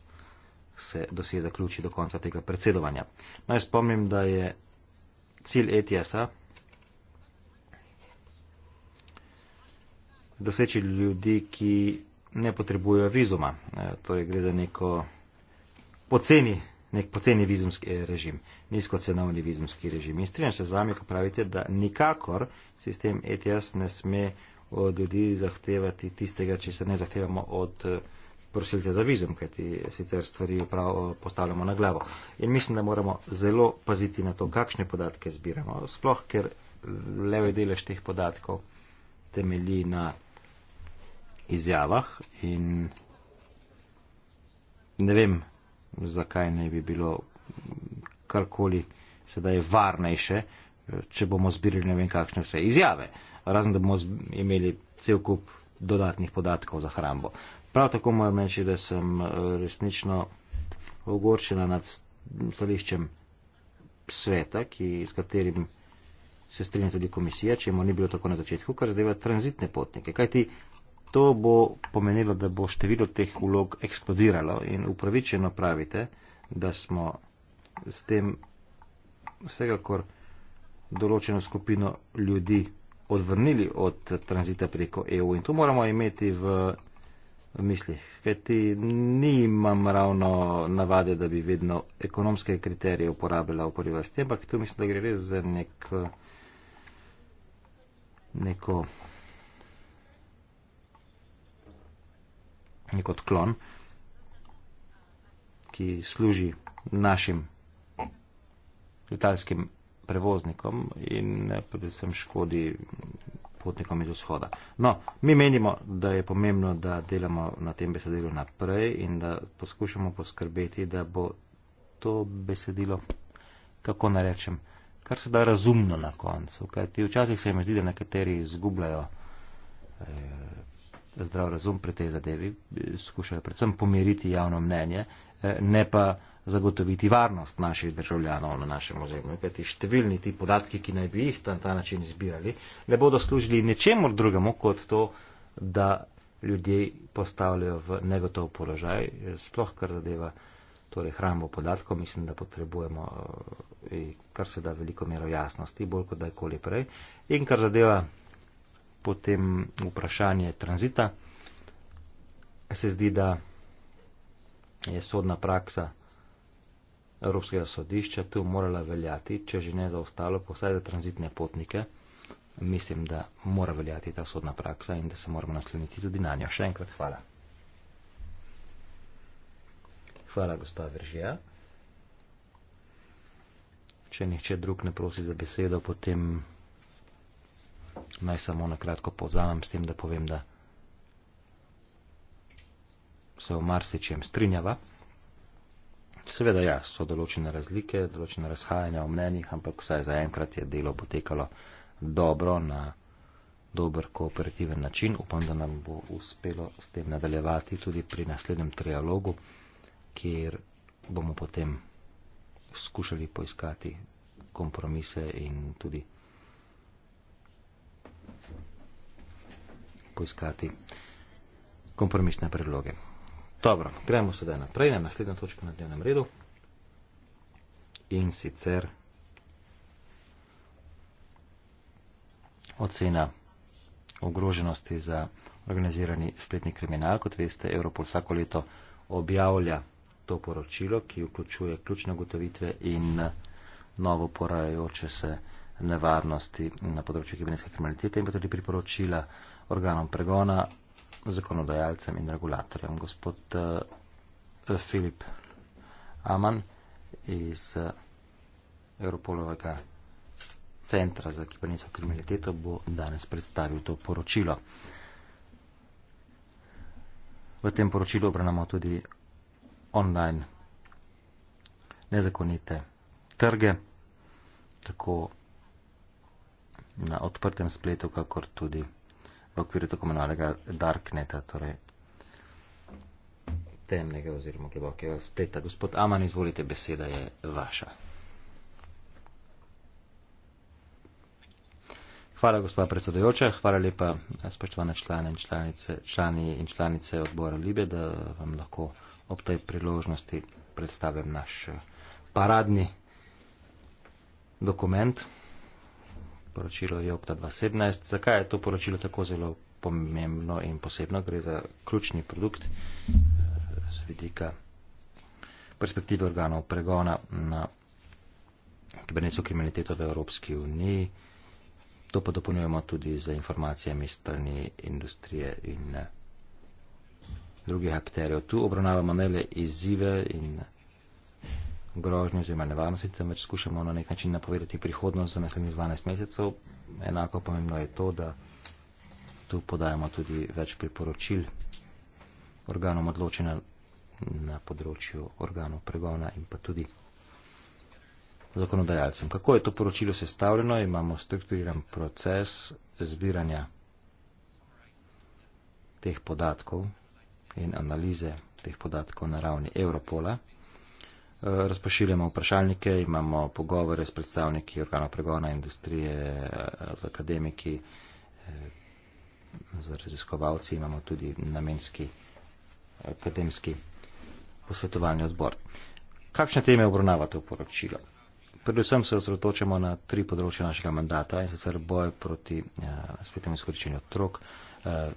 se dosje zaključi do konca tega predsedovanja. Naj spomnim, da je cilj ETS-a doseči ljudi, ki ne potrebujejo vizuma. E, torej gre za neko poceni, nek poceni vizumski e, režim, nizkocenovni vizumski režim. In strinjam se z vami, ko pravite, da nikakor sistem ETS ne sme od ljudi zahtevati tistega, če se ne zahtevamo od e, prosilce za vizum, kajti sicer stvari prav postavljamo na glavo. In mislim, da moramo zelo paziti na to, kakšne podatke zbiramo. Sploh, ker levi delež teh podatkov temelji na izjavah in ne vem, zakaj ne bi bilo karkoli sedaj varnejše, če bomo zbirali ne vem kakšne vse izjave, razen da bomo imeli cel kup dodatnih podatkov za hrambo. Prav tako moram reči, da sem eh, resnično ogorčena nad stališčem sveta, ki, s katerim se strinja tudi komisija, če mu ni bilo tako na začetku, kar zadeva tranzitne potnike. Kaj ti to bo pomenilo, da bo število teh ulog eksplodiralo in upravičeno pravite, da smo s tem vsekakor določeno skupino ljudi odvrnili od tranzita preko EU in to moramo imeti v, v mislih, kajti nimam ravno navade, da bi vedno ekonomske kriterije uporabljala v prvi vrsti, ampak tu mislim, da gre res za nek, neko nek odklon, ki služi našim letalskim prevoznikom in predvsem škodi potnikom iz vzhoda. No, mi menimo, da je pomembno, da delamo na tem besedilu naprej in da poskušamo poskrbeti, da bo to besedilo, kako narečem, kar se da razumno na koncu. Kajti včasih se mi zdi, da nekateri izgubljajo eh, zdrav razum pri tej zadevi, skušajo predvsem pomiriti javno mnenje, eh, ne pa zagotoviti varnost naših državljanov na našem ozemlju. Kajti številni ti podatki, ki naj bi jih na ta način izbirali, ne bodo služili ničemu drugemu kot to, da ljudje postavljajo v negotov položaj, sploh kar zadeva torej hrambo podatkov, mislim, da potrebujemo eh, kar se da veliko mero jasnosti, bolj kot da je koli prej. In kar zadeva potem vprašanje tranzita. Se zdi, da je sodna praksa Evropskega sodišča tu morala veljati, če že ne za ostalo, pa vsaj za tranzitne potnike. Mislim, da mora veljati ta sodna praksa in da se moramo nasloniti tudi na njo. Še enkrat hvala. Hvala, gospa Veržija. Če nihče drug ne prosi za besedo, potem naj samo na kratko povzamem s tem, da povem, da se v marsičem strinjava. Seveda, ja, so določene razlike, določene razhajanja v mnenjih, ampak vsaj zaenkrat je delo potekalo dobro na dober kooperativen način. Upam, da nam bo uspelo s tem nadaljevati tudi pri naslednjem trialogu, kjer bomo potem skušali poiskati kompromise in tudi. poiskati kompromisne predloge. Dobro, gremo sedaj naprej na naslednjo točko na dnevnem redu in sicer ocena ogroženosti za organizirani spletni kriminal. Kot veste, Evropol vsako leto objavlja to poročilo, ki vključuje ključne gotovitve in novo porajajoče se nevarnosti na področju kibernetske kriminalitete in pa tudi priporočila organom pregona, zakonodajalcem in regulatorjem. Gospod uh, Filip Aman iz uh, Europolovega centra za kibernetsko kriminaliteto bo danes predstavil to poročilo. V tem poročilu obravnavamo tudi online nezakonite trge, tako na odprtem spletu, kakor tudi v okviru tako imenovanega darkneta, torej temnega oziroma globokega spleta. Gospod Aman, izvolite, beseda je vaša. Hvala, gospa predsedojoča, hvala lepa, spoštovane člane in članice, člani in članice odbora Libe, da vam lahko ob tej priložnosti predstavim naš paradni dokument poročilo Jokta 2017. Zakaj je to poročilo tako zelo pomembno in posebno? Gre za ključni produkt eh, z vidika perspektive organov pregona na kibernetsko kriminaliteto v Evropski uniji. To pa dopolnjujemo tudi z informacijami strani industrije in eh, drugih akterjev. Tu obravnavamo ne le izzive in grožnje oziroma nevarnosti, temveč skušamo na nek način napovedati prihodnost za naslednjih 12 mesecev. Enako pomembno je to, da tu podajamo tudi več priporočil organom odločena na področju organov pregona in pa tudi zakonodajalcem. Kako je to poročilo sestavljeno? Imamo strukturiran proces zbiranja teh podatkov in analize teh podatkov na ravni Europola. Eh, razpošiljamo vprašalnike, imamo pogovore s predstavniki organov pregona industrije, eh, z akademiki, eh, z raziskovalci, imamo tudi namenski akademski posvetovalni odbor. Kakšne teme obravnava to poročilo? Predvsem se osredotočamo na tri področja našega mandata in sicer boj proti ja, svetem izkoriščenju otrok, eh,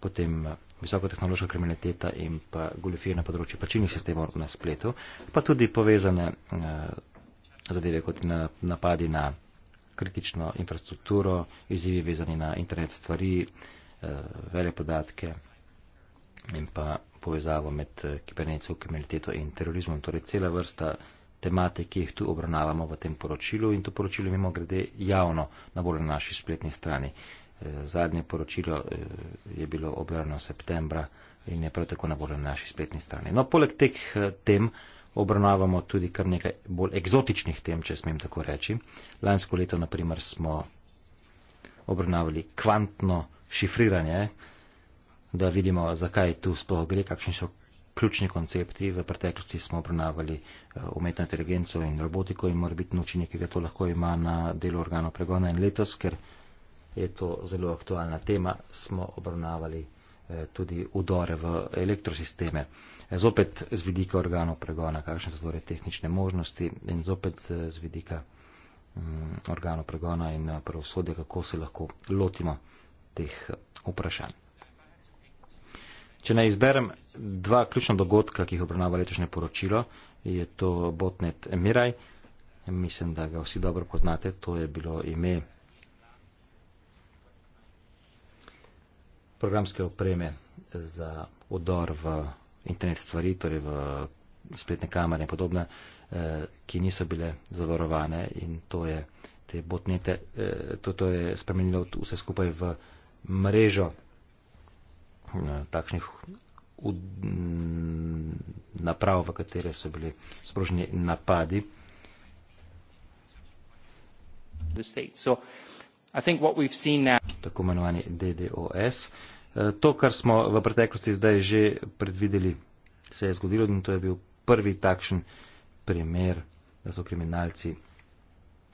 potem visokotehnološka kriminaliteta in pa goljofije na področju plačilnih sistemov na spletu, pa tudi povezane eh, zadeve kot na, napadi na kritično infrastrukturo, izzivi vezani na internet stvari, eh, vele podatke in pa povezavo med eh, kibernetsko kriminaliteto in terorizmom. Torej cela vrsta tematik, ki jih tu obravnavamo v tem poročilu in to poročilo mimo grede javno na voljo na naši spletni strani. Eh, Eh, zadnje poročilo eh, je bilo objavljeno v septembra in je prav tako na voljo na naši spletni strani. No, poleg teh eh, tem obravnavamo tudi kar nekaj bolj eksotičnih tem, če smem tako reči. Lansko leto, naprimer, smo obravnavali kvantno šifriranje, da vidimo, zakaj tu sploh gre, kakšni so ključni koncepti. V preteklosti smo obravnavali umetno inteligenco in robotiko in morbitno učinek, ki ga to lahko ima na delo organov pregona in letos, ker je to zelo aktualna tema, smo obravnavali eh, tudi udore v elektrosisteme. Zopet z vidika organov pregona, kakšne so torej tehnične možnosti in zopet eh, z vidika mm, organov pregona in eh, pravosodja, kako se lahko lotimo teh vprašanj. Če naj izberem dva ključna dogodka, ki jih obravnava letošnje poročilo, je to botnet Miraj. Mislim, da ga vsi dobro poznate. To je bilo ime programske opreme za odor v internet stvari, torej v spletne kamere in podobne, eh, ki niso bile zavarovane in to je te botnete, eh, to, to je spremenilo vse skupaj v mrežo eh, takšnih mm, naprav, v katere so bili sproženi napadi. The state. So, tako imenovani DDoS. E, to, kar smo v preteklosti zdaj že predvideli, se je zgodilo in to je bil prvi takšen primer, da so kriminalci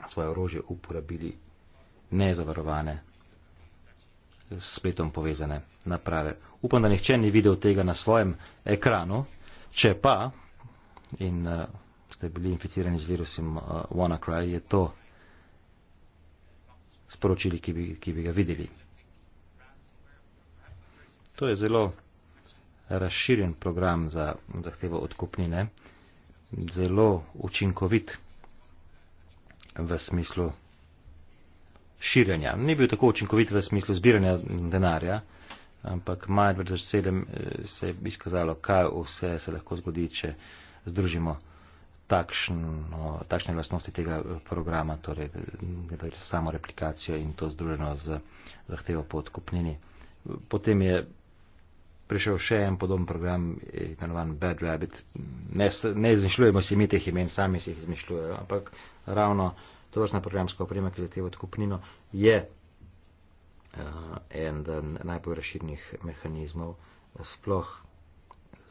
svoje orožje uporabili nezavarovane s spletom povezane naprave. Upam, da nihče ni videl tega na svojem ekranu, če pa in uh, ste bili inficirani z virusom uh, WannaCry, je to sporočili, ki bi, ki bi ga videli. To je zelo razširjen program za zahtevo odkupnine, zelo učinkovit v smislu širjenja. Ni bil tako učinkovit v smislu zbiranja denarja, ampak maja 2007 eh, se je izkazalo, kaj vse se lahko zgodi, če združimo takšno, takšne lastnosti tega eh, programa, torej gledajte samo replikacijo in to združeno z zahtevo po odkupnini. Potem je prišel še en podoben program, eh, imenovan Bad Rabbit. Ne, ne izmišljujemo si mi teh imen, sami si jih izmišljujejo, ampak ravno to vrstna programska oprema, ki leti v odkupnino, je uh, eh, en najbolj razširnih mehanizmov sploh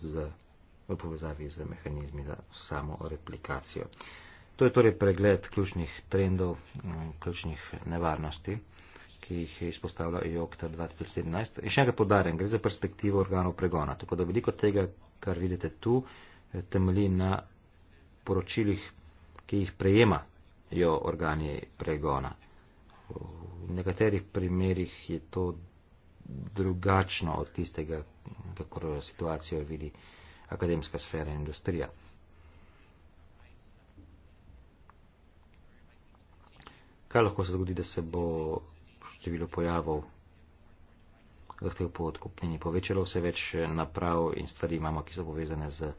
z v povezavi z mehanizmi za samo replikacijo. To je torej pregled ključnih trendov, mm, ključnih nevarnosti, ki jih je izpostavila IOKTA 2017. In še enkrat podarjam, gre za perspektivo organov pregona. Tako da veliko tega, kar vidite tu, eh, temelji na poročilih, ki jih prejemajo organi pregona. V nekaterih primerjih je to drugačno od tistega, kako situacijo vidi akademska sfera in industrija. Kaj lahko se zgodi, da se bo število pojavov zahtev po odkupnini povečalo vse več naprav in stvari imamo, ki so povezane z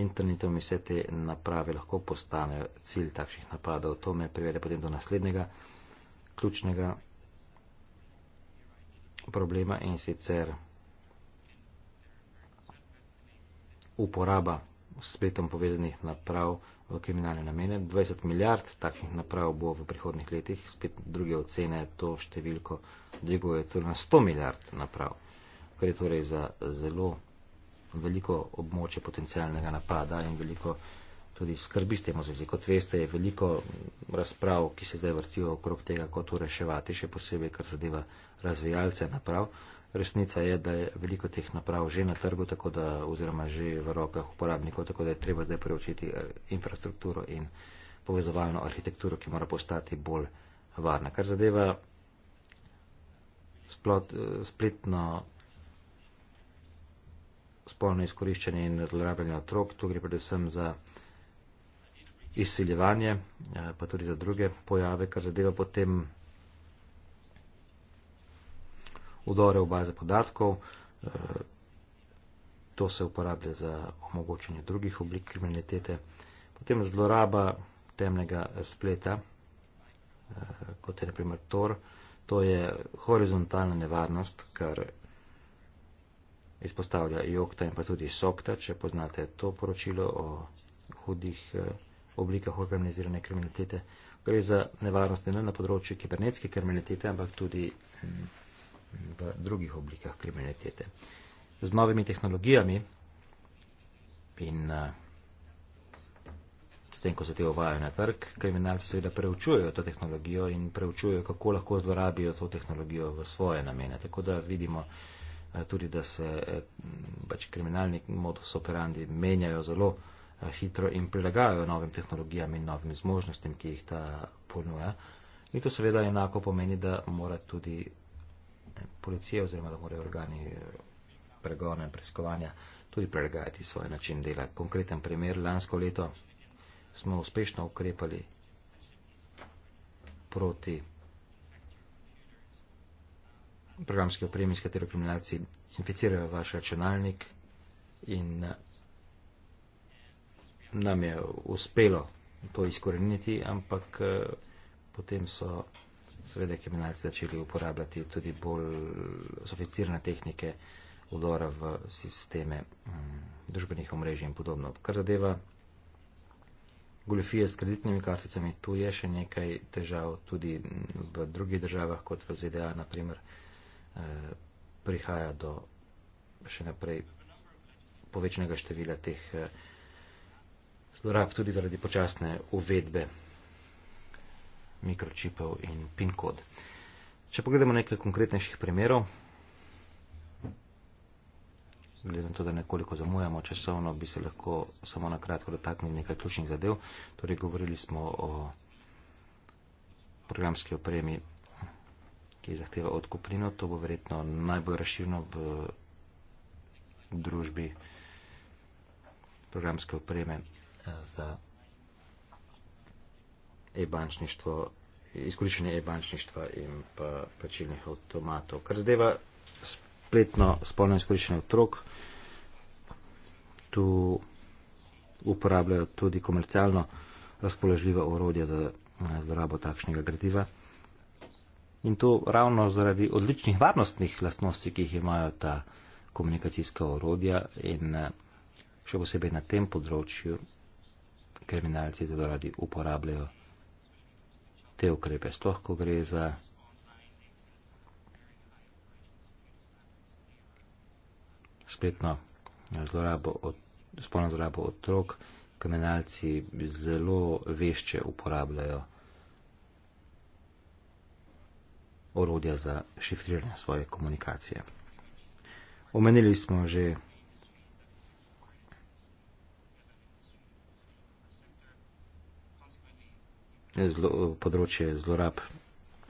internetom in vse te naprave lahko postanejo cilj takšnih napadov. To me privede potem do naslednjega ključnega problema in sicer. uporaba s spletom povezanih naprav v kriminalne namene. 20 milijard takšnih naprav bo v prihodnih letih, spet druge ocene to številko dviguje tudi na 100 milijard naprav, kar je torej za zelo veliko območje potencijalnega napada in veliko tudi skrbi s tem ozvezi. Kot veste, je veliko razprav, ki se zdaj vrtijo okrog tega, kako to reševati, še posebej, kar zadeva razvijalce naprav. Resnica je, da je veliko teh naprav že na trgu, tako da oziroma že v rokah uporabnikov, tako da je treba zdaj preučiti eh, infrastrukturo in povezovalno arhitekturo, ki mora postati bolj varna. Kar zadeva splot, eh, spletno spolno izkoriščanje in zlorabljanje otrok, tu gre predvsem za izsiljevanje, eh, pa tudi za druge pojave, kar zadeva potem vdore v baze podatkov. Eh, to se uporablja za omogočanje drugih oblik kriminalitete. Potem zloraba temnega eh, spleta, eh, kot je naprimer Tor, to je horizontalna nevarnost, kar izpostavlja Jokta in pa tudi Sokta, če poznate to poročilo o hudih oblikah organizirane kriminalitete. Gre za nevarnost ne na področju kibernetske kriminalitete, ampak tudi mm, v drugih oblikah kriminalitete. Z novimi tehnologijami in eh, s tem, ko se te uvajajo na trg, kriminalci seveda preučujejo to tehnologijo in preučujejo, kako lahko zlorabijo to tehnologijo v svoje namene. Tako da vidimo eh, tudi, da se eh, pač kriminalni modus operandi menjajo zelo hitro in prilagajajo novim tehnologijam in novim zmožnostim, ki jih ta ponuja. In to seveda enako pomeni, da mora tudi policije oziroma da morajo organi eh, pregona in preiskovanja tudi prelegajati svoj način dela. Konkreten primer, lansko leto smo uspešno ukrepali proti programski opremi, s katero kriminalci inficirajo vaš računalnik in eh, nam je uspelo to izkoreniti, ampak eh, potem so seveda kriminalci začeli uporabljati tudi bolj sofisticirane tehnike vdora v sisteme um, družbenih omrežij in podobno. Kar zadeva goljofije s kreditnimi karticami, tu je še nekaj težav, tudi v drugih državah, kot v ZDA, naprimer, eh, prihaja do še naprej povečnega števila teh eh, zlorab, tudi zaradi počasne uvedbe mikročipov in PIN kod. Če pogledamo nekaj konkretnejših primerov, glede na to, da nekoliko zamujamo časovno, bi se lahko samo na kratko dotaknili nekaj ključnih zadev. Torej, govorili smo o programski opremi, ki zahteva odkupnino. To bo verjetno najbolj razširno v družbi programske opreme eh, za e-bančništvo, izkoriščenje e-bančništva in pa plačilnih avtomatov. Kar zadeva spletno spolno izkoriščenje otrok, tu uporabljajo tudi komercialno razpoložljiva orodja za eh, zlorabo takšnega gradiva. In to ravno zaradi odličnih varnostnih lastnosti, ki jih imajo ta komunikacijska orodja in eh, še posebej na tem področju kriminalci zelo radi uporabljajo te ukrepe, sploh ko gre za spletno zlorabo, spolno zlorabo otrok, kamenalci zelo vešče uporabljajo orodja za šifriranje svoje komunikacije. Omenili smo že zlo, področje zlorab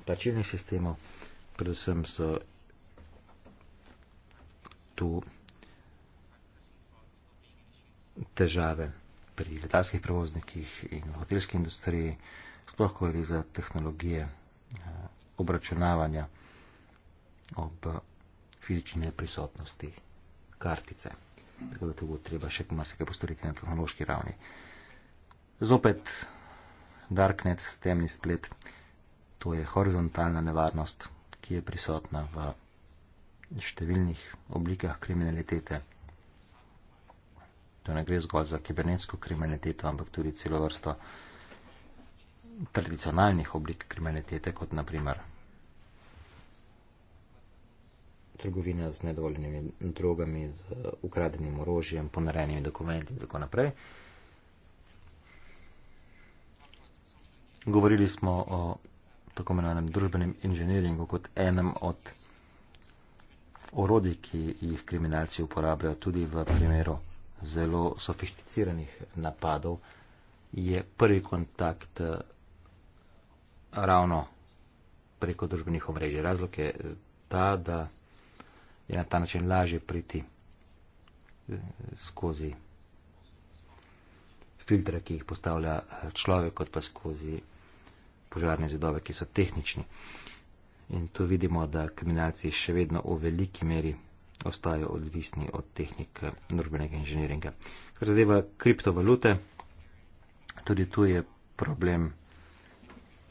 plačilnih sistemov, predvsem so tu težave pri letalskih prevoznikih in v hotelski industriji, sploh ko gre za tehnologije eh, obračunavanja ob fizični neprisotnosti kartice. Tako da to bo treba še marsikaj postoriti na tehnološki ravni. Zopet Darknet, temni splet, to je horizontalna nevarnost, ki je prisotna v številnih oblikah kriminalitete. To ne gre zgolj za kibernetsko kriminaliteto, ampak tudi celo vrsto tradicionalnih oblik kriminalitete, kot naprimer trgovina z nedovoljenimi drogami, z ukradenim orožjem, ponarejenimi dokumenti in tako naprej. Govorili smo o tako imenovanem družbenem inženiringu kot enem od orodij, ki jih kriminalci uporabljajo tudi v primeru zelo sofisticiranih napadov, je prvi kontakt eh, ravno preko družbenih omrežij. Razlog je eh, ta, da je na ta način lažje priti eh, skozi filtre, ki jih postavlja eh, človek, kot pa skozi požarne zidove, ki so tehnični. In tu vidimo, da kriminalci še vedno v veliki meri ostajajo odvisni od tehnik družbenega inženiringa. Kar zadeva kriptovalute, tudi tu je problem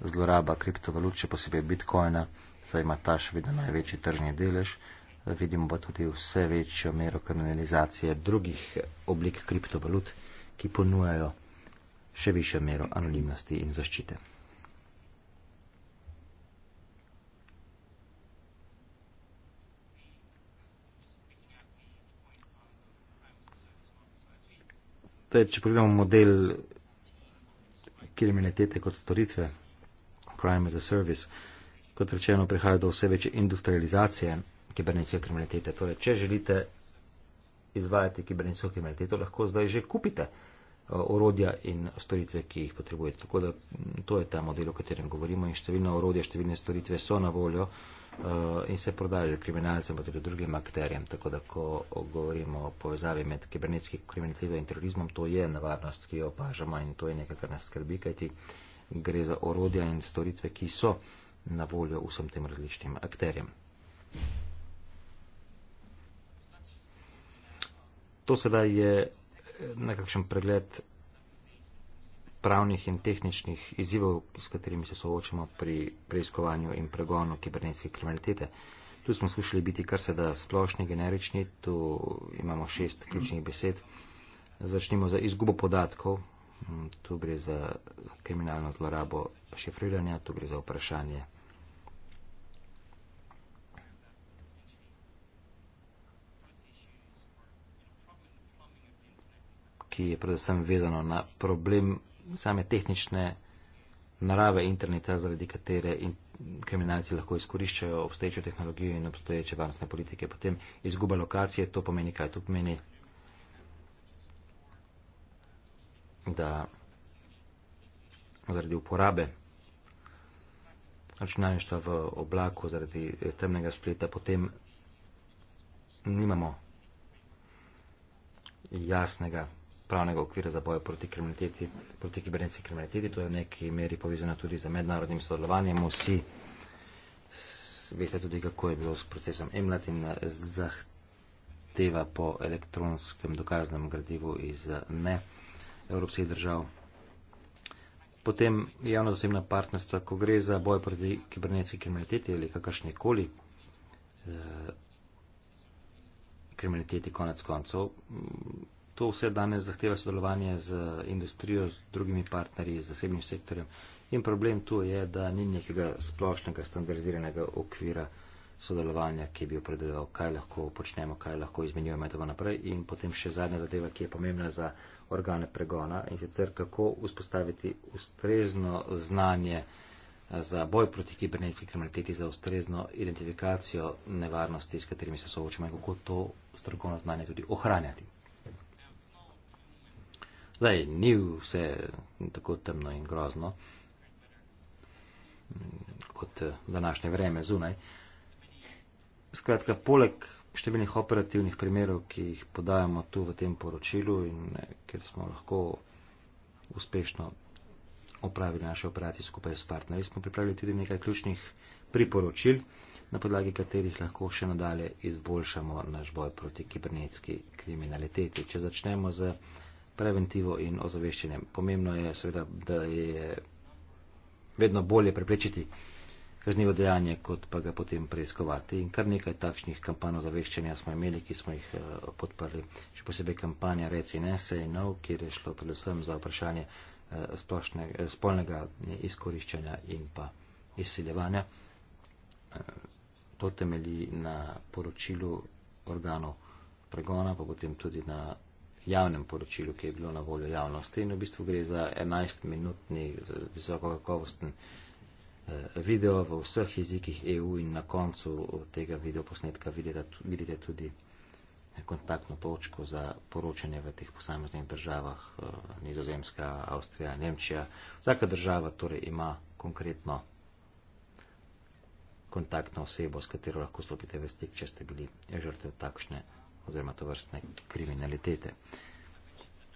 zloraba kriptovalut, še posebej bitcoina, saj ima ta še vedno največji tržni delež. Vidimo pa tudi vse večjo mero kriminalizacije drugih oblik kriptovalut ki ponujajo še više mero anonimnosti in zaščite. Torej, če pogledamo model kriminalitete kot storitve, crime as a service, kot rečeno, prihaja do vse večje industrializacije kibernetske kriminalitete. Torej, če želite izvajate kibernetsko kriminaliteto, lahko zdaj že kupite eh, orodja in storitve, ki jih potrebujete. Tako da mm, to je ta model, o katerem govorimo in številna orodja, številne storitve so na voljo eh, in se prodajajo kriminalcem, pa tudi drugim akterjem. Tako da, ko govorimo o povezavi med kibernetskim kriminalitetom in terorizmom, to je nevarnost, ki jo opažamo in to je nekaj, kar nas skrbi, kajti gre za orodja in storitve, ki so na voljo vsem tem različnim akterjem. To sedaj je eh, nekakšen pregled pravnih in tehničnih izzivov, s katerimi se soočamo pri preiskovanju in pregonu kibernetske kriminalitete. Tu smo slušali biti kar se da splošni, generični, tu imamo šest ključnih besed. Začnimo za izgubo podatkov, mm, tu gre za kriminalno zlorabo šifriranja, tu gre za vprašanje ki je predvsem vezano na problem same tehnične narave interneta, zaradi katere in kriminalci lahko izkoriščajo obstoječo tehnologijo in obstoječe varnostne politike. Potem izguba lokacije, to pomeni kaj? To pomeni, da zaradi uporabe računalništva v oblaku, zaradi eh, temnega spleta, potem nimamo jasnega pravnega okvira za bojo proti kriminaliteti, proti kibernetski kriminaliteti. To je v neki meri povezano tudi z mednarodnim sodelovanjem. Vsi veste tudi, kako je bilo s procesom Emlat in eh, zahteva po elektronskem dokaznem gradivu iz eh, ne evropskih držav. Potem javno-zasebna partnerstva, ko gre za boj proti kibernetski kriminaliteti ali kakršne koli eh, kriminaliteti konec koncov. Hm, to vse danes zahteva sodelovanje z industrijo, z drugimi partnerji, z zasebnim sektorjem. In problem tu je, da ni nekega splošnega standardiziranega okvira sodelovanja, ki bi opredeljeval, kaj lahko počnemo, kaj lahko izmenjujemo in tako naprej. In potem še zadnja zadeva, ki je pomembna za organe pregona in sicer kako vzpostaviti ustrezno znanje za boj proti kibernetski kriminaliteti, za ustrezno identifikacijo nevarnosti, s katerimi se soočamo in kako to strokovno znanje tudi ohranjati. Zdaj, ni vse tako temno in grozno kot eh, današnje vreme zunaj. Skratka, poleg številnih operativnih primerov, ki jih podajamo tu v tem poročilu in eh, ker smo lahko uspešno opravili naše operacije skupaj s partnerji, smo pripravili tudi nekaj ključnih priporočil, na podlagi katerih lahko še nadalje izboljšamo naš boj proti kibernetski kriminaliteti. Če začnemo z za preventivo in ozaveščenje. Pomembno je seveda, da je vedno bolje preprečiti kaznivo dejanje, kot pa ga potem preiskovati. In kar nekaj takšnih kampanj ozaveščenja smo imeli, ki smo jih eh, podprli, še posebej kampanja Reci Nese in Nov, kjer je šlo predvsem za vprašanje eh, splošne, eh, spolnega izkoriščanja in pa izsiljevanja. To temelji na poročilu organov pregona, pa potem tudi na javnem poročilu, ki je bilo na voljo javnosti. In v bistvu gre za 11-minutni visokokakovosten eh, video v vseh jezikih EU in na koncu tega videoposnetka vidite tudi kontaktno točko za poročanje v teh posameznih državah, eh, Nizozemska, Avstrija, Nemčija. Vsaka država torej ima konkretno kontaktno osebo, s katero lahko stopite v stik, če ste bili žrtev takšne države oziroma to vrstne kriminalitete.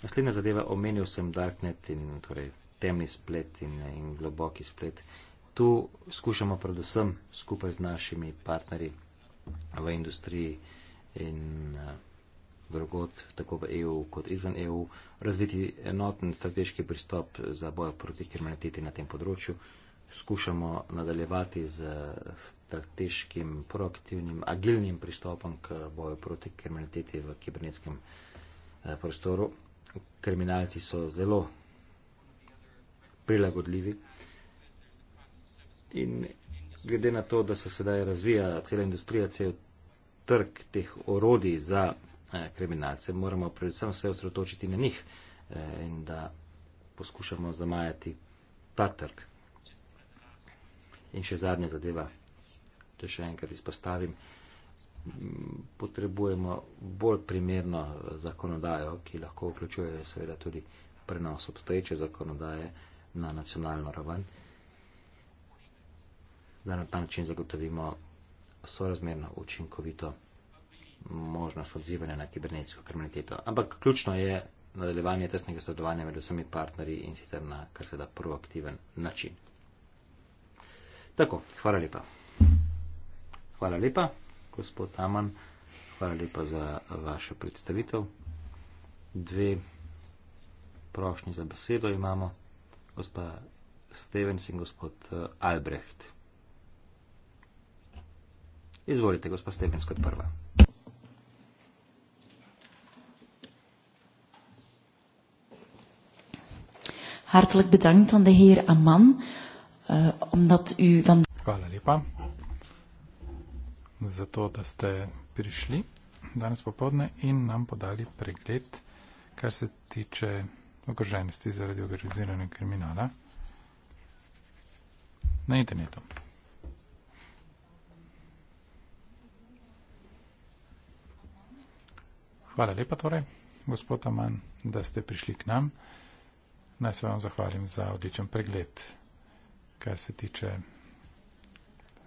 Naslednja zadeva, omenil sem Darknet in torej temni splet in, in globoki splet. Tu skušamo predvsem skupaj z našimi partnerji v industriji in eh, drugot, tako v EU kot izven EU, razviti enoten strateški pristop za bojo proti kriminaliteti na tem področju skušamo nadaljevati z strateškim, proaktivnim, agilnim pristopom k boju proti kriminaliteti v kibernetskem eh, prostoru. Kriminalci so zelo prilagodljivi in glede na to, da se sedaj razvija cela industrija, cel trg teh orodij za eh, kriminalce, moramo predvsem se osredotočiti na njih eh, in da poskušamo zamajati ta trg. In še zadnja zadeva, če še enkrat izpostavim, potrebujemo bolj primerno zakonodajo, ki lahko vključuje seveda tudi prenos obstoječe zakonodaje na nacionalno raven, da na ta način zagotovimo sorazmerno učinkovito možnost odzivanja na kibernetsko kriminaliteto. Ampak ključno je nadaljevanje tesnega sodelovanja med vsemi partnerji in sicer na kar se da proaktiven način. Tako, hvala lepa. Hvala lepa, gospod Aman, hvala lepa za vašo predstavitev. Dve prošnji za besedo imamo, gospa Stevens in gospod eh, Albrecht. Izvolite, gospa Stevens, kot prva. Hartelijk bedankt aan de heer Amman uh, omdat u van. Hvala lepa za to, da ste prišli danes popovdne in nam podali pregled, kar se tiče ogroženosti zaradi organiziranega kriminala na internetu. Hvala lepa torej, gospod Aman, da ste prišli k nam. Naj se vam zahvalim za odličen pregled kar se tiče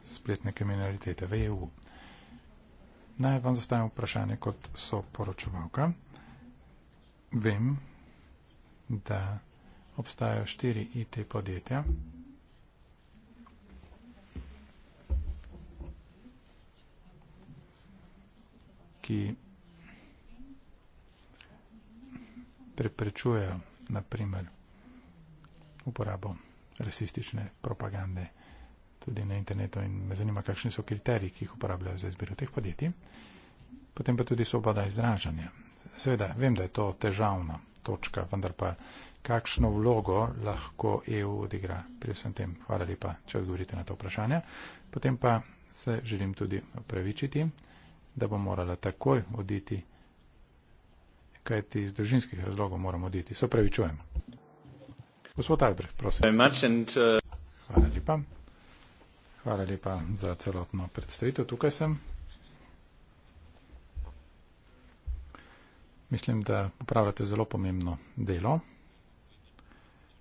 spletne kriminalitete v EU. Naj vam zastavim vprašanje kot soporočevalka. Vem, da obstajajo štiri IT podjetja, ki preprečujejo, naprimer, uporabo rasistične propagande tudi na internetu in me zanima, kakšni so kriteriji, ki jih uporabljajo za izbiro teh podjetij. Potem pa tudi svoboda izražanja. Seveda, vem, da je to težavna točka, vendar pa kakšno vlogo lahko EU odigra pri vsem tem. Hvala lepa, če odgovorite na to vprašanje. Potem pa se želim tudi opravičiti, da bo morala takoj oditi, kajti iz družinskih razlogov moram oditi. Se opravičujem. Gospod Albrecht, prosim. Uh, Hvala lepa. Hvala lepa za celotno predstavitev. Tukaj sem. Mislim, da upravljate zelo pomembno delo.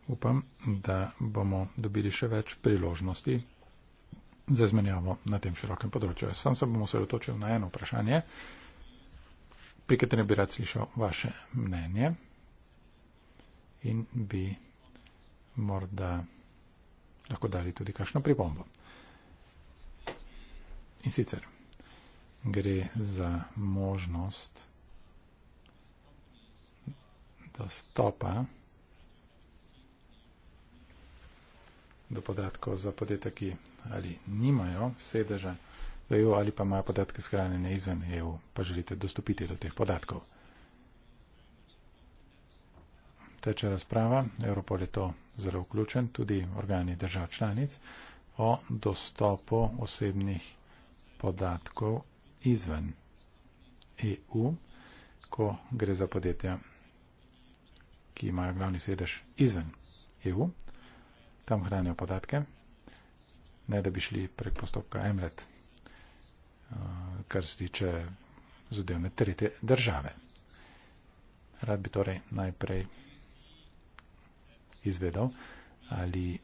Upam, da bomo dobili še več priložnosti za izmenjavo na tem širokem področju. Sam se bom osredotočil na eno vprašanje, pri katerem bi rad slišal vaše mnenje in bi morda lahko dali tudi kakšno pripombo. In sicer gre za možnost, da stopa do podatkov za podjetja, ki ali nimajo sedeža v EU ali pa imajo podatke skrajne izven EU, pa želite dostopiti do teh podatkov teče razprava, Evropol je to zelo vključen, tudi organi držav članic, o dostopu osebnih podatkov izven EU, ko gre za podjetja, ki imajo glavni sedež izven EU, tam hranijo podatke, ne da bi šli prek postopka MLET, eh, kar se tiče zadevne tretje države. Rad bi torej najprej izvedel, ali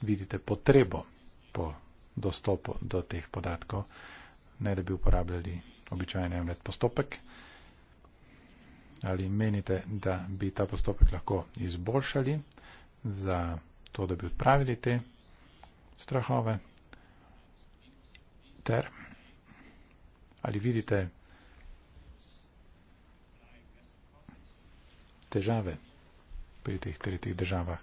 vidite potrebo po dostopu do teh podatkov, ne da bi uporabljali običajen emlet postopek, ali menite, da bi ta postopek lahko izboljšali za to, da bi odpravili te strahove, ter ali vidite težave pri teh tretjih državah,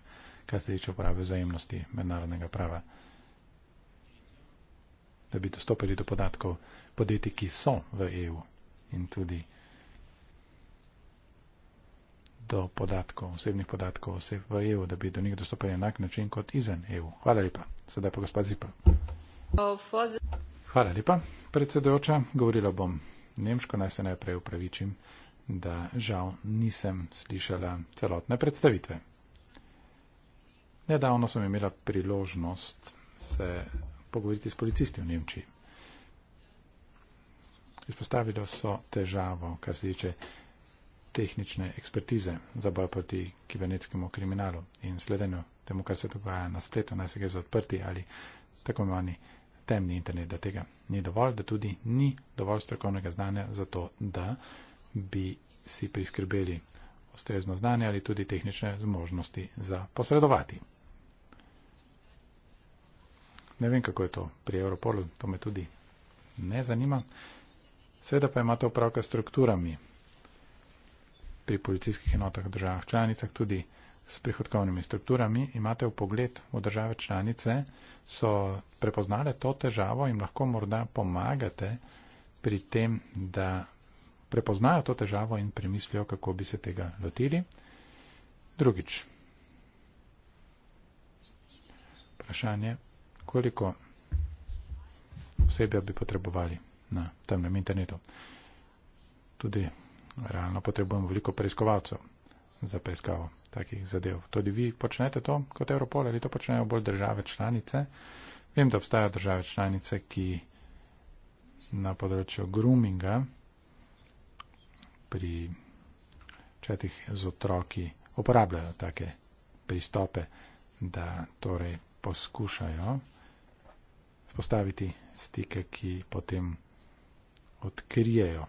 kar se tiče uporabe vzajemnosti mednarodnega prava. Da bi dostopili do podatkov podjetij, ki so v EU in tudi do podatkov, osebnih podatkov oseb v EU, da bi do njih dostopili enak način kot izven EU. Hvala lepa. Sedaj pa gospod Zipa. Hvala lepa, predsedojoča. Govorila bom nemško, naj se najprej upravičim da žal nisem slišala celotne predstavitve. Nedavno sem imela priložnost se pogovoriti s policisti v Nemčiji. Izpostavili so težavo, kar se tiče tehnične ekspertize za boj proti kibernetskemu kriminalu in sledenju temu, kar se dogaja na spletu, naj se gre za odprti ali tako imenovani temni internet, da tega ni dovolj, da tudi ni dovolj strokovnega znanja za to, da bi si priskrbeli ustrezno znanje ali tudi tehnične zmožnosti za posredovati. Ne vem, kako je to pri Europolu, to me tudi ne zanima. Seveda pa imate opravka s strukturami pri policijskih enotah v državah članicah, tudi s prihodkovnimi strukturami. Imate v pogled v države članice, so prepoznale to težavo in lahko morda pomagate pri tem, da prepoznajo to težavo in premislijo, kako bi se tega lotili. Drugič. Vprašanje, koliko osebja bi potrebovali na temnem internetu. Tudi realno potrebujemo veliko preiskovalcev za preiskavo takih zadev. Tudi vi počnete to kot Europol ali to počnejo bolj države članice. Vem, da obstajajo države članice, ki na področju groominga pri četih z otroki uporabljajo take pristope, da torej poskušajo spostaviti stike, ki potem odkrijejo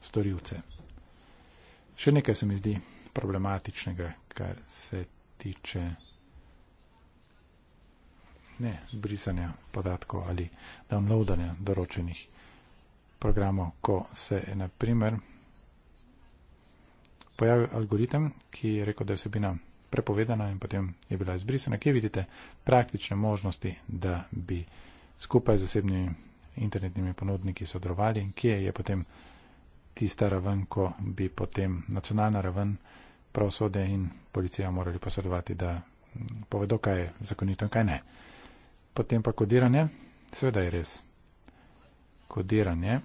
storilce. Še nekaj se mi zdi problematičnega, kar se tiče ne, brisanja podatkov ali downloadanja določenih programov, ko se, na primer, pojavil algoritem, ki je rekel, da je vsebina prepovedana in potem je bila izbrisana. Kje vidite praktične možnosti, da bi skupaj z zasebnimi internetnimi ponudniki sodelovali in kje je potem tista raven, ko bi potem nacionalna raven pravosode in policija morali posredovati, da povedo, kaj je zakonito in kaj ne. Potem pa kodiranje, seveda je res. Kodiranje,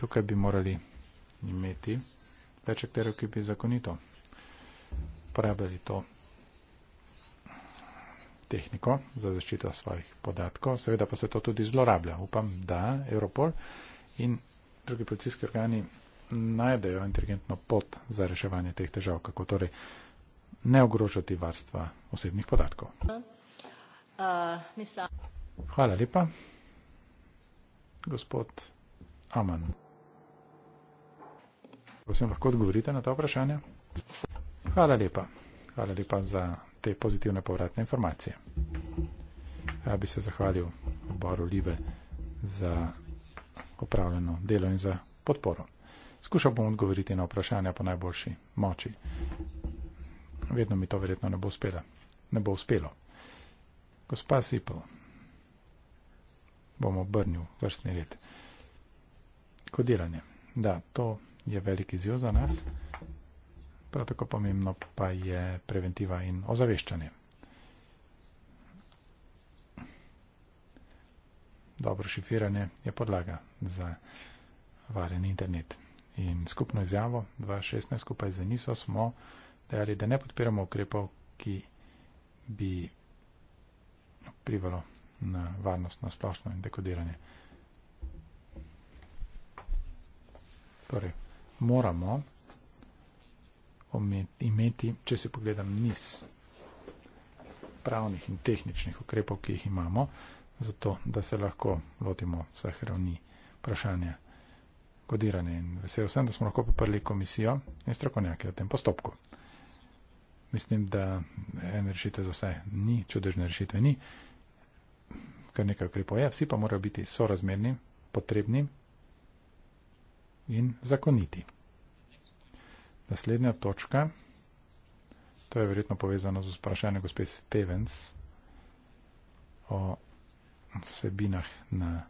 tukaj bi morali imeti reče katero, ki bi zakonito uporabljali to tehniko za zaščito svojih podatkov. Seveda pa se to tudi zlorablja. Upam, da Europol in drugi policijski organi najdejo inteligentno pot za reševanje teh težav, kako torej ne ogrožati varstva osebnih podatkov. Uh, uh, Hvala lepa. Gospod Aman. Prosim, lahko odgovorite na ta vprašanja. Hvala lepa. Hvala lepa za te pozitivne povratne informacije. Ja bi se zahvalil oboru Libe za opravljeno delo in za podporo. Skušal bom odgovoriti na vprašanja po najboljši moči. Vedno mi to verjetno ne bo, uspela, ne bo uspelo. Gospa Sipel, bom obrnil vrstni red. Kodiranje. Da, to je velik izziv za nas. Prav tako pomembno pa je preventiva in ozaveščanje. Dobro šifiranje je podlaga za varen internet. In skupno izjavo 2016 skupaj z NISO smo dejali, da ne podpiramo ukrepov, ki bi privalo na varnost, na splošno in dekodiranje. Torej, moramo imeti, če se pogledam niz pravnih in tehničnih ukrepov, ki jih imamo, zato da se lahko lotimo vseh ravni vprašanja kodiranja. In vesel sem, da smo lahko poprli komisijo in strokovnjake v tem postopku. Mislim, da ena rešitev za vse ni, čudežne rešitve ni, kar nekaj ukrepov je, vsi pa morajo biti sorazmerni, potrebni, in zakoniti. Naslednja točka, to je verjetno povezano z vprašanjem gospe Stevens o vsebinah na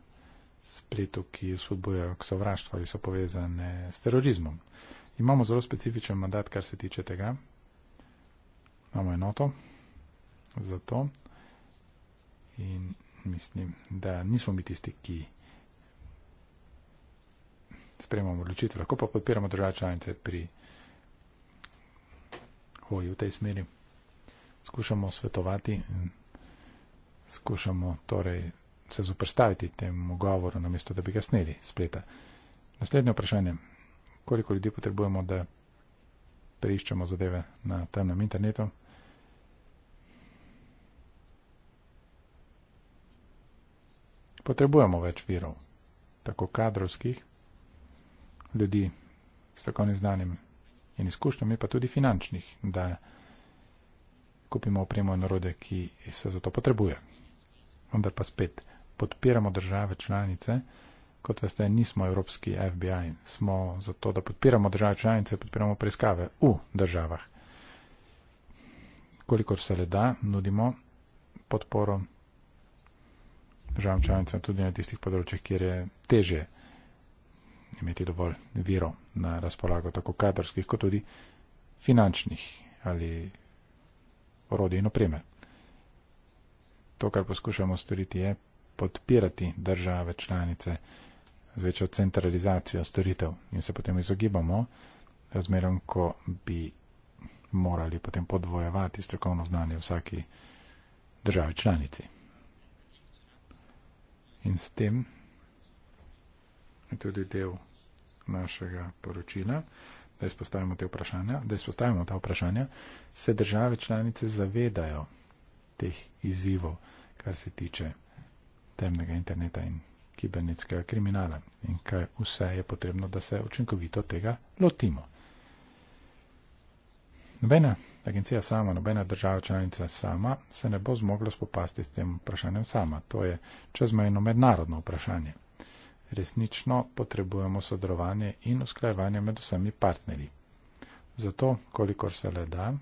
spletu, ki spodbujajo k sovraštvu ali so povezane s terorizmom. Imamo zelo specifičen mandat, kar se tiče tega. Imamo enoto za to in mislim, da nismo mi tisti, ki sprejemamo odločitve, lahko pa podpiramo države članice pri hoji v tej smeri. Skušamo svetovati in skušamo torej se zuprstaviti temu govoru, namesto da bi ga sneli spleta. Naslednje vprašanje. Koliko ljudi potrebujemo, da preiščemo zadeve na temnem internetu? Potrebujemo več virov, tako kadrovskih, ljudi s strokovnim znanjem in izkušnjami, pa tudi finančnih, da kupimo opremo in orode, ki se za to potrebuje. Vendar pa spet podpiramo države članice, kot veste, nismo evropski FBI, smo zato, da podpiramo države članice, podpiramo preiskave v državah. Kolikor se le da, nudimo podporo državam članicam tudi na tistih področjih, kjer je težje imeti dovolj virov na razpolago, tako kadrskih, kot tudi finančnih ali orodij in opreme. To, kar poskušamo storiti, je podpirati države članice z večjo centralizacijo storitev in se potem izogibamo razmerom, ko bi morali potem podvojevati strokovno znanje vsaki državi članici. In s tem je tudi del našega poročila, da izpostavimo, da izpostavimo ta vprašanja, se države članice zavedajo teh izzivov, kar se tiče temnega interneta in kibernetskega kriminala in kaj vse je potrebno, da se učinkovito tega lotimo. Nobena agencija sama, nobena država članica sama se ne bo zmogla spopasti s tem vprašanjem sama. To je čezmejno mednarodno vprašanje resnično potrebujemo sodelovanje in usklajevanje med vsemi partnerji. Zato, kolikor se le da,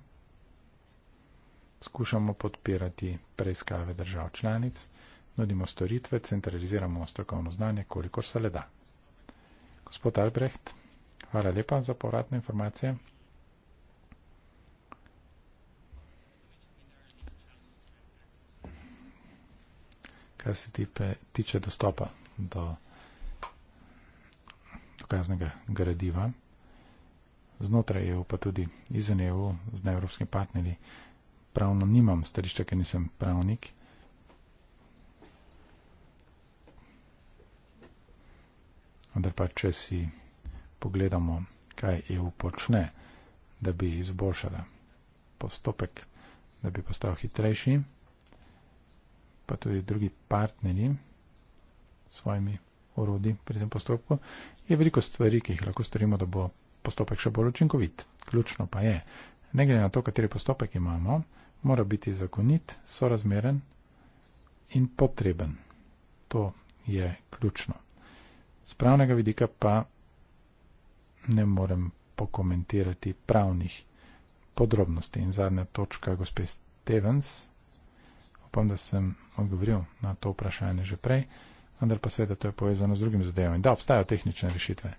skušamo podpirati preiskave držav članic, nudimo storitve, centraliziramo strokovno znanje, kolikor se le da. Gospod Albrecht, hvala lepa za povratne informacije. Kar se tipe, tiče dostopa do dokaznega gradiva. Znotraj EU, pa tudi izven EU, z neevropskimi partnerji, pravno nimam stališča, ker nisem pravnik. Vendar pa, če si pogledamo, kaj EU počne, da bi izboljšala postopek, da bi postal hitrejši, pa tudi drugi partnerji s svojimi orodji pri tem postopku, je veliko stvari, ki jih lahko storimo, da bo postopek še bolj učinkovit. Ključno pa je, ne glede na to, kateri postopek imamo, mora biti zakonit, sorazmeren in potreben. To je ključno. Z pravnega vidika pa ne morem pokomentirati pravnih podrobnosti. In zadnja točka, gospe Stevens, upam, da sem odgovoril na to vprašanje že prej vendar pa seveda to je povezano z drugim zadevom. Da, obstajajo tehnične rešitve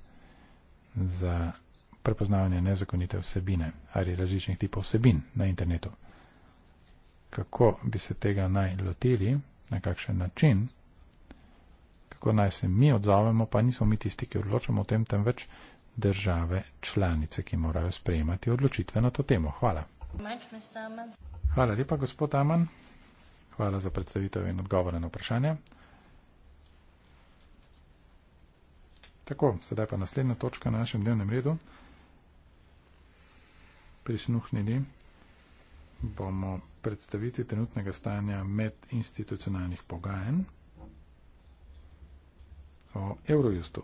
za prepoznavanje nezakonite vsebine ali različnih tipov vsebin na internetu. Kako bi se tega naj lotili, na kakšen način, kako naj se mi odzovemo, pa nismo mi tisti, ki odločamo o tem, temveč države članice, ki morajo sprejemati odločitve na to temo. Hvala. Hvala lepa, gospod Aman. Hvala za predstavitev in odgovore na vprašanje. Tako, sedaj pa naslednja točka na našem dnevnem redu. Prisnuhnili bomo predstaviti trenutnega stanja med institucionalnih pogajen o Eurojustu.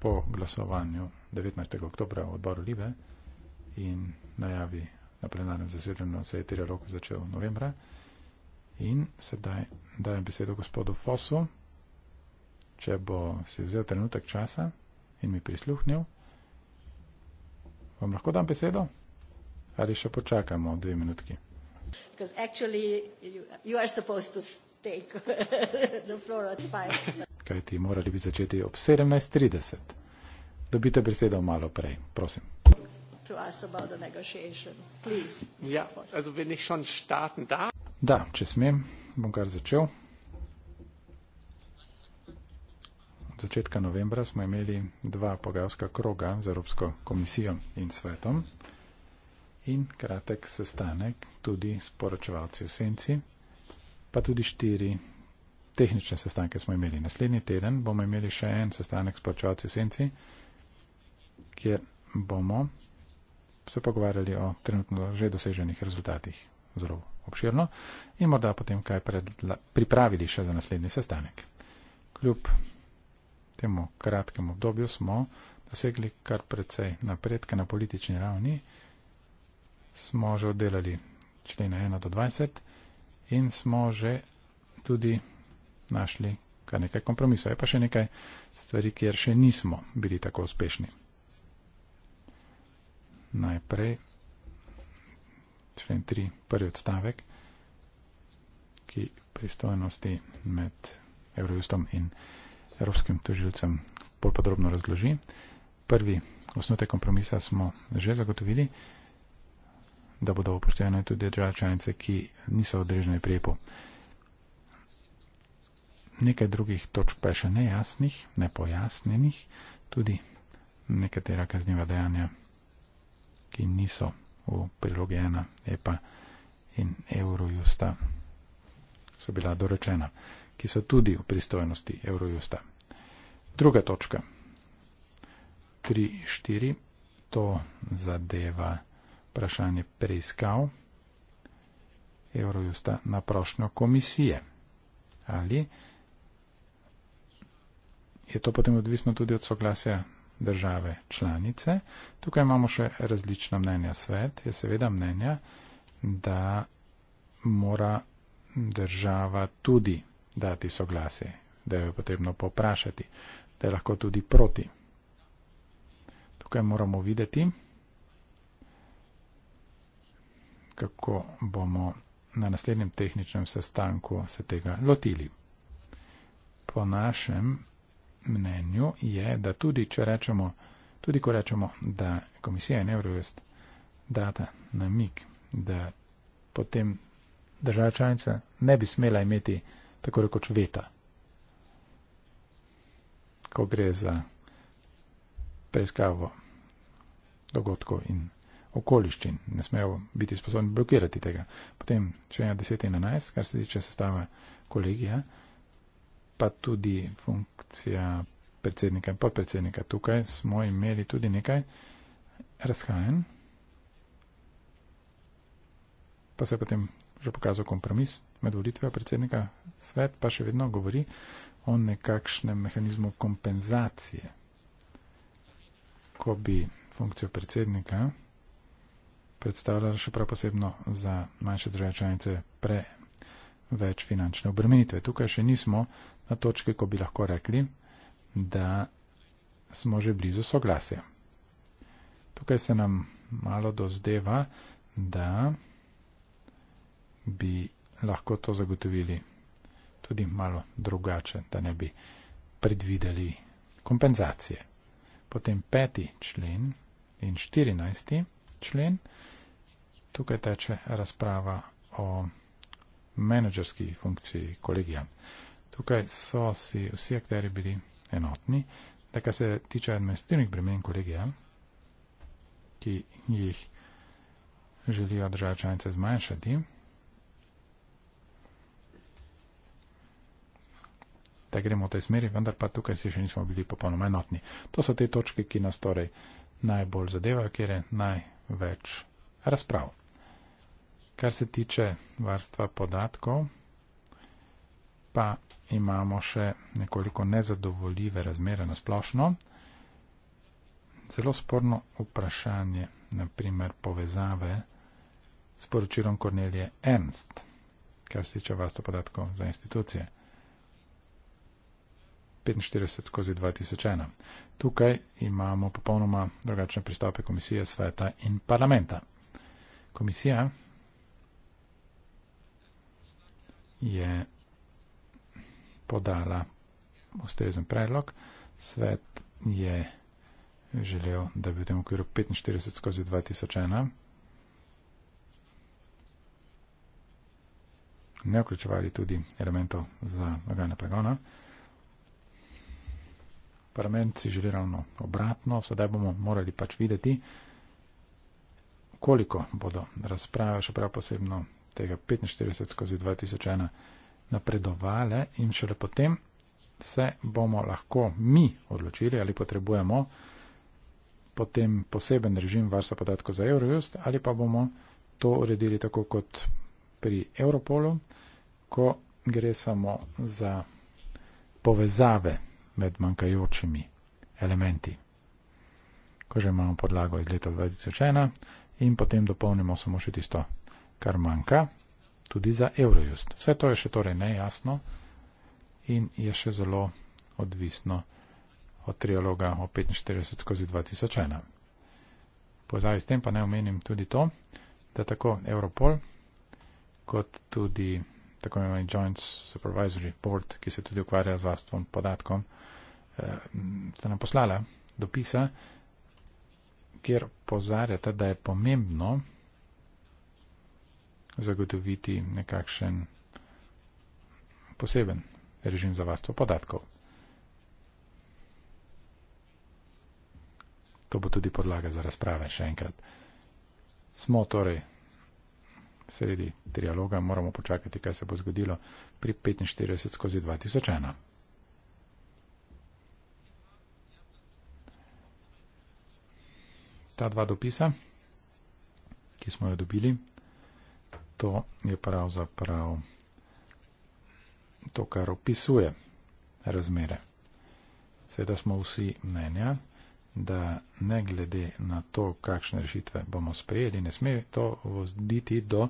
Po glasovanju 19. oktobra v odboru Libe in najavi na plenarnem zasedanju se je trialog začel novembra. In sedaj dajem besedo gospodu Fosu, če bo si vzel trenutek časa in mi prisluhnil. Vam lahko dam besedo? Ali še počakamo dve minutki? Kaj ti morali bi začeti ob 17.30. Dobite besedo malo prej, prosim. Ja, yeah, also wenn ich schon starten darf. Da, če smem, bom kar začel. Od začetka novembra smo imeli dva pogajalska kroga z Evropsko komisijo in svetom in kratek sestanek tudi s poročevalci v senci, pa tudi štiri tehnične sestanke smo imeli. Naslednji teden bomo imeli še en sestanek s poročevalci v senci, kjer bomo se pogovarjali o trenutno že doseženih rezultatih z rovo obširno in morda potem kaj predla, pripravili še za naslednji sestanek. Kljub temu kratkem obdobju smo dosegli kar precej napredke na politični ravni, smo že oddelali člene 1 do 20 in smo že tudi našli kar nekaj kompromisov. Je pa še nekaj stvari, kjer še nismo bili tako uspešni. Najprej člen 3, prvi odstavek, ki pristojnosti med Eurojustom in Evropskim tožilcem bolj podrobno razloži. Prvi osnote kompromisa smo že zagotovili, da bodo upoštevane tudi države članice, ki niso odrežene prepo. Nekaj drugih točk pa je še nejasnih, nepojasnjenih, tudi nekatera kazniva dejanja, ki niso v prilogi 1 EPA in Eurojusta so bila doročena, ki so tudi v pristojnosti Eurojusta. Druga točka, 3.4, to zadeva vprašanje preiskav Eurojusta na prošnjo komisije. Ali je to potem odvisno tudi od soglasja države članice. Tukaj imamo še različna mnenja. Svet je seveda mnenja, da mora država tudi dati soglasje, da jo je potrebno poprašati, da je lahko tudi proti. Tukaj moramo videti, kako bomo na naslednjem tehničnem sestanku se tega lotili. Po našem mnenju je, da tudi, rečemo, tudi ko rečemo, da komisija in Eurovest data namik, da potem država članica ne bi smela imeti tako rekoč veta, ko gre za preiskavo dogodkov in okoliščin, ne smejo biti sposobni blokirati tega. Potem, če je 10 in 11, kar se tiče sestava kolegija, pa tudi funkcija predsednika in podpredsednika. Tukaj smo imeli tudi nekaj razhajen. Pa se je potem že pokazal kompromis med volitvijo predsednika. Svet pa še vedno govori o nekakšnem mehanizmu kompenzacije. Ko bi funkcijo predsednika predstavljala še prav posebno za manjše države članice pre več finančne obremenitve. Tukaj še nismo na točke, ko bi lahko rekli, da smo že blizu soglasja. Tukaj se nam malo dozdeva, da bi lahko to zagotovili tudi malo drugače, da ne bi predvideli kompenzacije. Potem peti člen in 14. člen, tukaj teče razprava o menedžerski funkciji kolegija. Tukaj so si vsi akteri bili enotni, da kar se tiče administrativnih bremen kolegija, ki jih želijo države članice zmanjšati, da gremo v tej smeri, vendar pa tukaj si še nismo bili popolnoma enotni. To so te točke, ki nas torej najbolj zadevajo, kjer je največ razprav. Kar se tiče varstva podatkov, pa imamo še nekoliko nezadovoljive razmere na splošno. Zelo sporno vprašanje, naprimer povezave s poročilom Kornelije Ernst, kar se tiče vas podatkov za institucije. 45 skozi 2001. Tukaj imamo popolnoma drugačne pristope komisije, sveta in parlamenta. Komisija je podala ustrezen predlog. Svet je želel, da bi v tem okviru 45 skozi 2001 ne vključevali tudi elementov za vagane pregona. Parlament si želi ravno obratno, sedaj bomo morali pač videti, koliko bodo razprave, še prav posebno tega 45 skozi 2001 napredovale in šele potem se bomo lahko mi odločili, ali potrebujemo potem poseben režim varstva podatkov za Eurojust ali pa bomo to uredili tako kot pri Europolu, ko gre samo za povezave med manjkajočimi elementi. Ko že imamo podlago iz leta 2001 in potem dopolnimo samo še tisto, kar manjka tudi za Eurojust. Vse to je še torej nejasno in je še zelo odvisno od trialoga o 45 skozi 2001. Pozavi s tem pa ne omenim tudi to, da tako Europol kot tudi tako imenovani Joint Supervisory Board, ki se tudi ukvarja z vlastvom podatkom, eh, sta nam poslala dopisa, kjer pozarjata, da je pomembno, zagotoviti nekakšen poseben režim za varstvo podatkov. To bo tudi podlaga za razprave še enkrat. Smo torej sredi trialoga, moramo počakati, kaj se bo zgodilo pri 45 skozi 2001. Ta dva dopisa, ki smo jo dobili, to je pravzaprav to, kar opisuje razmere. Seveda smo vsi mnenja, da ne glede na to, kakšne rešitve bomo sprejeli, ne sme to voditi do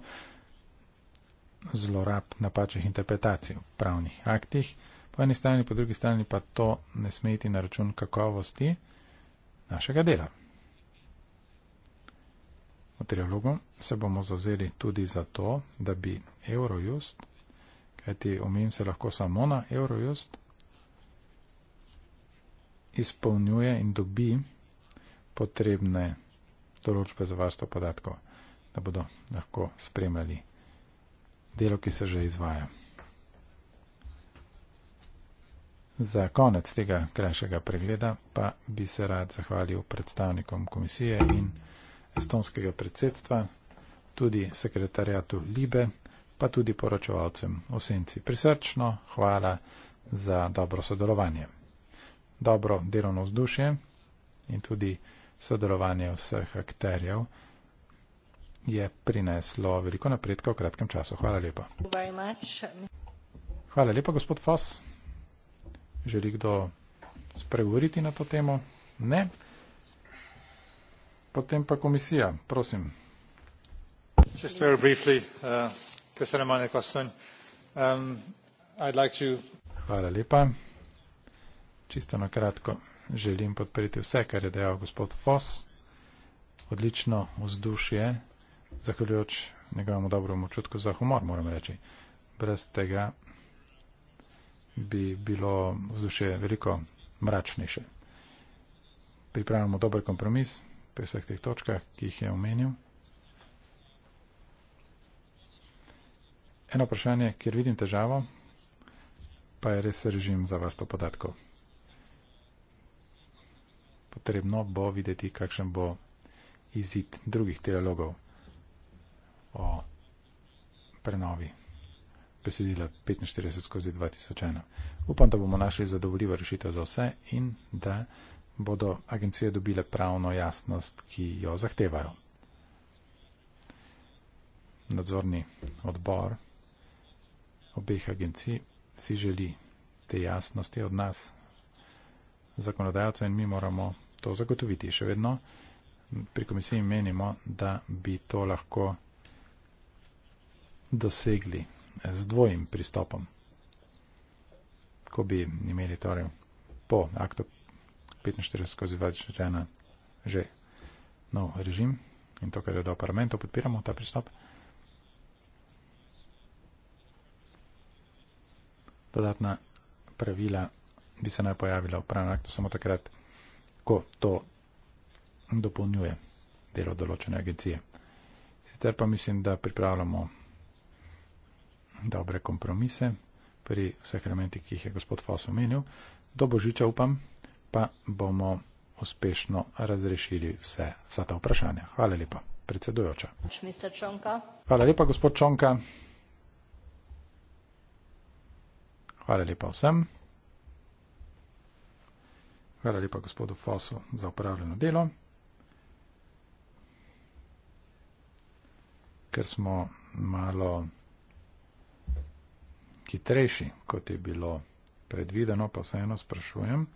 zlorab napačnih interpretacij v pravnih aktih, po eni strani, po drugi strani pa to ne sme iti na račun kakovosti našega dela. V trialogu se bomo zauzeli tudi za to, da bi Eurojust, kajti omenim se lahko samo na Eurojust, izpolnjuje in dobi potrebne določbe za varstvo podatkov, da bodo lahko spremljali delo, ki se že izvaja. Za konec tega krajšega pregleda pa bi se rad zahvalil predstavnikom komisije in estonskega predsedstva, tudi sekretarjatu Libe, pa tudi poročevalcem v senci. Prisrčno hvala za dobro sodelovanje. Dobro delovno vzdušje in tudi sodelovanje vseh akterjev je prineslo veliko napredka v kratkem času. Hvala lepa. Hvala lepa, gospod Foss. Želi kdo spregovoriti na to temo? Ne potem pa komisija prosim Just very briefly, uh, um, I'd like to... Hvala lepa. Čisto na kratko želim podpreti vse, kar je dejal gospod Foss. Odlično vzdušje, zahvaljujoč njegovemu dobremu čutku za humor, moram reči. Brez tega bi bilo vzdušje veliko mračnejše. Pripravljamo dober kompromis, pri vseh teh točkah, ki jih je omenil. Eno vprašanje, kjer vidim težavo, pa je res režim za vrsto podatkov. Potrebno bo videti, kakšen bo izid drugih trialogov o prenovi besedila 45 skozi 2001. Upam, da bomo našli zadovoljivo rešitev za vse in da bodo agencije dobile pravno jasnost, ki jo zahtevajo. Nadzorni odbor obeh agencij si želi te jasnosti od nas, zakonodajalcev, in mi moramo to zagotoviti. Še vedno pri komisiji menimo, da bi to lahko dosegli z dvojim pristopom. Ko bi imeli torej po aktu 45 skozi 21 že nov režim in to, kar je do parlamentu, podpiramo ta pristop. Dodatna pravila bi se naj pojavila v pravnem aktu samo takrat, ko to dopolnjuje delo določene agencije. Sicer pa mislim, da pripravljamo dobre kompromise pri vseh elementih, ki jih je gospod Foss omenil. Do božiča upam, pa bomo uspešno razrešili vse, vsa ta vprašanja. Hvala lepa, predsedujoča. Hvala lepa, gospod Čonka. Hvala lepa vsem. Hvala lepa gospodu Fosu za upravljeno delo. Ker smo malo hitrejši, kot je bilo predvideno, pa vseeno sprašujem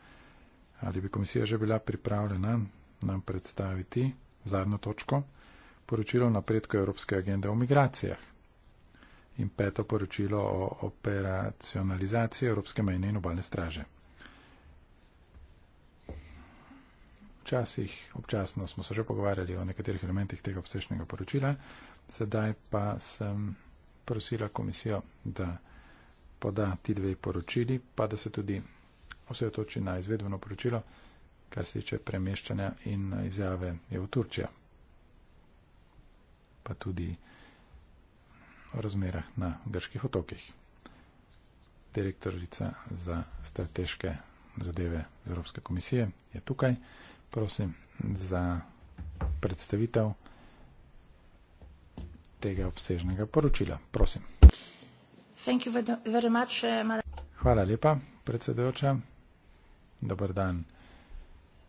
ali bi komisija že bila pripravljena nam predstaviti zadnjo točko, poročilo o napredku Evropske agende o migracijah in peto poročilo o operacionalizaciji Evropske mejne in obalne straže. Včasih, občasno smo se že pogovarjali o nekaterih elementih tega obsežnega poročila, sedaj pa sem prosila komisijo, da poda ti dve poročili, pa da se tudi vse toči na izvedbeno poročilo, kar se tiče premeščanja in izjave EU Turčija, pa tudi o razmerah na grških otokih. Direktorica za strateške zadeve z Evropske komisije je tukaj. Prosim za predstavitev tega obsežnega poročila. Prosim. Eh, Hvala lepa, predsedujoča. Dobar dan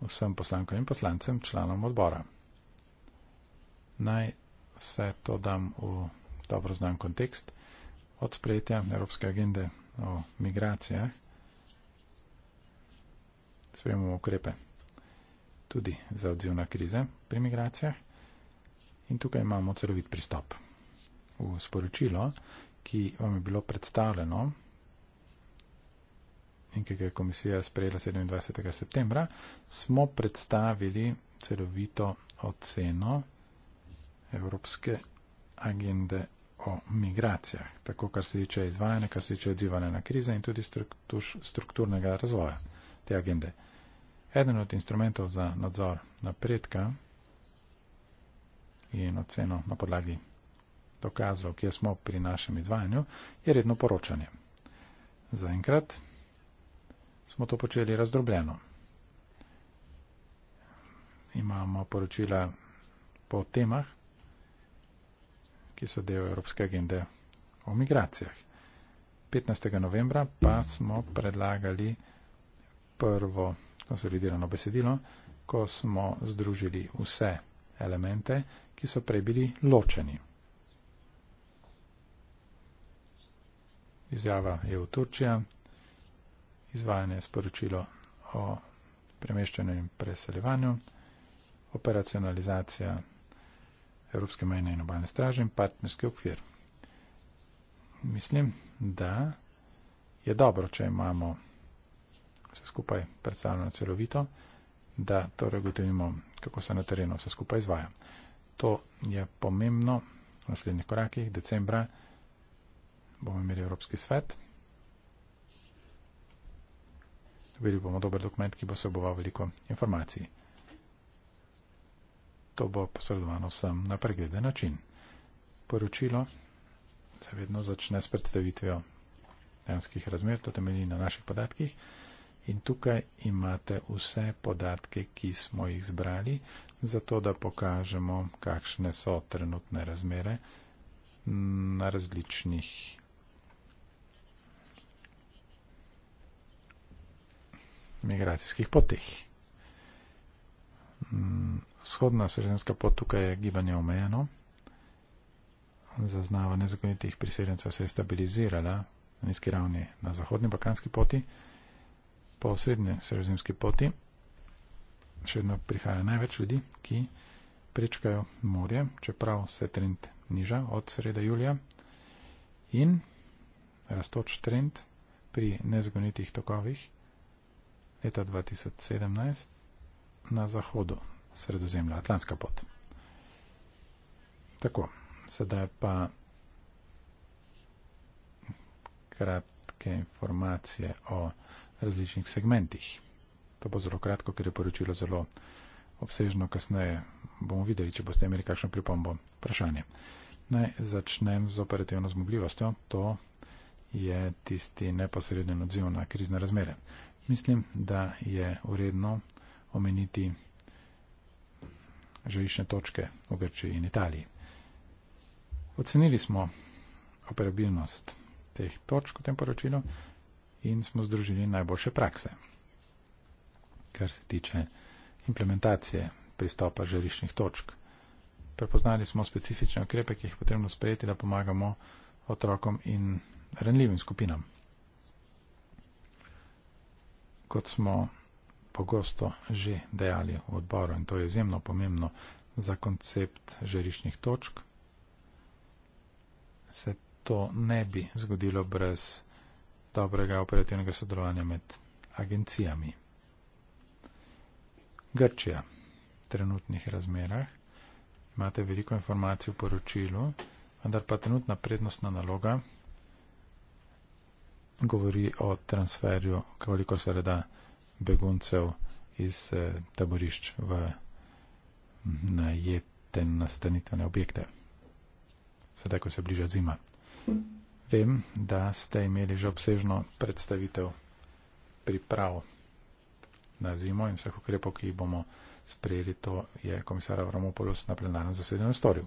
vsem poslankam in poslancem, članom odbora. Naj vse to dam v dobro znan kontekst. Od sprejetja Evropske agende o migracijah sprejemamo ukrepe tudi za odziv na krize pri migracijah in tukaj imamo celovit pristop. V sporočilo, ki vam je bilo predstavljeno in ki ga je komisija sprejela 27. septembra, smo predstavili celovito oceno Evropske agende o migracijah, tako kar se tiče izvajanja, kar se tiče odzivanja na krize in tudi struktur, strukturnega razvoja te agende. Eden od instrumentov za nadzor napredka in oceno na podlagi dokazov, ki smo pri našem izvajanju, je redno poročanje. Zaenkrat smo to počeli razdrobljeno. Imamo poročila po temah, ki so del Evropske agende o migracijah. 15. novembra pa smo predlagali prvo konsolidirano besedilo, ko smo združili vse elemente, ki so prej bili ločeni. Izjava je v Turčija, izvajanje sporočilo o premeščanju in preseljevanju, operacionalizacija Evropske mejne in obalne straže in partnerski okvir. Mislim, da je dobro, če imamo vse skupaj predstavljeno celovito, da torej gotovimo, kako se na terenu vse skupaj izvaja. To je pomembno v naslednjih korakih. Decembra bomo imeli Evropski svet Dobili bomo dober dokument, ki bo seboval veliko informacij. To bo posredovano vsem na pregleden način. Poročilo se vedno začne s predstavitvijo danskih razmer, to temelji na naših podatkih. In tukaj imate vse podatke, ki smo jih zbrali, zato da pokažemo, kakšne so trenutne razmere na različnih migracijskih poteh. Mm, vzhodna sredenska pot tukaj je gibanje omejeno. Zaznava nezakonitih priseljencev se je stabilizirala na nizki ravni na zahodni balkanski poti. Po srednji sredozemski poti še vedno prihaja največ ljudi, ki prečkajo morje, čeprav se trend niža od sreda julija in rastoč trend pri nezgonitih tokovih leta 2017 na zahodu sredozemlja, Atlantska pot. Tako, sedaj pa kratke informacije o različnih segmentih. To bo zelo kratko, ker je poročilo zelo obsežno kasneje. Bomo videli, če boste imeli kakšno pripombo. Vprašanje. Naj začnem z operativno zmogljivostjo. To je tisti neposreden odziv na krizne razmere. Mislim, da je uredno omeniti žarišne točke v Grčiji in Italiji. Ocenili smo operabilnost teh točk v tem poročilu in smo združili najboljše prakse, kar se tiče implementacije pristopa žariščnih točk. Prepoznali smo specifične okrepe, ki jih je potrebno sprejeti, da pomagamo otrokom in ranljivim skupinam kot smo pogosto že dejali v odboru in to je izjemno pomembno za koncept žariščnih točk, se to ne bi zgodilo brez dobrega operativnega sodelovanja med agencijami. Grčija v trenutnih razmerah. Imate veliko informacij v poročilu, vendar pa trenutna prednostna naloga govori o transferju, koliko se reda beguncev iz eh, taborišč v najete nastanitvene objekte. Sedaj, ko se bliža zima. Vem, da ste imeli že obsežno predstavitev priprav na zimo in vseh ukrepov, ki jih bomo sprejeli, to je komisar Avramopoulos na plenarnem zasedanju storil.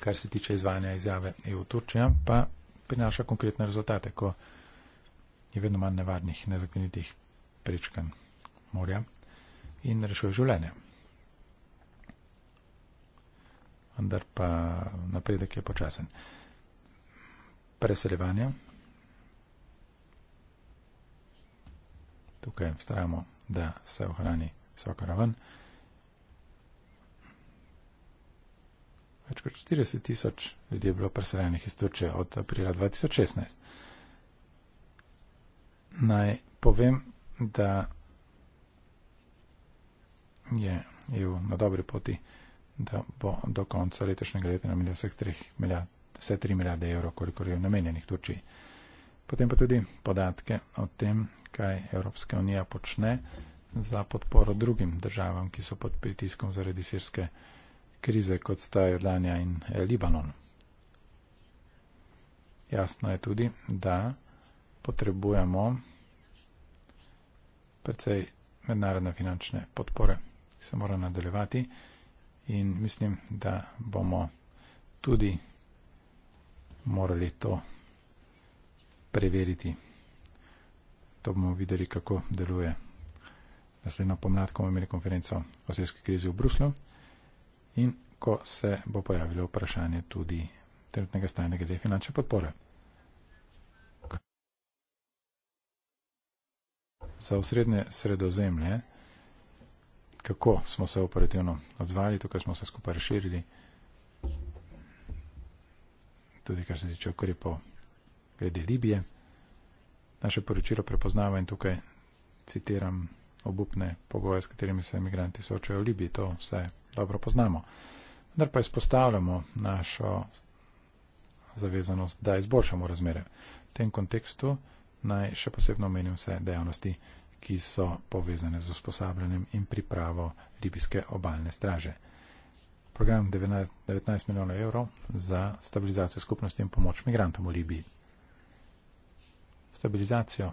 kar se tiče izvajanja izjave EU Turčija, pa prinaša konkretne rezultate, ko je vedno manj nevarnih, nezakonitih prečkanj morja in rešuje življenje. Vendar pa napredek je počasen. Preseljevanje. Tukaj vztrajamo, da se ohrani visoka ravn. več kot 40 tisoč ljudi je bilo preseljenih iz Turčije od aprila 2016. Naj povem, da je EU na dobri poti, da bo do konca letošnjega leta namenila vseh 3 milijard, vse 3 milijarde evrov, koliko je namenjenih Turčiji. Potem pa tudi podatke o tem, kaj Evropska unija počne za podporo drugim državam, ki so pod pritiskom zaradi sirske krize, kot sta Jordanija in eh, Libanon. Jasno je tudi, da potrebujemo precej mednarodne finančne podpore, ki se mora nadaljevati in mislim, da bomo tudi morali to preveriti. To bomo videli, kako deluje. Naslednjo pomlad, ko bomo imeli konferenco o sredski krizi v Bruslu in ko se bo pojavilo vprašanje tudi trenutnega stanja glede finančne podpore. Za osrednje sredozemlje, kako smo se operativno odzvali, tukaj smo se skupaj razširili, tudi kar se tiče ukrepov glede Libije. Naše poročilo prepoznava in tukaj citiram obupne pogoje, s katerimi se imigranti soočajo v Libiji. To vse dobro poznamo. Vendar pa izpostavljamo našo zavezanost, da izboljšamo razmere. V tem kontekstu naj še posebno omenim vse dejavnosti, ki so povezane z usposabljanjem in pripravo libijske obaljne straže. Program 19 milijonov evrov za stabilizacijo skupnosti in pomoč migrantom v Libiji. Stabilizacijo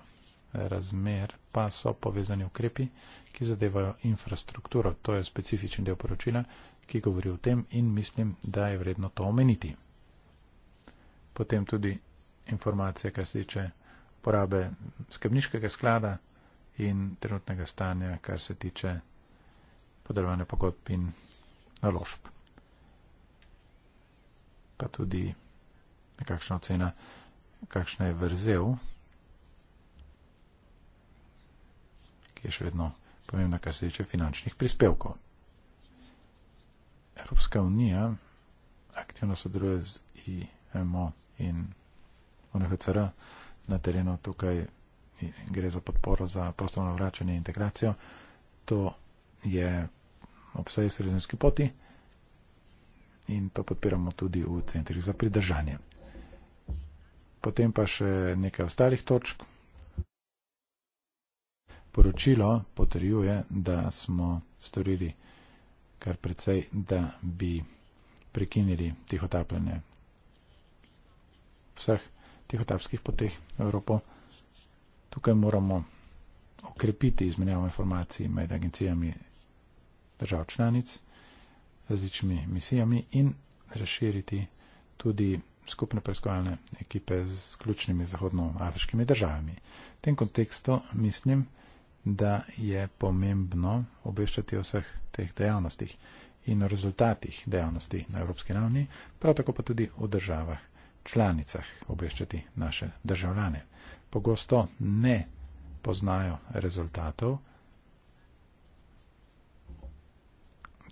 razmer pa so povezani ukrepi, ki zadevajo infrastrukturo. To je specifičen del poročila, ki govori o tem in mislim, da je vredno to omeniti. Potem tudi informacije, kar se tiče porabe skrbniškega sklada in trenutnega stanja, kar se tiče podarovanja pogodb in naložb. Pa tudi nekakšna ocena, kakšna je vrzel ki je še vedno pomembna, kar se tiče finančnih prispevkov. Evropska unija aktivno sodeluje z IMO in UNHCR na terenu tukaj gre za podporo za prostovno vračanje in integracijo. To je ob vsej sredinski poti in to podpiramo tudi v centrih za pridržanje. Potem pa še nekaj ostalih točk, poročilo potrjuje, da smo storili kar precej, da bi prekinili tihotapljanje vseh tihotapskih poteh Evropo. Tukaj moramo okrepiti izmenjavo informacij med agencijami držav članic, različnimi misijami in razširiti tudi skupne preiskovalne ekipe z ključnimi zahodnoafriškimi državami. V tem kontekstu mislim, da je pomembno obveščati o vseh teh dejavnostih in o rezultatih dejavnosti na evropski ravni, prav tako pa tudi o državah, članicah obveščati naše državljane. Pogosto ne poznajo rezultatov,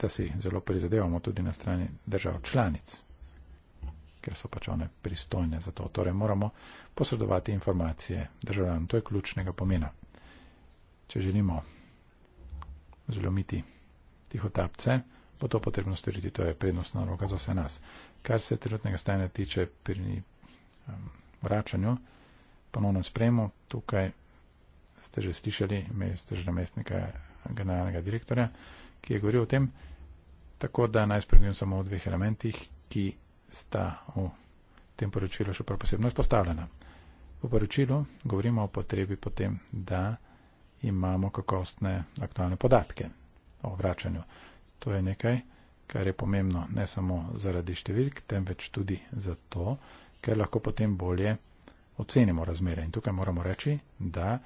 da si zelo prizadevamo tudi na strani držav članic, ker so pač one pristojne za to. Torej moramo posredovati informacije državljanom. To je ključnega pomena če želimo zlomiti tihotapce, bo to potrebno storiti. To je prednostna roka za vse nas. Kar se trenutnega stanja tiče pri um, vračanju, ponovnem spremu, tukaj ste že slišali, imeli ste že namestnika generalnega direktorja, ki je govoril o tem, tako da naj spremljam samo o dveh elementih, ki sta v tem poročilu še prav posebno izpostavljena. V poročilu govorimo o potrebi potem, da imamo kakostne aktualne podatke o vračanju. To je nekaj, kar je pomembno ne samo zaradi številk, temveč tudi zato, ker lahko potem bolje ocenimo razmere. In tukaj moramo reči, da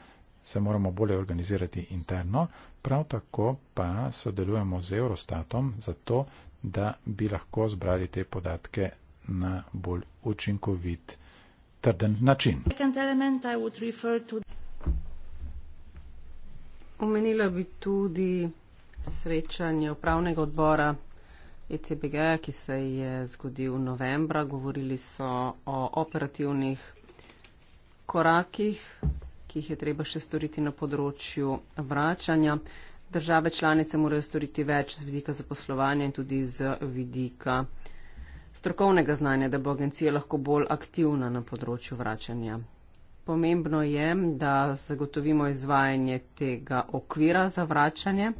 se moramo bolje organizirati interno, prav tako pa sodelujemo z Eurostatom zato, da bi lahko zbrali te podatke na bolj učinkovit, trden način. Omenila bi tudi srečanje upravnega odbora ECBG, ki se je zgodil v novembra. Govorili so o operativnih korakih, ki jih je treba še storiti na področju vračanja. Države članice morajo storiti več z vidika zaposlovanja in tudi z vidika strokovnega znanja, da bo agencija lahko bolj aktivna na področju vračanja Pomembno je, da zagotovimo izvajanje tega okvira za vračanje.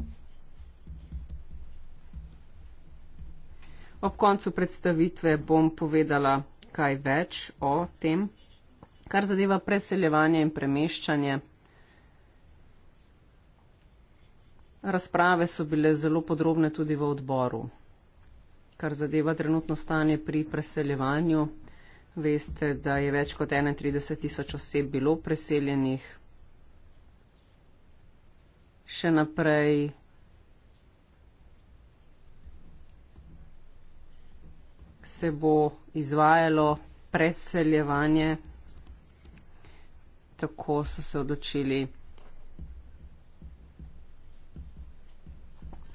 Ob koncu predstavitve bom povedala kaj več o tem, kar zadeva preseljevanje in premeščanje. Razprave so bile zelo podrobne tudi v odboru, kar zadeva trenutno stanje pri preseljevanju. Veste, da je več kot 31 tisoč oseb bilo preseljenih. Še naprej se bo izvajalo preseljevanje, tako so se odločili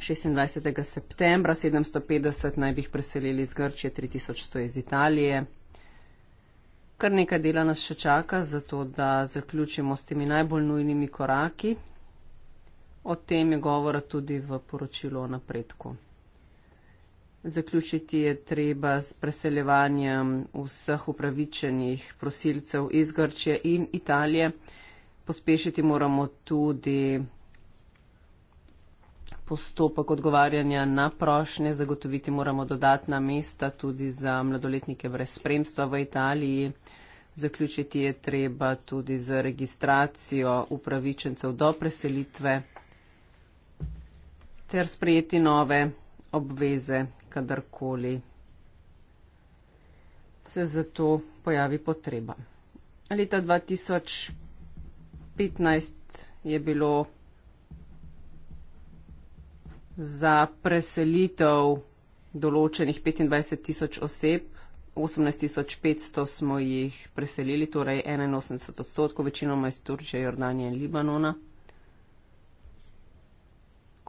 26. septembra. 750 naj bi jih preselili iz Grčije, 3100 iz Italije. Kar nekaj dela nas še čaka, zato da zaključimo s temi najbolj nujnimi koraki. O tem je govora tudi v poročilu o napredku. Zaključiti je treba s preseljevanjem vseh upravičenih prosilcev iz Grčije in Italije. Pospešiti moramo tudi postopek odgovarjanja na prošnje, zagotoviti moramo dodatna mesta tudi za mladoletnike brez spremstva v Italiji. Zaključiti je treba tudi z registracijo upravičencev do preselitve ter sprejeti nove obveze, kadarkoli se za to pojavi potreba. Leta 2015 je bilo za preselitev določenih 25 tisoč oseb. 18.500 smo jih preselili, torej 81 odstotkov, večinoma iz Turčije, Jordanije in Libanona.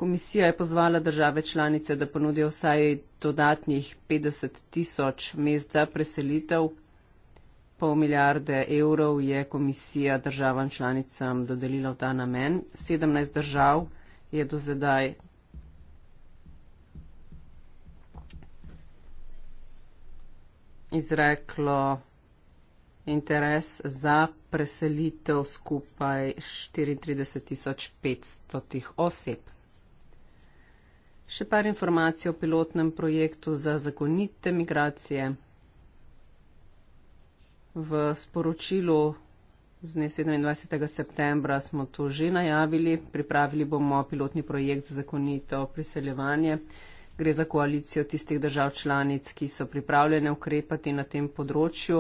Komisija je pozvala države članice, da ponudijo vsaj dodatnih 50 tisoč mest za preselitev. Pol milijarde evrov je komisija državam članicam dodelila v ta namen. 17 držav je do zdaj izreklo interes za preselitev skupaj 34.500 oseb. Še par informacij o pilotnem projektu za zakonite migracije. V sporočilu z dne 27. septembra smo to že najavili. Pripravili bomo pilotni projekt za zakonito priseljevanje gre za koalicijo tistih držav članic, ki so pripravljene ukrepati na tem področju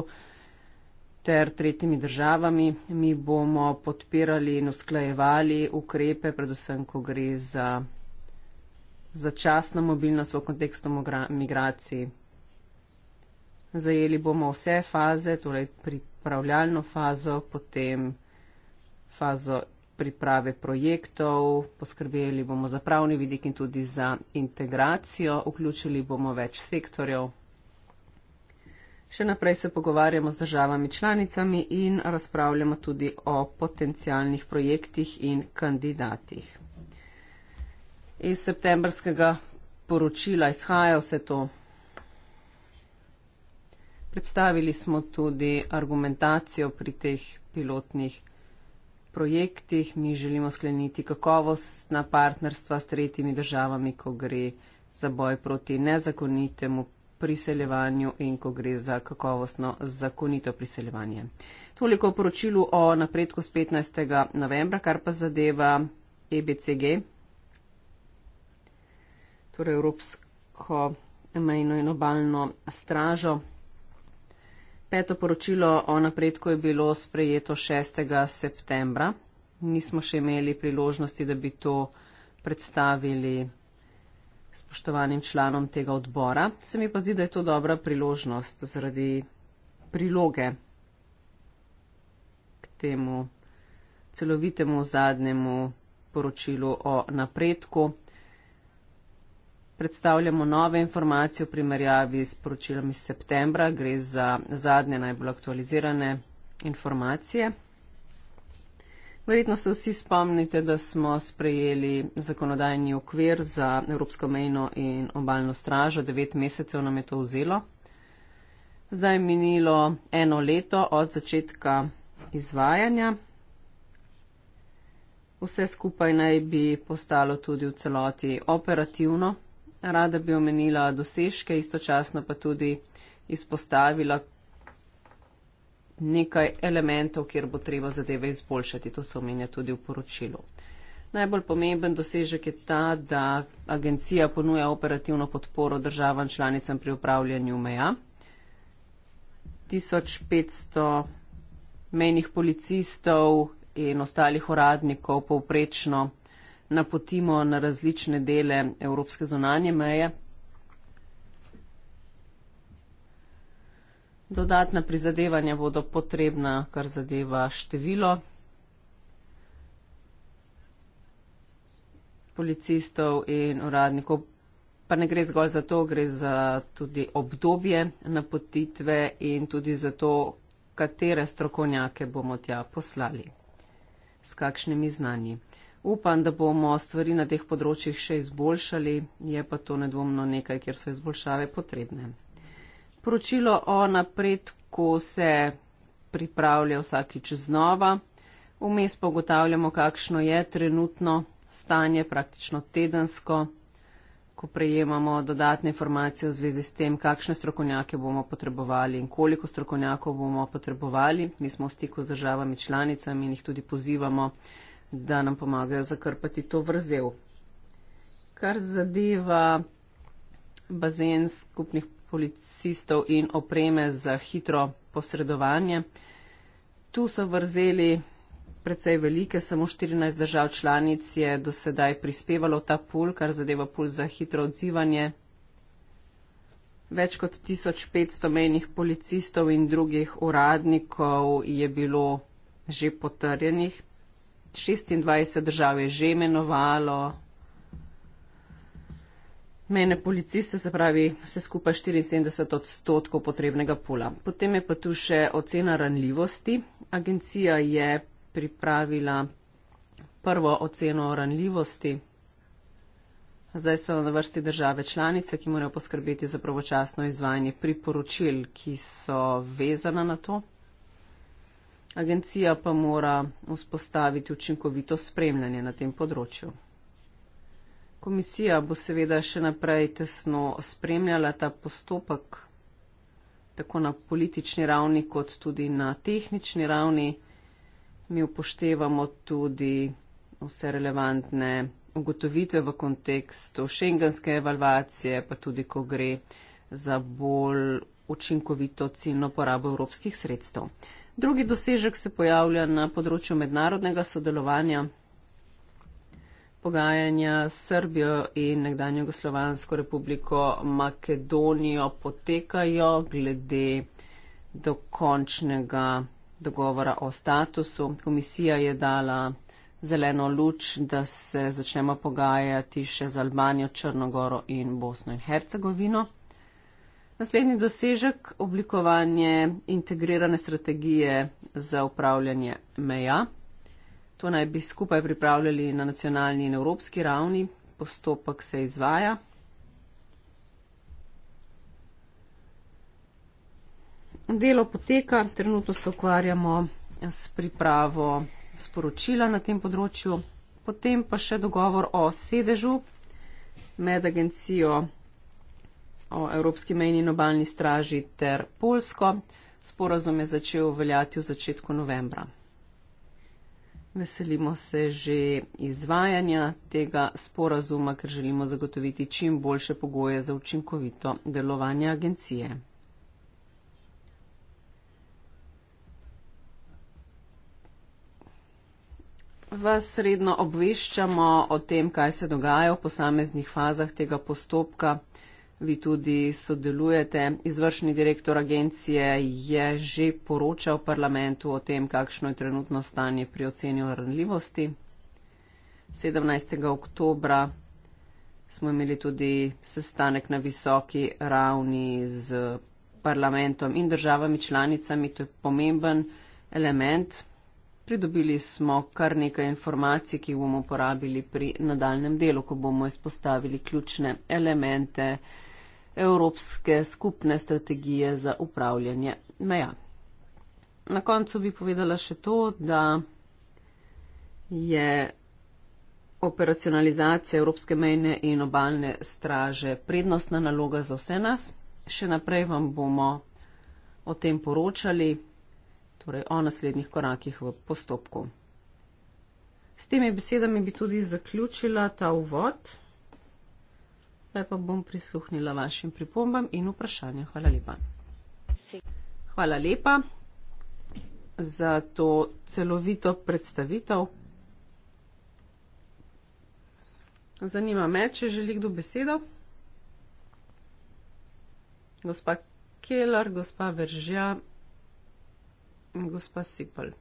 ter tretjimi državami. Mi bomo podpirali in usklajevali ukrepe, predvsem, ko gre za začasno mobilnost v kontekstu migracij. Zajeli bomo vse faze, torej pripravljalno fazo, potem fazo priprave projektov, poskrbeli bomo za pravni vidik in tudi za integracijo, vključili bomo več sektorjev. Še naprej se pogovarjamo z državami članicami in razpravljamo tudi o potencijalnih projektih in kandidatih. Iz septembrskega poročila izhaja vse to. Predstavili smo tudi argumentacijo pri teh pilotnih projektih mi želimo skleniti kakovostna partnerstva s tretjimi državami, ko gre za boj proti nezakonitemu priseljevanju in ko gre za kakovostno zakonito priseljevanje. Toliko o poročilu o napredku z 15. novembra, kar pa zadeva EBCG, torej Evropsko mejno in obaljno stražo. Peto poročilo o napredku je bilo sprejeto 6. septembra. Nismo še imeli priložnosti, da bi to predstavili spoštovanim članom tega odbora. Se mi pa zdi, da je to dobra priložnost zaradi priloge k temu celovitemu zadnjemu poročilu o napredku predstavljamo nove informacije v primerjavi s poročilami iz septembra. Gre za zadnje najbolj aktualizirane informacije. Verjetno se vsi spomnite, da smo sprejeli zakonodajni okvir za Evropsko mejno in obaljno stražo. Devet mesecev nam je to vzelo. Zdaj je minilo eno leto od začetka izvajanja. Vse skupaj naj bi postalo tudi v celoti operativno. Rada bi omenila dosežke, istočasno pa tudi izpostavila nekaj elementov, kjer bo treba zadeve izboljšati. To se omenja tudi v poročilu. Najbolj pomemben dosežek je ta, da agencija ponuja operativno podporo državam članicam pri upravljanju meja. 1500 mejnih policistov in ostalih uradnikov povprečno napotimo na različne dele evropske zunanje meje. Dodatna prizadevanja bodo potrebna, kar zadeva število policistov in uradnikov. Pa ne gre zgolj za to, gre za tudi obdobje napotitve in tudi za to, katere strokovnjake bomo tja poslali, s kakšnimi znanji. Upam, da bomo stvari na teh področjih še izboljšali, je pa to nedvomno nekaj, kjer so izboljšave potrebne. Poročilo o napredku se pripravlja vsakič znova. Vmes pa ugotavljamo, kakšno je trenutno stanje, praktično tedensko, ko prejemamo dodatne informacije v zvezi s tem, kakšne strokovnjake bomo potrebovali in koliko strokovnjakov bomo potrebovali. Mi smo v stiku z državami članicami in jih tudi pozivamo da nam pomagajo zakrpati to vrzel. Kar zadeva bazen skupnih policistov in opreme za hitro posredovanje, tu so vrzeli precej velike, samo 14 držav članic je do sedaj prispevalo ta pul, kar zadeva pul za hitro odzivanje. Več kot 1500 menjih policistov in drugih uradnikov je bilo že potrjenih, 26 držav je že imenovalo mene policiste, se pravi vse skupaj 74 odstotkov potrebnega pula. Potem je pa tu še ocena ranljivosti. Agencija je pripravila prvo oceno ranljivosti. Zdaj so na vrsti države članice, ki morajo poskrbeti za pravočasno izvajanje priporočil, ki so vezana na to agencija pa mora vzpostaviti učinkovito spremljanje na tem področju. Komisija bo seveda še naprej tesno spremljala ta postopek, tako na politični ravni, kot tudi na tehnični ravni. Mi upoštevamo tudi vse relevantne ugotovitve v kontekstu šengenske evalvacije, pa tudi, ko gre za bolj učinkovito ciljno porabo evropskih sredstev. Drugi dosežek se pojavlja na področju mednarodnega sodelovanja. Pogajanja s Srbijo in nekdanjo Jugoslovansko republiko Makedonijo potekajo glede dokončnega dogovora o statusu. Komisija je dala zeleno luč, da se začnemo pogajati še z Albanijo, Črnogoro in Bosno in Hercegovino. Naslednji dosežek je oblikovanje integrirane strategije za upravljanje meja. To naj bi skupaj pripravljali na nacionalni in evropski ravni, postopek se izvaja. Delo poteka, trenutno se ukvarjamo s pripravo sporočila na tem področju, potem pa še dogovor o sedežu med agencijo o Evropski mejni in obaljni straži ter Polsko. Sporazum je začel veljati v začetku novembra. Veselimo se že izvajanja tega sporazuma, ker želimo zagotoviti čim boljše pogoje za učinkovito delovanje agencije. Vas redno obveščamo o tem, kaj se dogaja v posameznih fazah tega postopka vi tudi sodelujete. Izvršni direktor agencije je že poročal parlamentu o tem, kakšno je trenutno stanje pri ocenju ranljivosti. 17. oktobra smo imeli tudi sestanek na visoki ravni z parlamentom in državami članicami. To je pomemben element. Pridobili smo kar nekaj informacij, ki jih bomo uporabili pri nadaljem delu, ko bomo izpostavili ključne elemente Evropske skupne strategije za upravljanje meja. Na koncu bi povedala še to, da je operacionalizacija Evropske mejne in obalne straže prednostna naloga za vse nas. Še naprej vam bomo o tem poročali, torej o naslednjih korakih v postopku. S temi besedami bi tudi zaključila ta uvod. Zdaj pa bom prisluhnila vašim pripombam in vprašanjem. Hvala lepa. Hvala lepa za to celovito predstavitev. Zanima me, če želi kdo besedo. Gospa Kelar, gospa Veržja, gospa Sipal.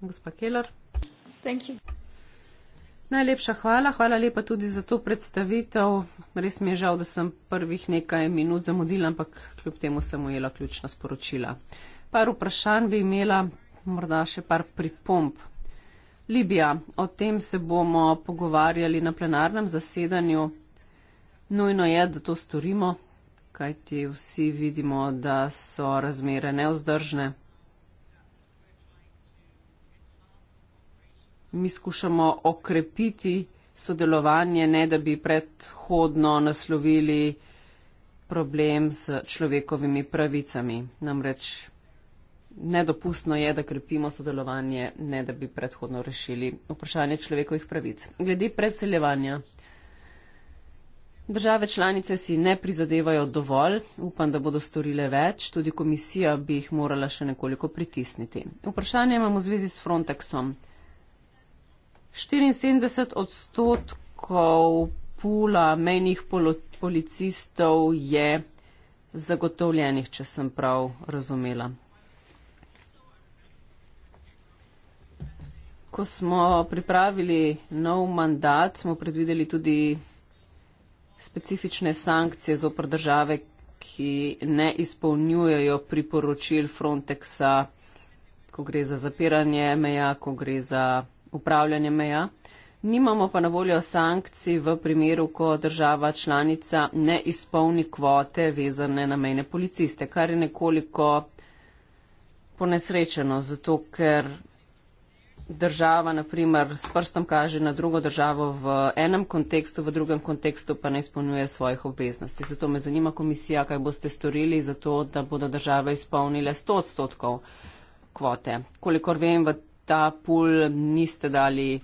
Gospa Kelar. Thank you. Najlepša hvala, hvala lepa tudi za to predstavitev. Res mi je žal, da sem prvih nekaj minut zamudila, ampak kljub temu sem ujela ključna sporočila. Par vprašanj bi imela, morda še par pripomp. Libija, o tem se bomo pogovarjali na plenarnem zasedanju. Nujno je, da to storimo, kajti vsi vidimo, da so razmere neozdržne. mi skušamo okrepiti sodelovanje, ne da bi predhodno naslovili problem s človekovimi pravicami. Namreč nedopustno je, da krepimo sodelovanje, ne da bi predhodno rešili vprašanje človekovih pravic. Glede preseljevanja. Države članice si ne prizadevajo dovolj, upam, da bodo storile več, tudi komisija bi jih morala še nekoliko pritisniti. Vprašanje imamo v zvezi s Frontexom. 74 odstotkov pula mejnih policistov je zagotovljenih, če sem prav razumela. Ko smo pripravili nov mandat, smo predvideli tudi specifične sankcije zopr države, ki ne izpolnjujejo priporočil Frontexa, ko gre za zapiranje meja, ko gre za upravljanje meja. Nimamo pa na voljo sankcij v primeru, ko država članica ne izpolni kvote vezane na mejne policiste, kar je nekoliko ponesrečeno, zato ker država naprimer s prstom kaže na drugo državo v enem kontekstu, v drugem kontekstu pa ne izpolnjuje svojih obveznosti. Zato me zanima komisija, kaj boste storili za to, da bodo države izpolnile 100 odstotkov kvote. Kolikor vem, v ta pul niste dali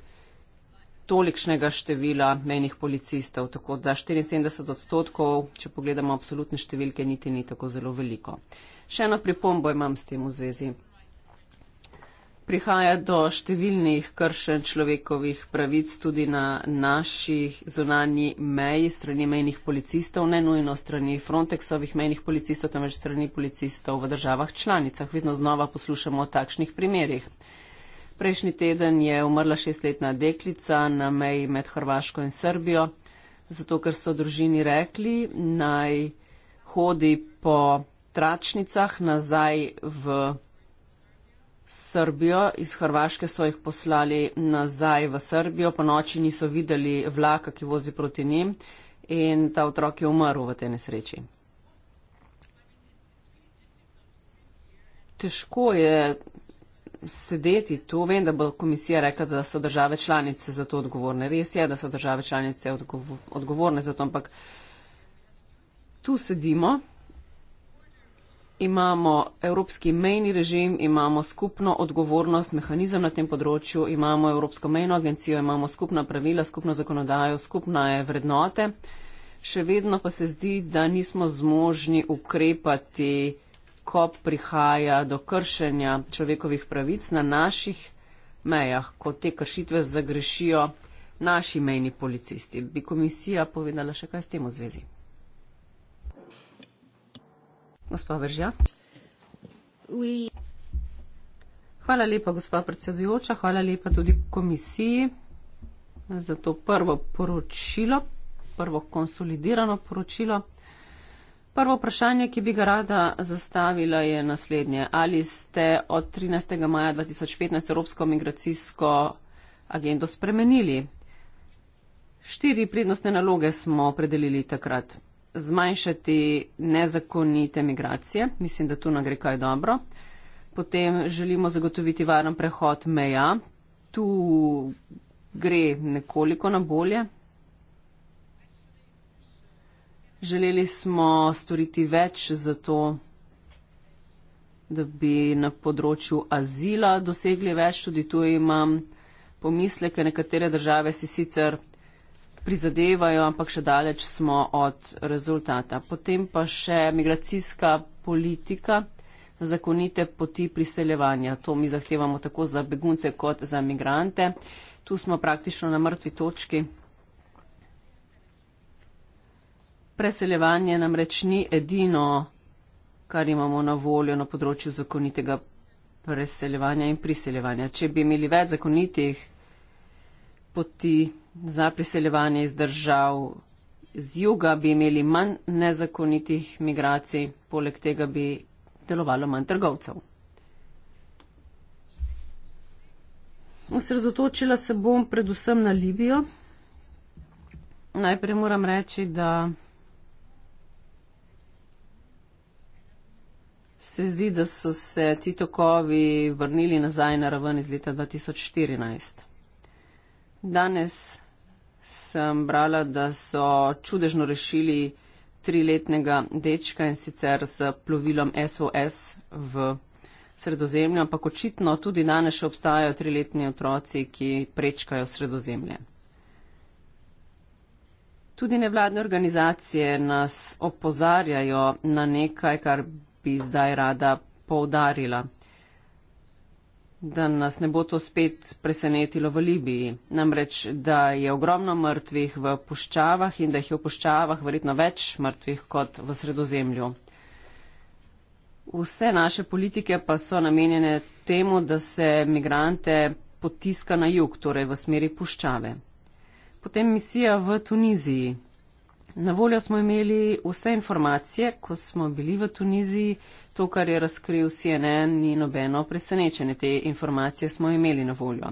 tolikšnega števila menih policistov, tako da 74 odstotkov, če pogledamo absolutne številke, niti ni tako zelo veliko. Še eno pripombo imam s tem v zvezi. Prihaja do številnih kršen človekovih pravic tudi na naših zunanji meji strani menih policistov, ne nujno strani Frontexovih menih policistov, temveč strani policistov v državah članicah. Vedno znova poslušamo o takšnih primerjih. Prejšnji teden je umrla šestletna deklica na meji med Hrvaško in Srbijo, zato ker so družini rekli, naj hodi po tračnicah nazaj v Srbijo. Iz Hrvaške so jih poslali nazaj v Srbijo, po noči niso videli vlaka, ki vozi proti njim in ta otrok je umrl v tej nesreči. Težko je sedeti tu, vem, da bo komisija rekla, da so države članice za to odgovorne. Res je, da so države članice odgovor, odgovorne za to, ampak tu sedimo, imamo evropski mejni režim, imamo skupno odgovornost, mehanizem na tem področju, imamo Evropsko mejno agencijo, imamo skupna pravila, skupno zakonodajo, skupna je vrednote. Še vedno pa se zdi, da nismo zmožni ukrepati ko prihaja do kršenja človekovih pravic na naših mejah, ko te kršitve zagrešijo naši mejni policisti. Bi komisija povedala še kaj s tem v zvezi? Gospa Vržja. Oui. Hvala lepa, gospa predsedujoča, hvala lepa tudi komisiji za to prvo poročilo, prvo konsolidirano poročilo. Prvo vprašanje, ki bi ga rada zastavila, je naslednje. Ali ste od 13. maja 2015 Evropsko migracijsko agendo spremenili? Štiri prednostne naloge smo predelili takrat. Zmanjšati nezakonite migracije, mislim, da tu nam gre kaj dobro. Potem želimo zagotoviti varen prehod meja. Tu gre nekoliko na bolje, Želeli smo storiti več za to, da bi na področju azila dosegli več. Tudi tu imam pomisleke. Nekatere države si sicer prizadevajo, ampak še daleč smo od rezultata. Potem pa še migracijska politika, zakonite poti priseljevanja. To mi zahtevamo tako za begunce kot za migrante. Tu smo praktično na mrtvi točki. Preseljevanje namreč ni edino, kar imamo na voljo na področju zakonitega preseljevanja in priseljevanja. Če bi imeli več zakonitih poti za priseljevanje iz držav z juga, bi imeli manj nezakonitih migracij, poleg tega bi delovalo manj trgovcev. Osredotočila se bom predvsem na Libijo. Najprej moram reči, da. Se zdi, da so se ti tokovi vrnili nazaj na raven iz leta 2014. Danes sem brala, da so čudežno rešili triletnega dečka in sicer s plovilom SOS v sredozemlju, ampak očitno tudi danes še obstajajo triletni otroci, ki prečkajo sredozemlje. Tudi nevladne organizacije nas opozarjajo na nekaj, kar bi zdaj rada poudarila, da nas ne bo to spet presenetilo v Libiji. Namreč, da je ogromno mrtvih v puščavah in da jih je v puščavah verjetno več mrtvih kot v sredozemlju. Vse naše politike pa so namenjene temu, da se migrante potiska na jug, torej v smeri puščave. Potem misija v Tuniziji. Na voljo smo imeli vse informacije, ko smo bili v Tuniziji. To, kar je razkril CNN, ni nobeno presenečenje. Te informacije smo imeli na voljo.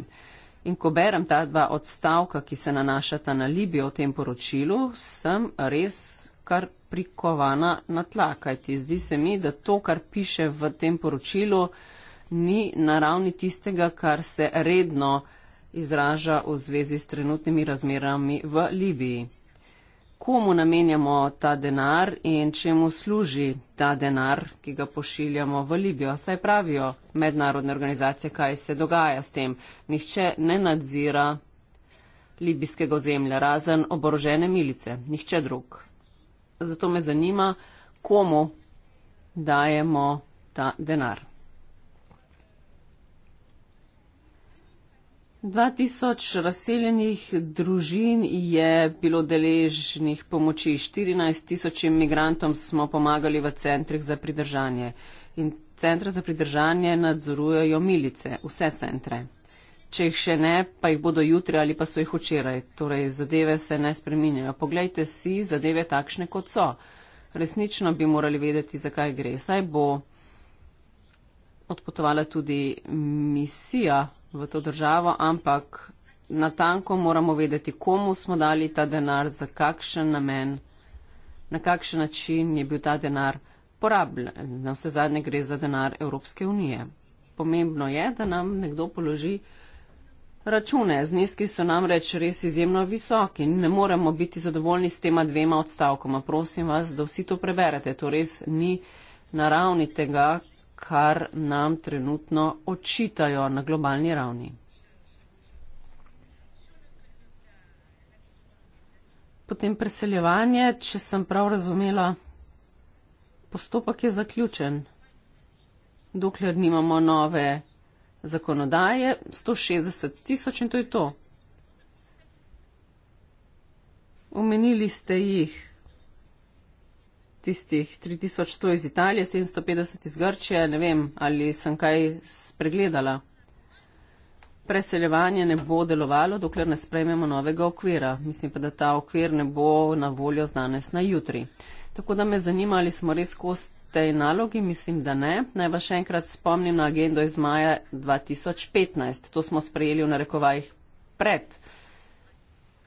In ko berem ta dva odstavka, ki se nanašata na Libijo v tem poročilu, sem res kar prikovana na tla, kajti zdi se mi, da to, kar piše v tem poročilu, ni na ravni tistega, kar se redno izraža v zvezi s trenutnimi razmerami v Libiji komu namenjamo ta denar in čemu služi ta denar, ki ga pošiljamo v Libijo. Saj pravijo mednarodne organizacije, kaj se dogaja s tem. Nihče ne nadzira libijskega ozemlja, razen oborožene milice, nihče drug. Zato me zanima, komu dajemo ta denar. 2000 razseljenih družin je bilo deležnih pomoči. 14 tisoč imigrantom smo pomagali v centrih za pridržanje. In centra za pridržanje nadzorujejo milice, vse centre. Če jih še ne, pa jih bodo jutri ali pa so jih včeraj. Torej, zadeve se ne spreminjajo. Poglejte si zadeve takšne, kot so. Resnično bi morali vedeti, zakaj gre. Saj bo odpotovala tudi misija v to državo, ampak na tanko moramo vedeti, komu smo dali ta denar, za kakšen namen, na kakšen način je bil ta denar porabljen. Na vse zadnje gre za denar Evropske unije. Pomembno je, da nam nekdo položi račune. Zneski so nam reč res izjemno visoki in ne moremo biti zadovoljni s tema dvema odstavkoma. Prosim vas, da vsi to preberete. To res ni na ravni tega, kar nam trenutno očitajo na globalni ravni. Potem preseljevanje, če sem prav razumela, postopek je zaključen, dokler nimamo nove zakonodaje, 160 tisoč in to je to. Omenili ste jih tistih 3100 iz Italije, 750 iz Grčije, ne vem, ali sem kaj spregledala. Preseljevanje ne bo delovalo, dokler ne sprejmemo novega okvira. Mislim pa, da ta okvir ne bo na voljo z danes na jutri. Tako da me zanima, ali smo res kost tej nalogi, mislim, da ne. Naj vas še enkrat spomnim na agendo iz maja 2015. To smo sprejeli v narekovajih pred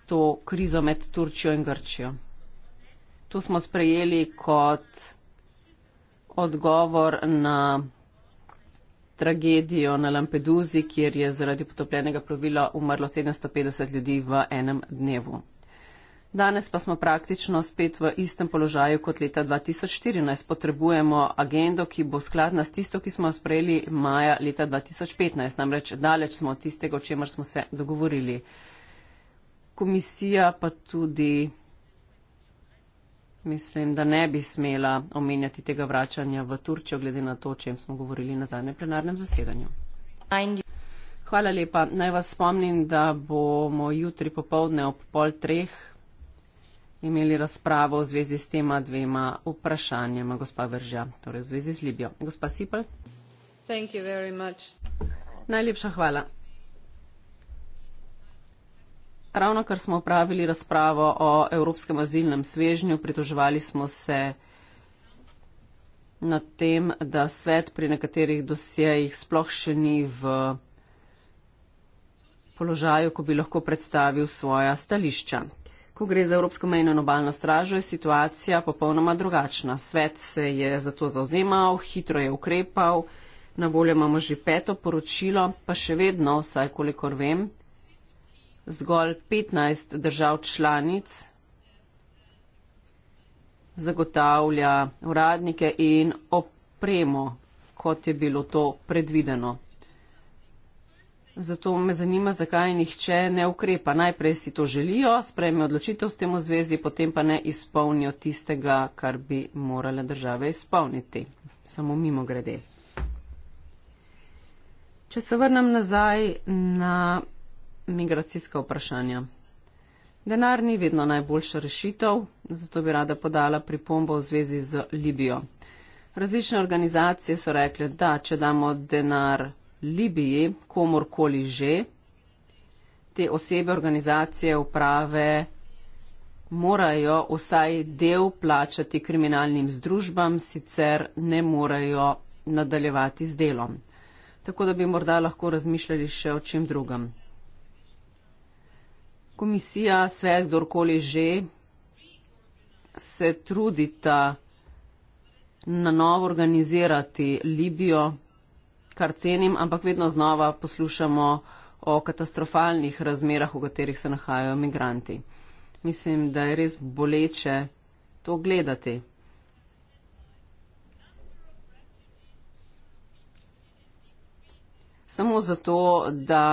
to krizo med Turčijo in Grčijo. To smo sprejeli kot odgovor na tragedijo na Lampeduzi, kjer je zaradi potopljenega plovila umrlo 750 ljudi v enem dnevu. Danes pa smo praktično spet v istem položaju kot leta 2014. Potrebujemo agendo, ki bo skladna s tisto, ki smo jo sprejeli maja leta 2015. Namreč daleč smo od tistega, o čemer smo se dogovorili. Komisija pa tudi mislim, da ne bi smela omenjati tega vračanja v Turčjo, glede na to, o čem smo govorili na zadnjem plenarnem zasedanju. Hvala lepa. Naj vas spomnim, da bomo jutri popovdne ob pol treh imeli razpravo v zvezi s tema dvema vprašanjama, gospa Vržja, torej v zvezi z Libijo. Gospa Sipel. Najlepša hvala. Ravno kar smo opravili razpravo o Evropskem azilnem svežnju, pritoževali smo se nad tem, da svet pri nekaterih dosjejih sploh še ni v položaju, ko bi lahko predstavil svoja stališča. Ko gre za Evropsko mejno in obalno stražo, je situacija popolnoma drugačna. Svet se je zato zauzemal, hitro je ukrepal, na voljo imamo že peto poročilo, pa še vedno, vsaj kolikor vem, zgolj 15 držav članic zagotavlja uradnike in opremo, kot je bilo to predvideno. Zato me zanima, zakaj nihče ne ukrepa. Najprej si to želijo, sprejme odločitev s tem v zvezi, potem pa ne izpolnijo tistega, kar bi morale države izpolniti. Samo mimo grede. Če se vrnem nazaj na migracijska vprašanja. Denar ni vedno najboljša rešitev, zato bi rada podala pripombo v zvezi z Libijo. Različne organizacije so rekle, da če damo denar Libiji, komorkoli že, te osebe, organizacije, uprave morajo vsaj del plačati kriminalnim združbam, sicer ne morejo nadaljevati z delom. Tako da bi morda lahko razmišljali še o čem drugem komisija, svet, kdorkoli že, se trudita na novo organizirati Libijo, kar cenim, ampak vedno znova poslušamo o katastrofalnih razmerah, v katerih se nahajajo imigranti. Mislim, da je res boleče to gledati. Samo zato, da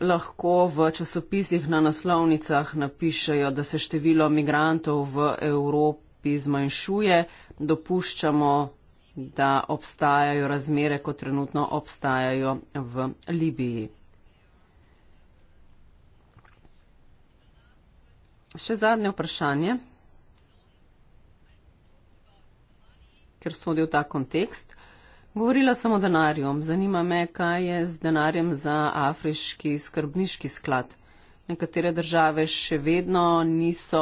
lahko v časopisih na naslovnicah napišejo, da se število migrantov v Evropi zmanjšuje, dopuščamo, da obstajajo razmere, kot trenutno obstajajo v Libiji. Še zadnje vprašanje, ker sodi v ta kontekst. Govorila sem o denarju. Zanima me, kaj je z denarjem za afriški skrbniški sklad. Nekatere države še vedno niso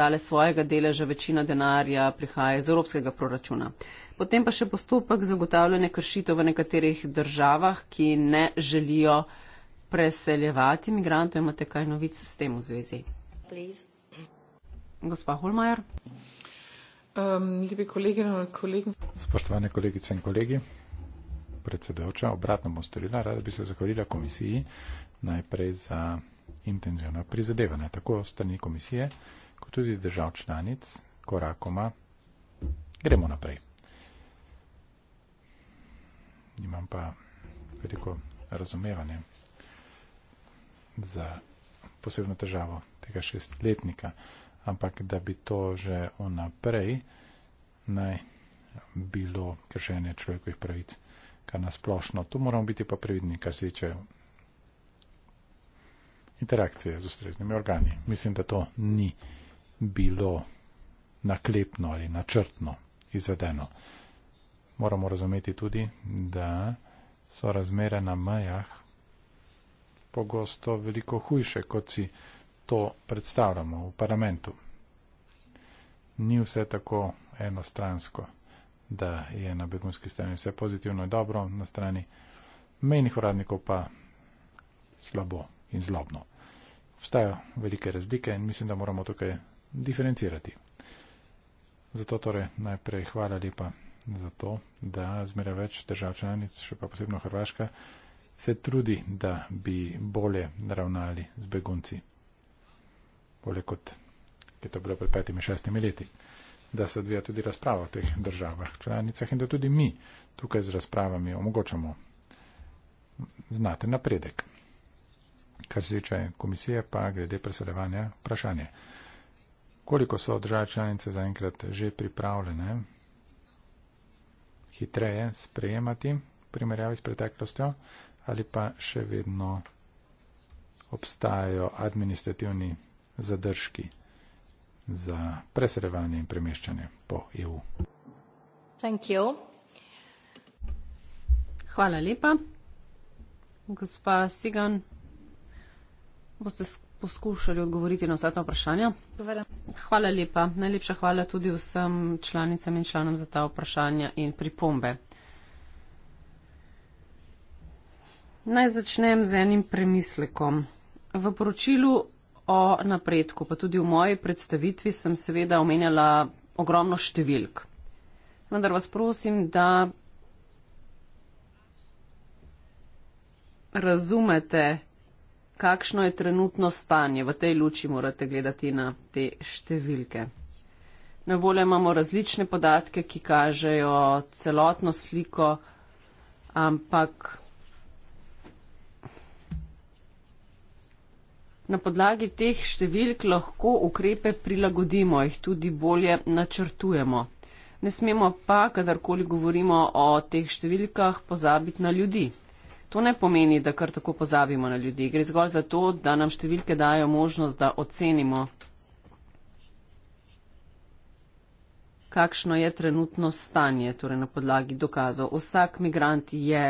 dale svojega deleža, večina denarja prihaja iz evropskega proračuna. Potem pa še postopek zagotavljanja kršitev v nekaterih državah, ki ne želijo preseljevati migrantov. Imate kaj novic s tem v zvezi? Please. Gospa Holmajer. Um, liebe Kolleginnen und Kollegen. Spoštovane kolegice in kolegi, predsedajoča, obratno bom storila, rada bi se zahvalila komisiji najprej za intenzivno prizadevanje, tako strani komisije, kot tudi držav članic, korakoma. Gremo naprej. Imam pa veliko razumevanje za posebno težavo tega šestletnika. Uh, ampak da bi to že vnaprej naj bilo kršenje človekovih pravic, kar nasplošno. Tu moramo biti pa previdni, kar se tiče interakcije z ustreznimi organi. Mislim, da to ni bilo naklepno ali načrtno izvedeno. Moramo razumeti tudi, da so razmere na majah pogosto veliko hujše, kot si to predstavljamo v parlamentu. Ni vse tako enostransko, da je na begunski strani vse pozitivno in dobro, na strani mejnih uradnikov pa slabo in zlobno. Obstajajo velike razlike in mislim, da moramo tukaj diferencirati. Zato torej najprej hvala lepa za to, da zmeraj več držav članic, še pa posebno Hrvaška, se trudi, da bi bolje ravnali z begunci bolje kot je to bilo pred petimi, šestimi leti, da se odvija tudi razprava v teh državah, članicah in da tudi mi tukaj z razpravami omogočamo znate napredek. Kar se tiče komisije, pa glede preseljevanja, vprašanje. Koliko so države članice zaenkrat že pripravljene hitreje sprejemati primerjavi s preteklostjo ali pa še vedno obstajajo administrativni zadržki za preseljevanje in premeščanje po EU. Hvala lepa. Gospa Sigan, boste poskušali odgovoriti na vsa ta vprašanja? Hvala lepa. Najlepša hvala tudi vsem članicam in članom za ta vprašanja in pripombe. Naj začnem z enim premislekom. V poročilu o napredku, pa tudi v moji predstavitvi sem seveda omenjala ogromno številk. Vendar vas prosim, da razumete, kakšno je trenutno stanje. V tej luči morate gledati na te številke. Na voljo imamo različne podatke, ki kažejo celotno sliko, ampak na podlagi teh številk lahko ukrepe prilagodimo, jih tudi bolje načrtujemo. Ne smemo pa, kadarkoli govorimo o teh številkah, pozabiti na ljudi. To ne pomeni, da kar tako pozabimo na ljudi. Gre zgolj za to, da nam številke dajo možnost, da ocenimo, kakšno je trenutno stanje, torej na podlagi dokazov. Vsak migrant je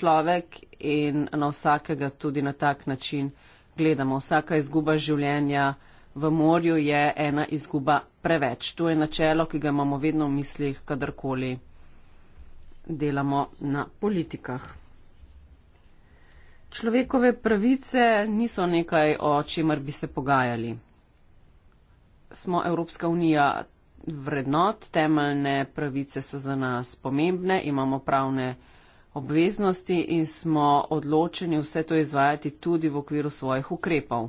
človek in na vsakega tudi na tak način gledamo. Vsaka izguba življenja v morju je ena izguba preveč. To je načelo, ki ga imamo vedno v mislih, kadarkoli delamo na politikah. Človekove pravice niso nekaj, o čemer bi se pogajali. Smo Evropska unija vrednot, temeljne pravice so za nas pomembne, imamo pravne pravice obveznosti in smo odločeni vse to izvajati tudi v okviru svojih ukrepov.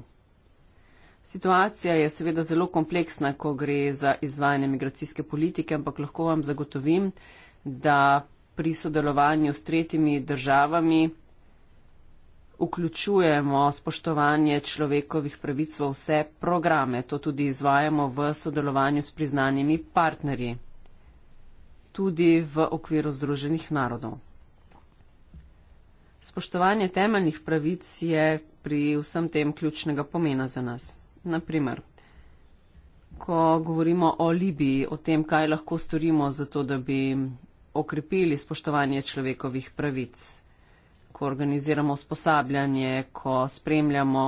Situacija je seveda zelo kompleksna, ko gre za izvajanje migracijske politike, ampak lahko vam zagotovim, da pri sodelovanju s tretjimi državami vključujemo spoštovanje človekovih pravic v vse programe. To tudi izvajamo v sodelovanju s priznanimi partnerji, tudi v okviru Združenih narodov. Spoštovanje temeljnih pravic je pri vsem tem ključnega pomena za nas. Naprimer, ko govorimo o Libiji, o tem, kaj lahko storimo za to, da bi okrepili spoštovanje človekovih pravic, ko organiziramo usposabljanje, ko spremljamo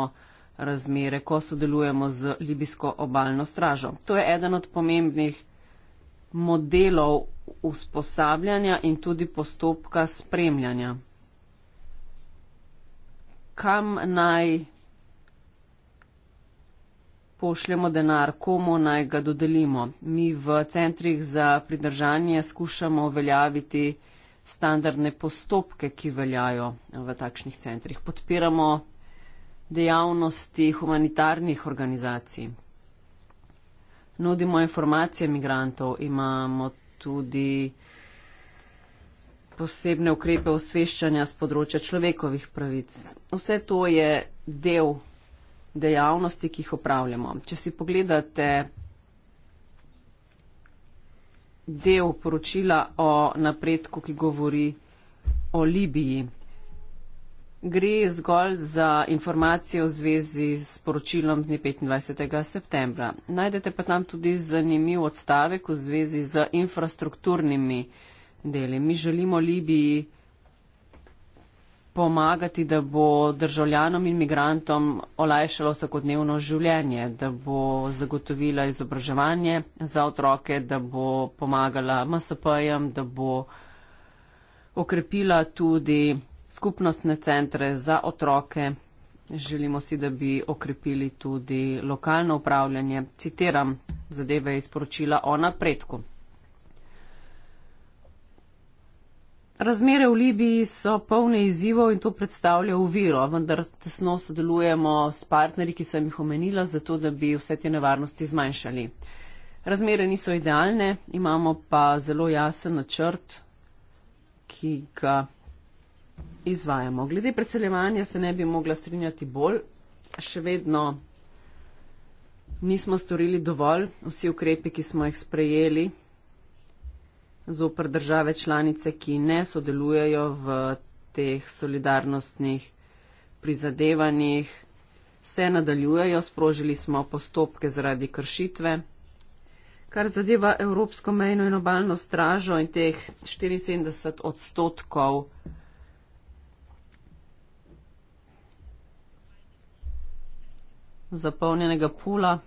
razmere, ko sodelujemo z libijsko obaljno stražo. To je eden od pomembnih modelov usposabljanja in tudi postopka spremljanja kam naj pošljemo denar, komu naj ga dodelimo. Mi v centrih za pridržanje skušamo uveljaviti standardne postopke, ki veljajo v takšnih centrih. Podpiramo dejavnosti humanitarnih organizacij. Nudimo informacije migrantov, imamo tudi posebne ukrepe osveščanja z področja človekovih pravic. Vse to je del dejavnosti, ki jih opravljamo. Če si pogledate del poročila o napredku, ki govori o Libiji, gre zgolj za informacije v zvezi s poročilom z dne 25. septembra. Najdete pa tam tudi zanimiv odstavek v zvezi z infrastrukturnimi informacijami deli. Mi želimo Libiji pomagati, da bo državljanom in migrantom olajšalo vsakodnevno življenje, da bo zagotovila izobraževanje za otroke, da bo pomagala MSP-jem, da bo okrepila tudi skupnostne centre za otroke. Želimo si, da bi okrepili tudi lokalno upravljanje. Citiram zadeve iz poročila o napredku. Razmere v Libiji so polne izzivov in to predstavlja uviro, vendar tesno sodelujemo s partnerji, ki sem jih omenila, zato da bi vse te nevarnosti zmanjšali. Razmere niso idealne, imamo pa zelo jasen načrt, ki ga izvajamo. Glede predseljevanja se ne bi mogla strinjati bolj, še vedno nismo storili dovolj, vsi ukrepi, ki smo jih sprejeli, zoper države članice, ki ne sodelujejo v teh solidarnostnih prizadevanjih, se nadaljujejo. Sprožili smo postopke zaradi kršitve. Kar zadeva Evropsko mejno in obaljno stražo in teh 74 odstotkov zapolnjenega pula,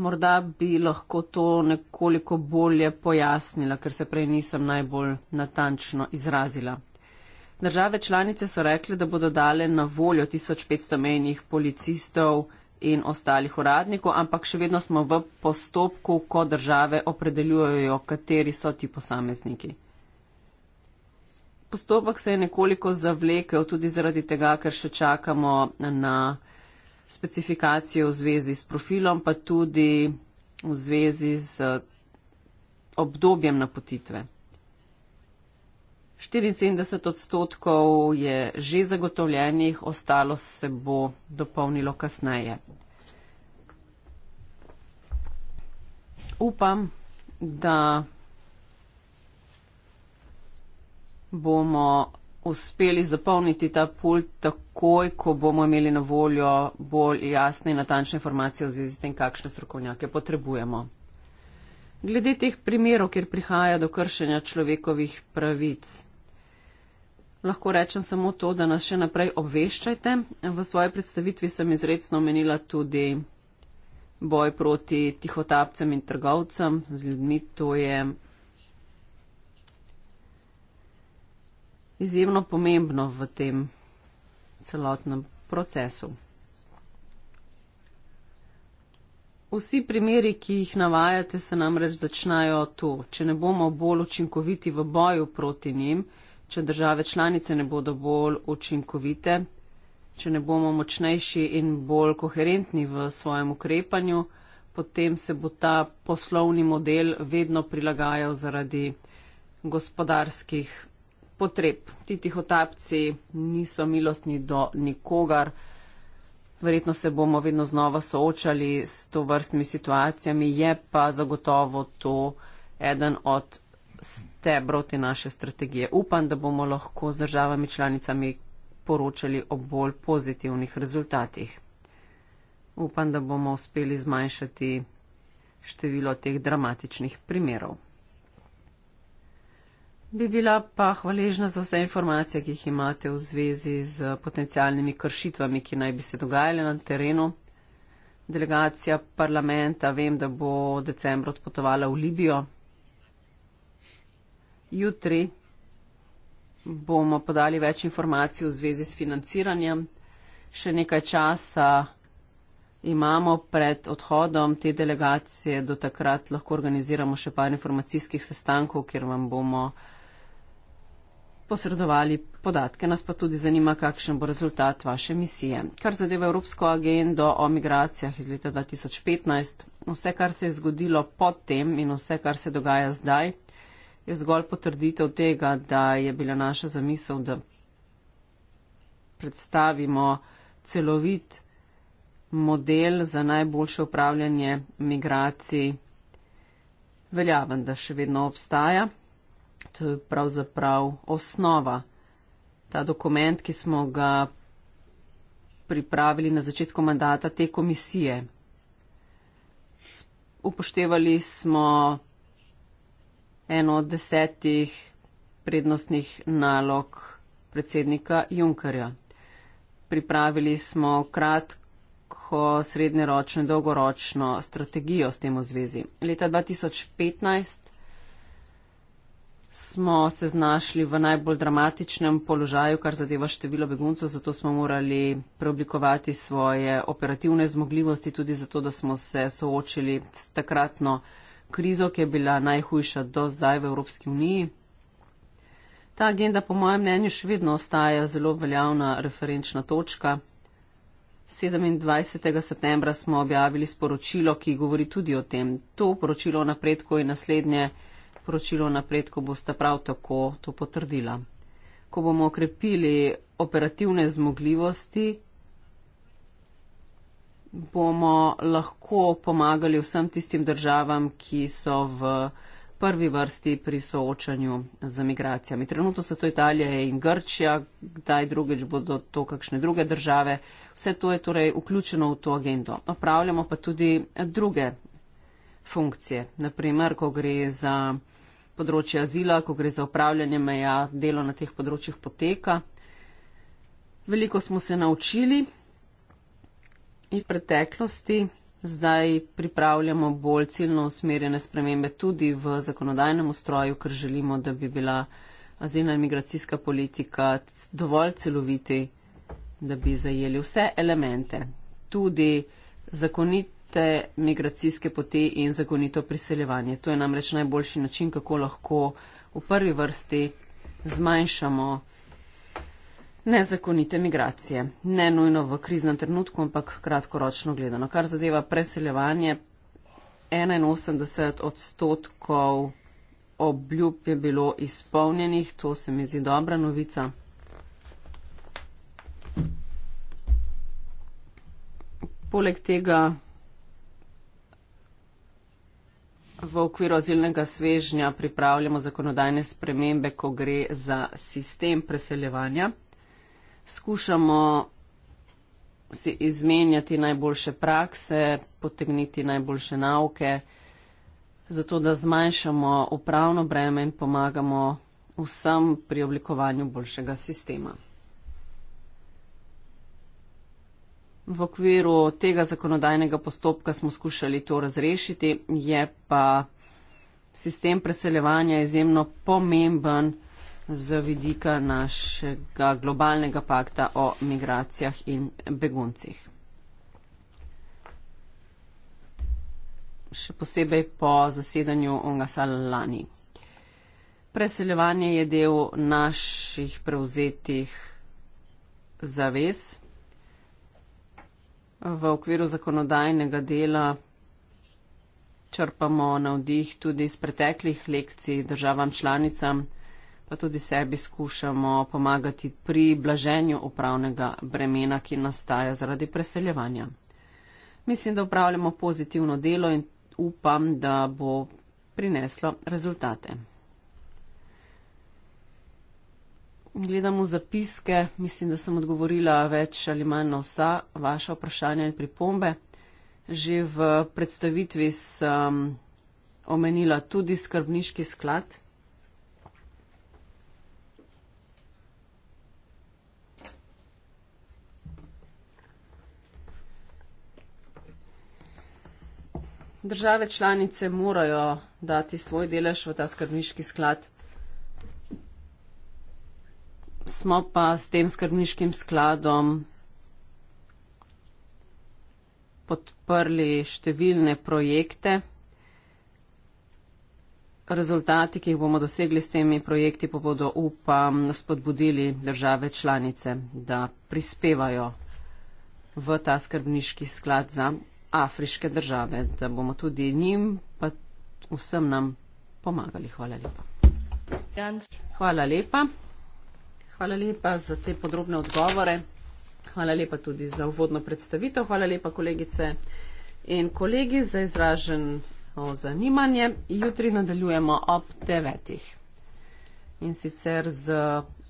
Morda bi lahko to nekoliko bolje pojasnila, ker se prej nisem najbolj natančno izrazila. Države članice so rekle, da bodo dale na voljo 1500 menjih policistov in ostalih uradnikov, ampak še vedno smo v postopku, ko države opredeljujejo, kateri so ti posamezniki. Postopek se je nekoliko zavlekel tudi zaradi tega, ker še čakamo na specifikacije v zvezi s profilom, pa tudi v zvezi z obdobjem napotitve. 74 odstotkov je že zagotovljenih, ostalo se bo dopolnilo kasneje. Upam, da bomo uspeli zapolniti ta pult takoj, ko bomo imeli na voljo bolj jasne in natančne informacije v zvezi s tem, kakšne strokovnjake potrebujemo. Glede teh primerov, kjer prihaja do kršenja človekovih pravic, lahko rečem samo to, da nas še naprej obveščajte. V svoji predstavitvi sem izredno omenila tudi boj proti tihotapcem in trgovcem z ljudmi. To je izjemno pomembno v tem celotnem procesu. Vsi primeri, ki jih navajate, se namreč začnajo tu. Če ne bomo bolj učinkoviti v boju proti njim, če države članice ne bodo bolj učinkovite, če ne bomo močnejši in bolj koherentni v svojem ukrepanju, potem se bo ta poslovni model vedno prilagajal zaradi gospodarskih potreb. Ti tihotapci niso milostni do nikogar. Verjetno se bomo vedno znova soočali s to vrstnimi situacijami, je pa zagotovo to eden od stebrov te naše strategije. Upam, da bomo lahko z državami članicami poročali o bolj pozitivnih rezultatih. Upam, da bomo uspeli zmanjšati število teh dramatičnih primerov bi bila pa hvaležna za vse informacije, ki jih imate v zvezi z potencialnimi kršitvami, ki naj bi se dogajale na terenu. Delegacija parlamenta vem, da bo v decembru odpotovala v Libijo. Jutri bomo podali več informacij v zvezi s financiranjem. Še nekaj časa imamo pred odhodom te delegacije, do takrat lahko organiziramo še par informacijskih sestankov, kjer vam bomo posredovali podatke. Nas pa tudi zanima, kakšen bo rezultat vaše misije. Kar zadeva Evropsko agendo o migracijah iz leta 2015, vse, kar se je zgodilo potem in vse, kar se dogaja zdaj, je zgolj potrditev tega, da je bila naša zamisel, da predstavimo celovit model za najboljše upravljanje migracij veljaven, da še vedno obstaja pravzaprav osnova. Ta dokument, ki smo ga pripravili na začetku mandata te komisije. Upoštevali smo eno od desetih prednostnih nalog predsednika Junkerja. Pripravili smo kratko, srednjeročno in dolgoročno strategijo s tem v zvezi. Leta 2015 smo se znašli v najbolj dramatičnem položaju, kar zadeva število beguncev, zato smo morali preoblikovati svoje operativne zmogljivosti, tudi zato, da smo se soočili s takratno krizo, ki je bila najhujša do zdaj v Evropski uniji. Ta agenda, po mojem mnenju, še vedno ostaja zelo veljavna referenčna točka. 27. septembra smo objavili sporočilo, ki govori tudi o tem. To poročilo o napredku je naslednje poročilo napredku boste prav tako to potrdila. Ko bomo okrepili operativne zmogljivosti, bomo lahko pomagali vsem tistim državam, ki so v prvi vrsti pri soočanju z migracijami. Trenutno so to Italija in Grčija, kdaj drugič bodo to kakšne druge države. Vse to je torej vključeno v to agendo. Opravljamo pa tudi druge funkcije, naprimer, ko gre za področje azila, ko gre za upravljanje meja, delo na teh področjih poteka. Veliko smo se naučili iz preteklosti, zdaj pripravljamo bolj ciljno usmerjene spremembe tudi v zakonodajnem ustroju, ker želimo, da bi bila azilna in migracijska politika dovolj celoviti, da bi zajeli vse elemente, tudi zakonit te migracijske poti in zakonito priseljevanje. To je namreč najboljši način, kako lahko v prvi vrsti zmanjšamo nezakonite migracije. Ne nujno v kriznem trenutku, ampak kratkoročno gledano. Kar zadeva preseljevanje, 81 odstotkov obljub je bilo izpolnjenih. To se mi zdi dobra novica. Poleg tega V okviru azilnega svežnja pripravljamo zakonodajne spremembe, ko gre za sistem preseljevanja. Skušamo si izmenjati najboljše prakse, potegniti najboljše nauke, zato da zmanjšamo upravno breme in pomagamo vsem pri oblikovanju boljšega sistema. V okviru tega zakonodajnega postopka smo skušali to razrešiti, je pa sistem preseljevanja izjemno pomemben z vidika našega globalnega pakta o migracijah in beguncih. Še posebej po zasedanju Ongasal lani. Preseljevanje je del naših prevzetih zavez v okviru zakonodajnega dela črpamo navdih tudi iz preteklih lekcij državam članicam, pa tudi sebi skušamo pomagati pri blaženju upravnega bremena, ki nastaja zaradi preseljevanja. Mislim, da upravljamo pozitivno delo in upam, da bo prineslo rezultate. gledamo zapiske, mislim, da sem odgovorila več ali manj na vsa vaša vprašanja in pripombe. Že v predstavitvi sem omenila tudi skrbniški sklad. Države članice morajo dati svoj delež v ta skrbniški sklad smo pa s tem skrbniškim skladom podprli številne projekte. Rezultati, ki jih bomo dosegli s temi projekti, pa bodo upam spodbudili države članice, da prispevajo v ta skrbniški sklad za afriške države, da bomo tudi njim, pa vsem nam pomagali. Hvala lepa. Hvala lepa. Hvala lepa za te podrobne odgovore. Hvala lepa tudi za uvodno predstavitev. Hvala lepa kolegice in kolegi za izraženo zanimanje. Jutri nadaljujemo ob devetih. In sicer z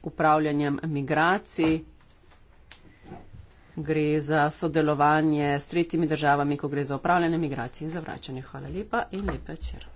upravljanjem migracij. Gre za sodelovanje s tretjimi državami, ko gre za upravljanje migracij in zavračanje. Hvala lepa in lepa večer.